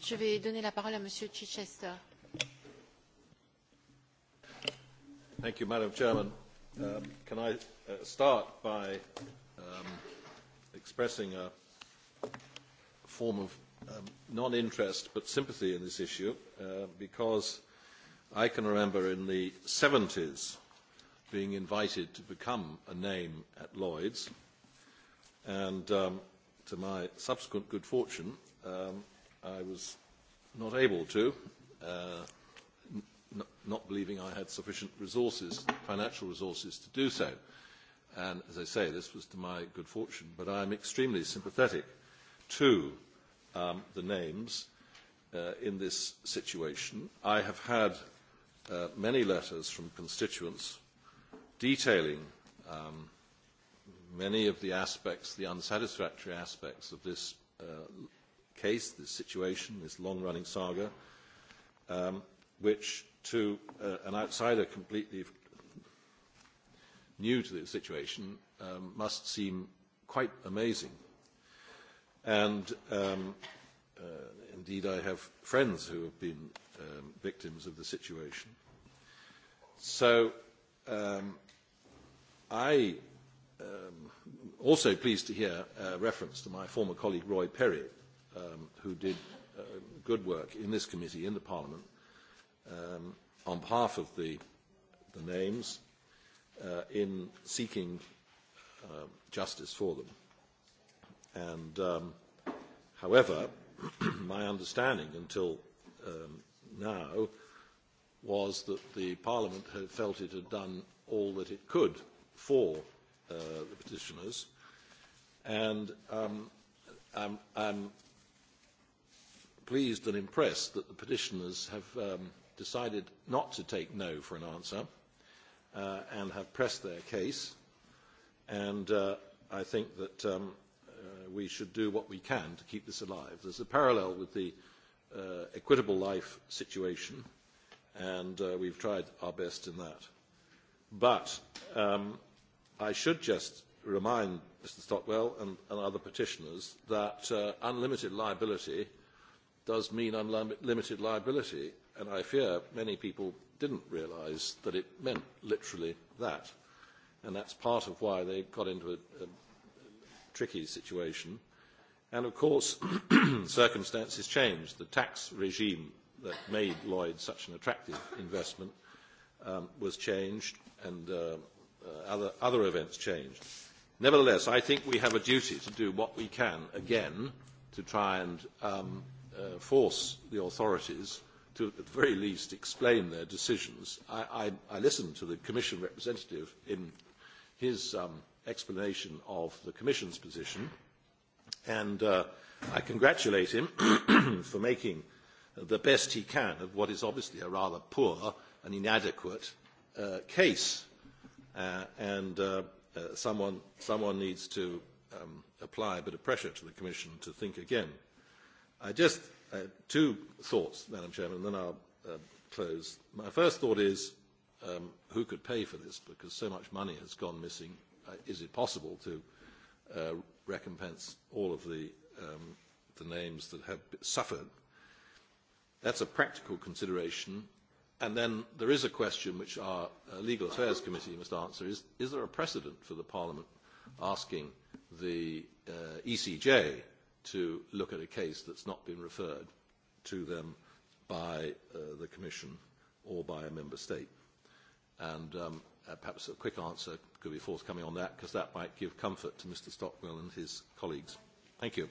Je vais donner la parole à Monsieur Chichester. Thank you, Madam Chairman. Um, can I uh, start by um, expressing a form of um, non-interest but sympathy in this issue uh, because I can remember in the 70s being invited to become a name at Lloyd's. And to my subsequent good fortune, I was not able to, not believing I had sufficient resources, financial resources to do so. And as I say, this was to my good fortune, but I am extremely sympathetic to the names in this situation. I have had many letters from constituents detailing um, many of the aspects, the unsatisfactory aspects of this uh, case, this situation, this long-running saga, um, which to uh, an outsider completely new to the situation um, must seem quite amazing. And um, uh, indeed, I have friends who have been um, victims of the situation. So um, I am also pleased to hear a reference to my former colleague Roy Perry, who did good work in this committee, in the Parliament, on behalf of the, names in seeking justice for them. however, my understanding until now was that the Parliament had felt it had done all that it could for the petitioners. And um, I'm, I'm pleased and impressed that the petitioners have decided not to take no for an answer and have pressed their case. And I think that we should do what we can to keep this alive. There's a parallel with the equitable life situation, and we've tried our best in that. But I should just remind Mr Stockwell and, other petitioners that unlimited liability does mean unlimited liability, and I fear many people didn't realise that it meant literally that. And that's part of why they got into a, tricky situation. And of course, circumstances changed. The tax regime that made Lloyd such an attractive investment was changed, and other, other events changed. Nevertheless, I think we have a duty to do what we can again to try and um, uh, force the authorities to, at the very least, explain their decisions. I, I, I listened to the Commission representative in his um, explanation of the Commission's position, and uh, I congratulate him for making the best he can of what is obviously a rather poor and inadequate uh, case uh, and uh, uh, someone, someone needs to um, apply a bit of pressure to the Commission to think again. I just, uh, two thoughts, Madam Chairman, and then I'll uh, close. My first thought is um, who could pay for this because so much money has gone missing. Uh, is it possible to uh, recompense all of the, um, the names that have suffered? That's a practical consideration And then there is a question which our uh Legal Affairs Committee must answer is, is there a precedent for the Parliament asking the uh ECJ to look at a case that's not been referred to them by uh the Commission or by a member state? And um perhaps a quick answer could be forthcoming on that because that might give comfort to Mr. Stockwell and his colleagues. Thank you.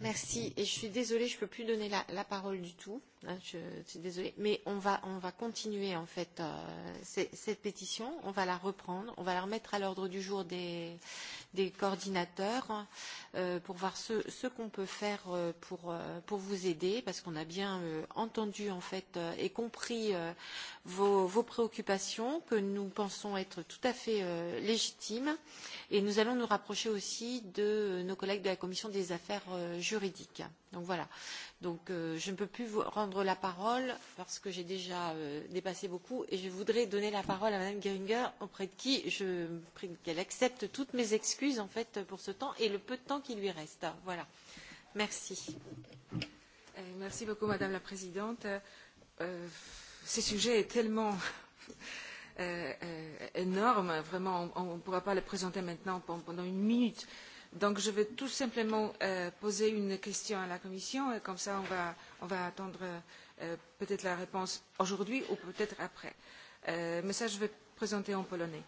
Merci. Et je suis désolée, je ne peux plus donner la, parole du tout je suis désolée, mais on va, on va continuer en fait euh, cette pétition, on va la reprendre, on va la remettre à l'ordre du jour des, des coordinateurs euh, pour voir ce, ce qu'on peut faire pour, pour vous aider, parce qu'on a bien euh, entendu en fait euh, et compris euh, vos, vos préoccupations que nous pensons être tout à fait euh, légitimes et nous allons nous rapprocher aussi de nos collègues de la commission des affaires euh, juridiques. Donc voilà. Donc euh, je ne peux plus vous rendre la parole parce que j'ai déjà euh, dépassé beaucoup et je voudrais donner la parole à Madame Geringer auprès de qui je prie qu'elle accepte toutes mes excuses en fait pour ce temps et le peu de temps qui lui reste. Voilà. Merci. Merci beaucoup Madame la Présidente. Euh, ce sujet est tellement euh, euh, énorme, vraiment on ne pourra pas le présenter maintenant pendant une minute. Euh, Donc je vais tout simplement poser une question à la Commission et comme ça on va, attendre peut-être la réponse aujourd'hui ou peut-être après. mais ça je vais présenter en polonais.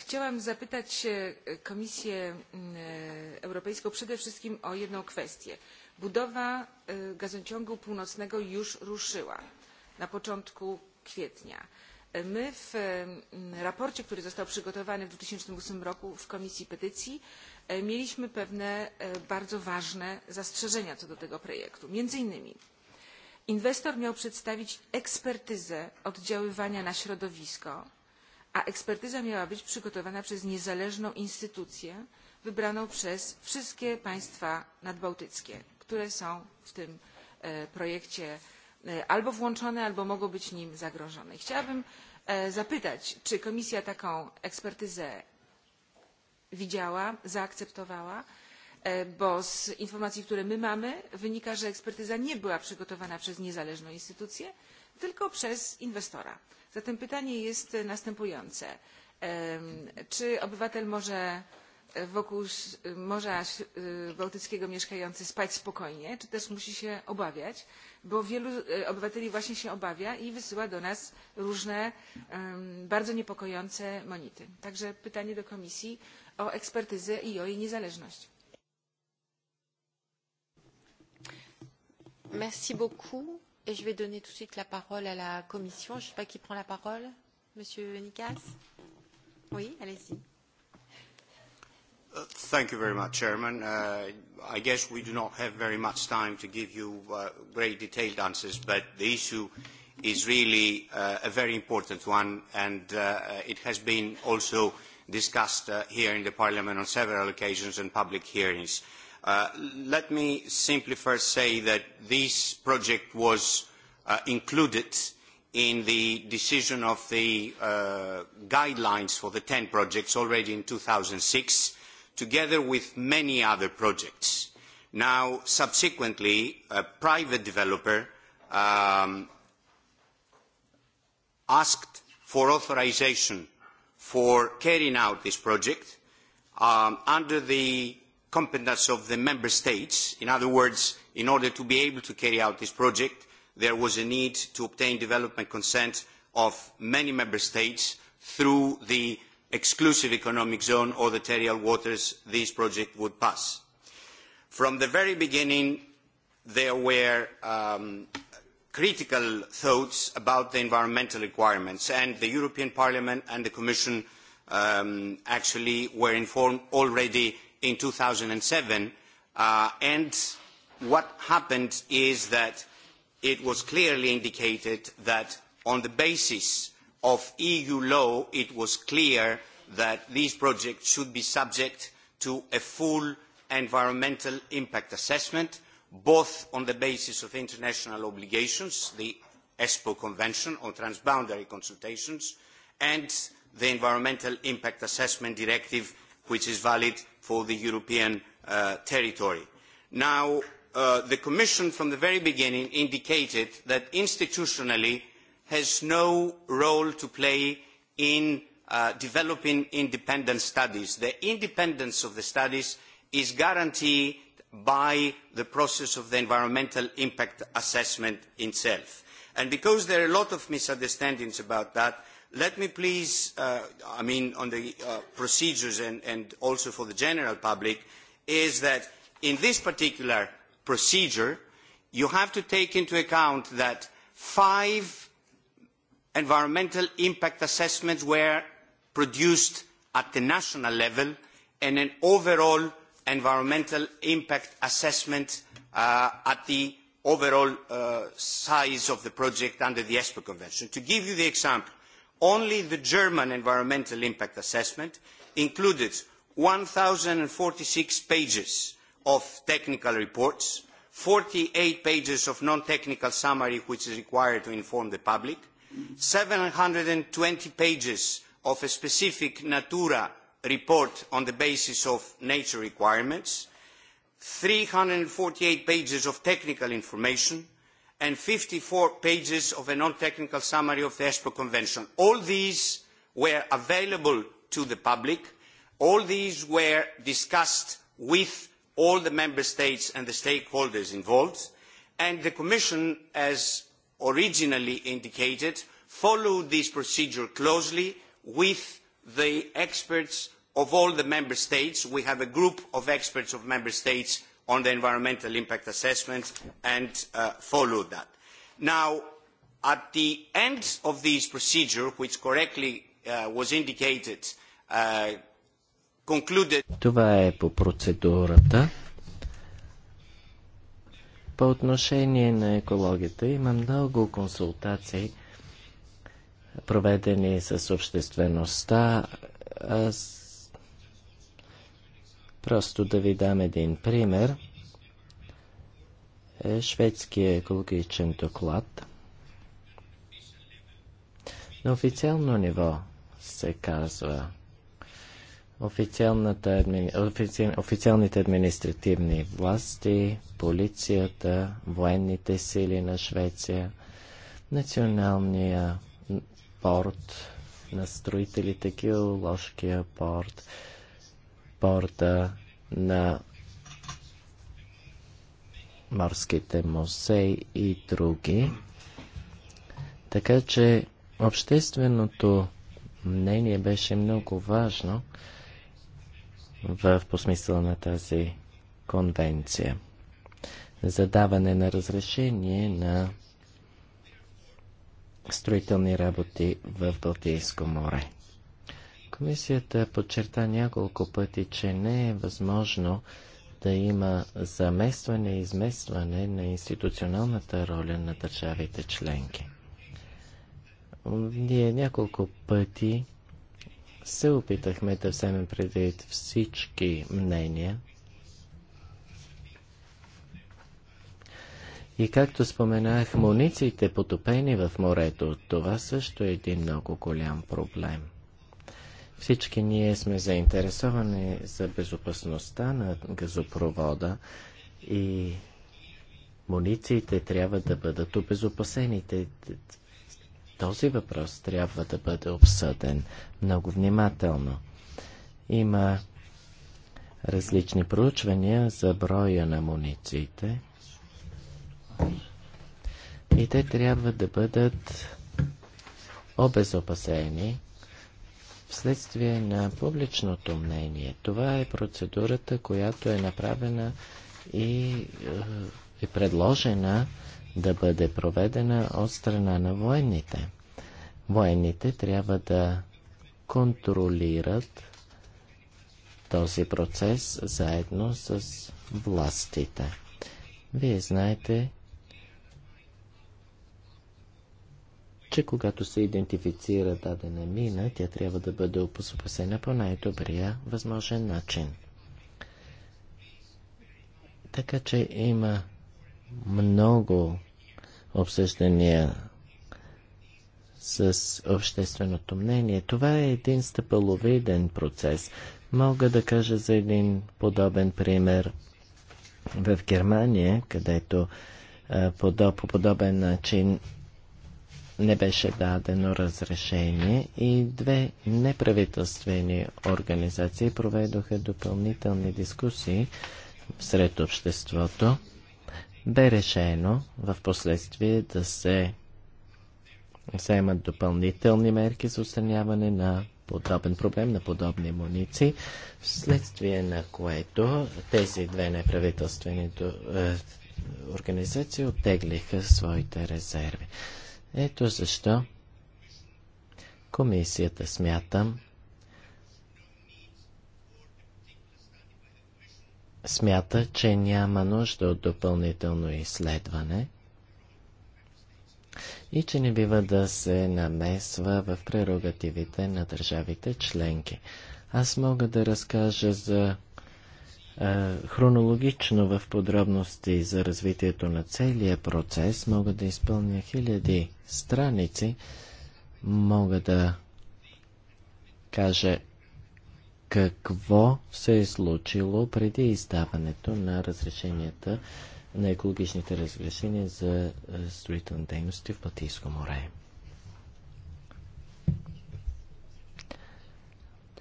Chciałam zapytać Komisję Europejską przede wszystkim o jedną kwestię. Budowa gazociągu północnego już ruszyła na początku kwietnia. My w raporcie, który został przygotowany w 2008 roku w Komisji Petycji mieliśmy pewne bardzo ważne zastrzeżenia co do tego projektu. Między innymi inwestor miał przedstawić ekspertyzę oddziaływania na środowisko, a ekspertyza miała być przygotowana przez niezależną instytucję wybraną przez wszystkie państwa nadbałtyckie, które są w tym projekcie albo włączone, albo mogą być nim zagrożone. Chciałabym zapytać, czy Komisja taką ekspertyzę widziała, zaakceptowała, bo z informacji, które my mamy, wynika, że ekspertyza nie była przygotowana przez niezależną instytucję, tylko przez inwestora. Zatem pytanie jest następujące. Czy obywatel może wokół Morza Bałtyckiego mieszkający spać spokojnie, czy też musi się obawiać, bo wielu obywateli właśnie się obawia i wysyła do nas różne bardzo niepokojące monity. Także pytanie do Komisji o ekspertyzę i o jej niezależność. Merci beaucoup. Et je vais donner tout de suite la parole à la Commission. Je ne sais pas qui prend la parole. Monsieur Oui, allez-y. Thank you very much, Chairman. I guess we do not have very much time to give you very detailed answers, but the issue is really a very important one, and it has been also discussed here in Parliament on several occasions and public hearings. let me simply first say that this project was included in the decision of the guidelines for the ten projects already in two thousand six together with many other projects. Now, subsequently, a private developer asked for authorisation for carrying out this project under the competence of the member states. In other words, in order to be able to carry out this project, there was a need to obtain development consent of many member states through the exclusive economic zone or the territorial waters this project would pass. From the very beginning, there were critical thoughts about the environmental requirements, and the European Parliament and the Commission actually were informed already in two thousand seven, and what happened is that it was clearly indicated that on the basis of EU law, it was clear that these projects should be subject to a full environmental impact assessment, both on the basis of international obligations, the ESPO Convention on Transboundary Consultations, and the Environmental Impact Assessment Directive, which is valid for the European territory. Now, the Commission from the very beginning indicated that institutionally has no role to play in developing independent studies. The independence of the studies is guaranteed by the process of the environmental impact assessment itself. And because there are a lot of misunderstandings about that, let me please, I mean, on the procedures and, and also for the general public, is that in this particular procedure, you have to take into account that five environmental impact assessments were produced at the national level and an overall environmental impact assessment at the overall size of the project under the ESPO Convention. To give you the example, only the German environmental impact assessment included one forty six pages of technical reports, forty eight pages of non-technical summary which is required to inform the public, seven hundred and twenty pages of a specific Natura report on the basis of nature requirements, three hundred and forty eight pages of technical information, and fifty four pages of a non-technical summary of the ESPO Convention. All these were available to the public. All these were discussed with all the member states and the stakeholders involved. And the Commission, as originally indicated, follow this procedure closely with the experts of all the member states. We have a group of experts of member states on the environmental impact assessment and follow that. Now, at the end of this procedure, which correctly was indicated, concluded... Това е по процедурата. По отношение на екологията имам много консултации, проведени с обществеността. Аз просто да ви дам един пример. Е, шведския екологичен доклад. На официално ниво се казва – адми... офици... официалните административни власти, полицията, военните сили на Швеция, националния порт на строителите, Киоложкия порт, порта на морските музеи и други. Така че общественото мнение беше много важно, в по на тази конвенция за даване на разрешение на строителни работи в Балтийско море. Комисията подчерта няколко пъти, че не е възможно да има заместване и изместване на институционалната роля на държавите членки. Ние няколко пъти се опитахме да вземем предвид всички мнения. И както споменах, мунициите потопени в морето, това също е един много голям проблем. Всички ние сме заинтересовани за безопасността на газопровода и мунициите трябва да бъдат обезопасени този въпрос трябва да бъде обсъден много внимателно. Има различни проучвания за броя на мунициите и те трябва да бъдат обезопасени вследствие на публичното мнение. Това е процедурата, която е направена и е, е предложена да бъде проведена от страна на военните. Военните трябва да контролират този процес заедно с властите. Вие знаете, че когато се идентифицира дадена мина, тя трябва да бъде опособена по най-добрия възможен начин. Така че има много обсъждания с общественото мнение. Това е един стъпаловиден процес. Мога да кажа за един подобен пример в Германия, където по подобен начин не беше дадено разрешение и две неправителствени организации проведоха допълнителни дискусии сред обществото бе решено в последствие да се вземат допълнителни мерки за устраняване на подобен проблем, на подобни муници, вследствие на което тези две неправителствени е, организации оттеглиха своите резерви. Ето защо комисията смятам, смята, че няма нужда от допълнително изследване и че не бива да се намесва в прерогативите на държавите членки. Аз мога да разкажа за е, хронологично в подробности за развитието на целия процес. Мога да изпълня хиляди страници. Мога да кажа какво се е случило преди издаването на разрешенията, на екологичните разрешения за е, строителни дейности в Батийско море.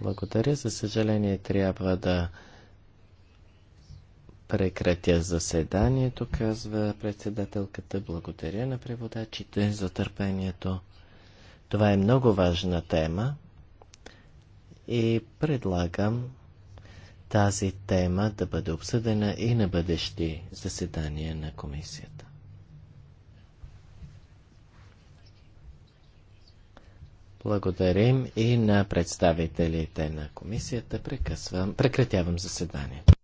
Благодаря. За съжаление трябва да прекратя заседанието, казва председателката. Благодаря на преводачите за търпението. Това е много важна тема и предлагам тази тема да бъде обсъдена и на бъдещи заседания на комисията. Благодарим и на представителите на комисията. Прекъсвам, прекратявам заседанието.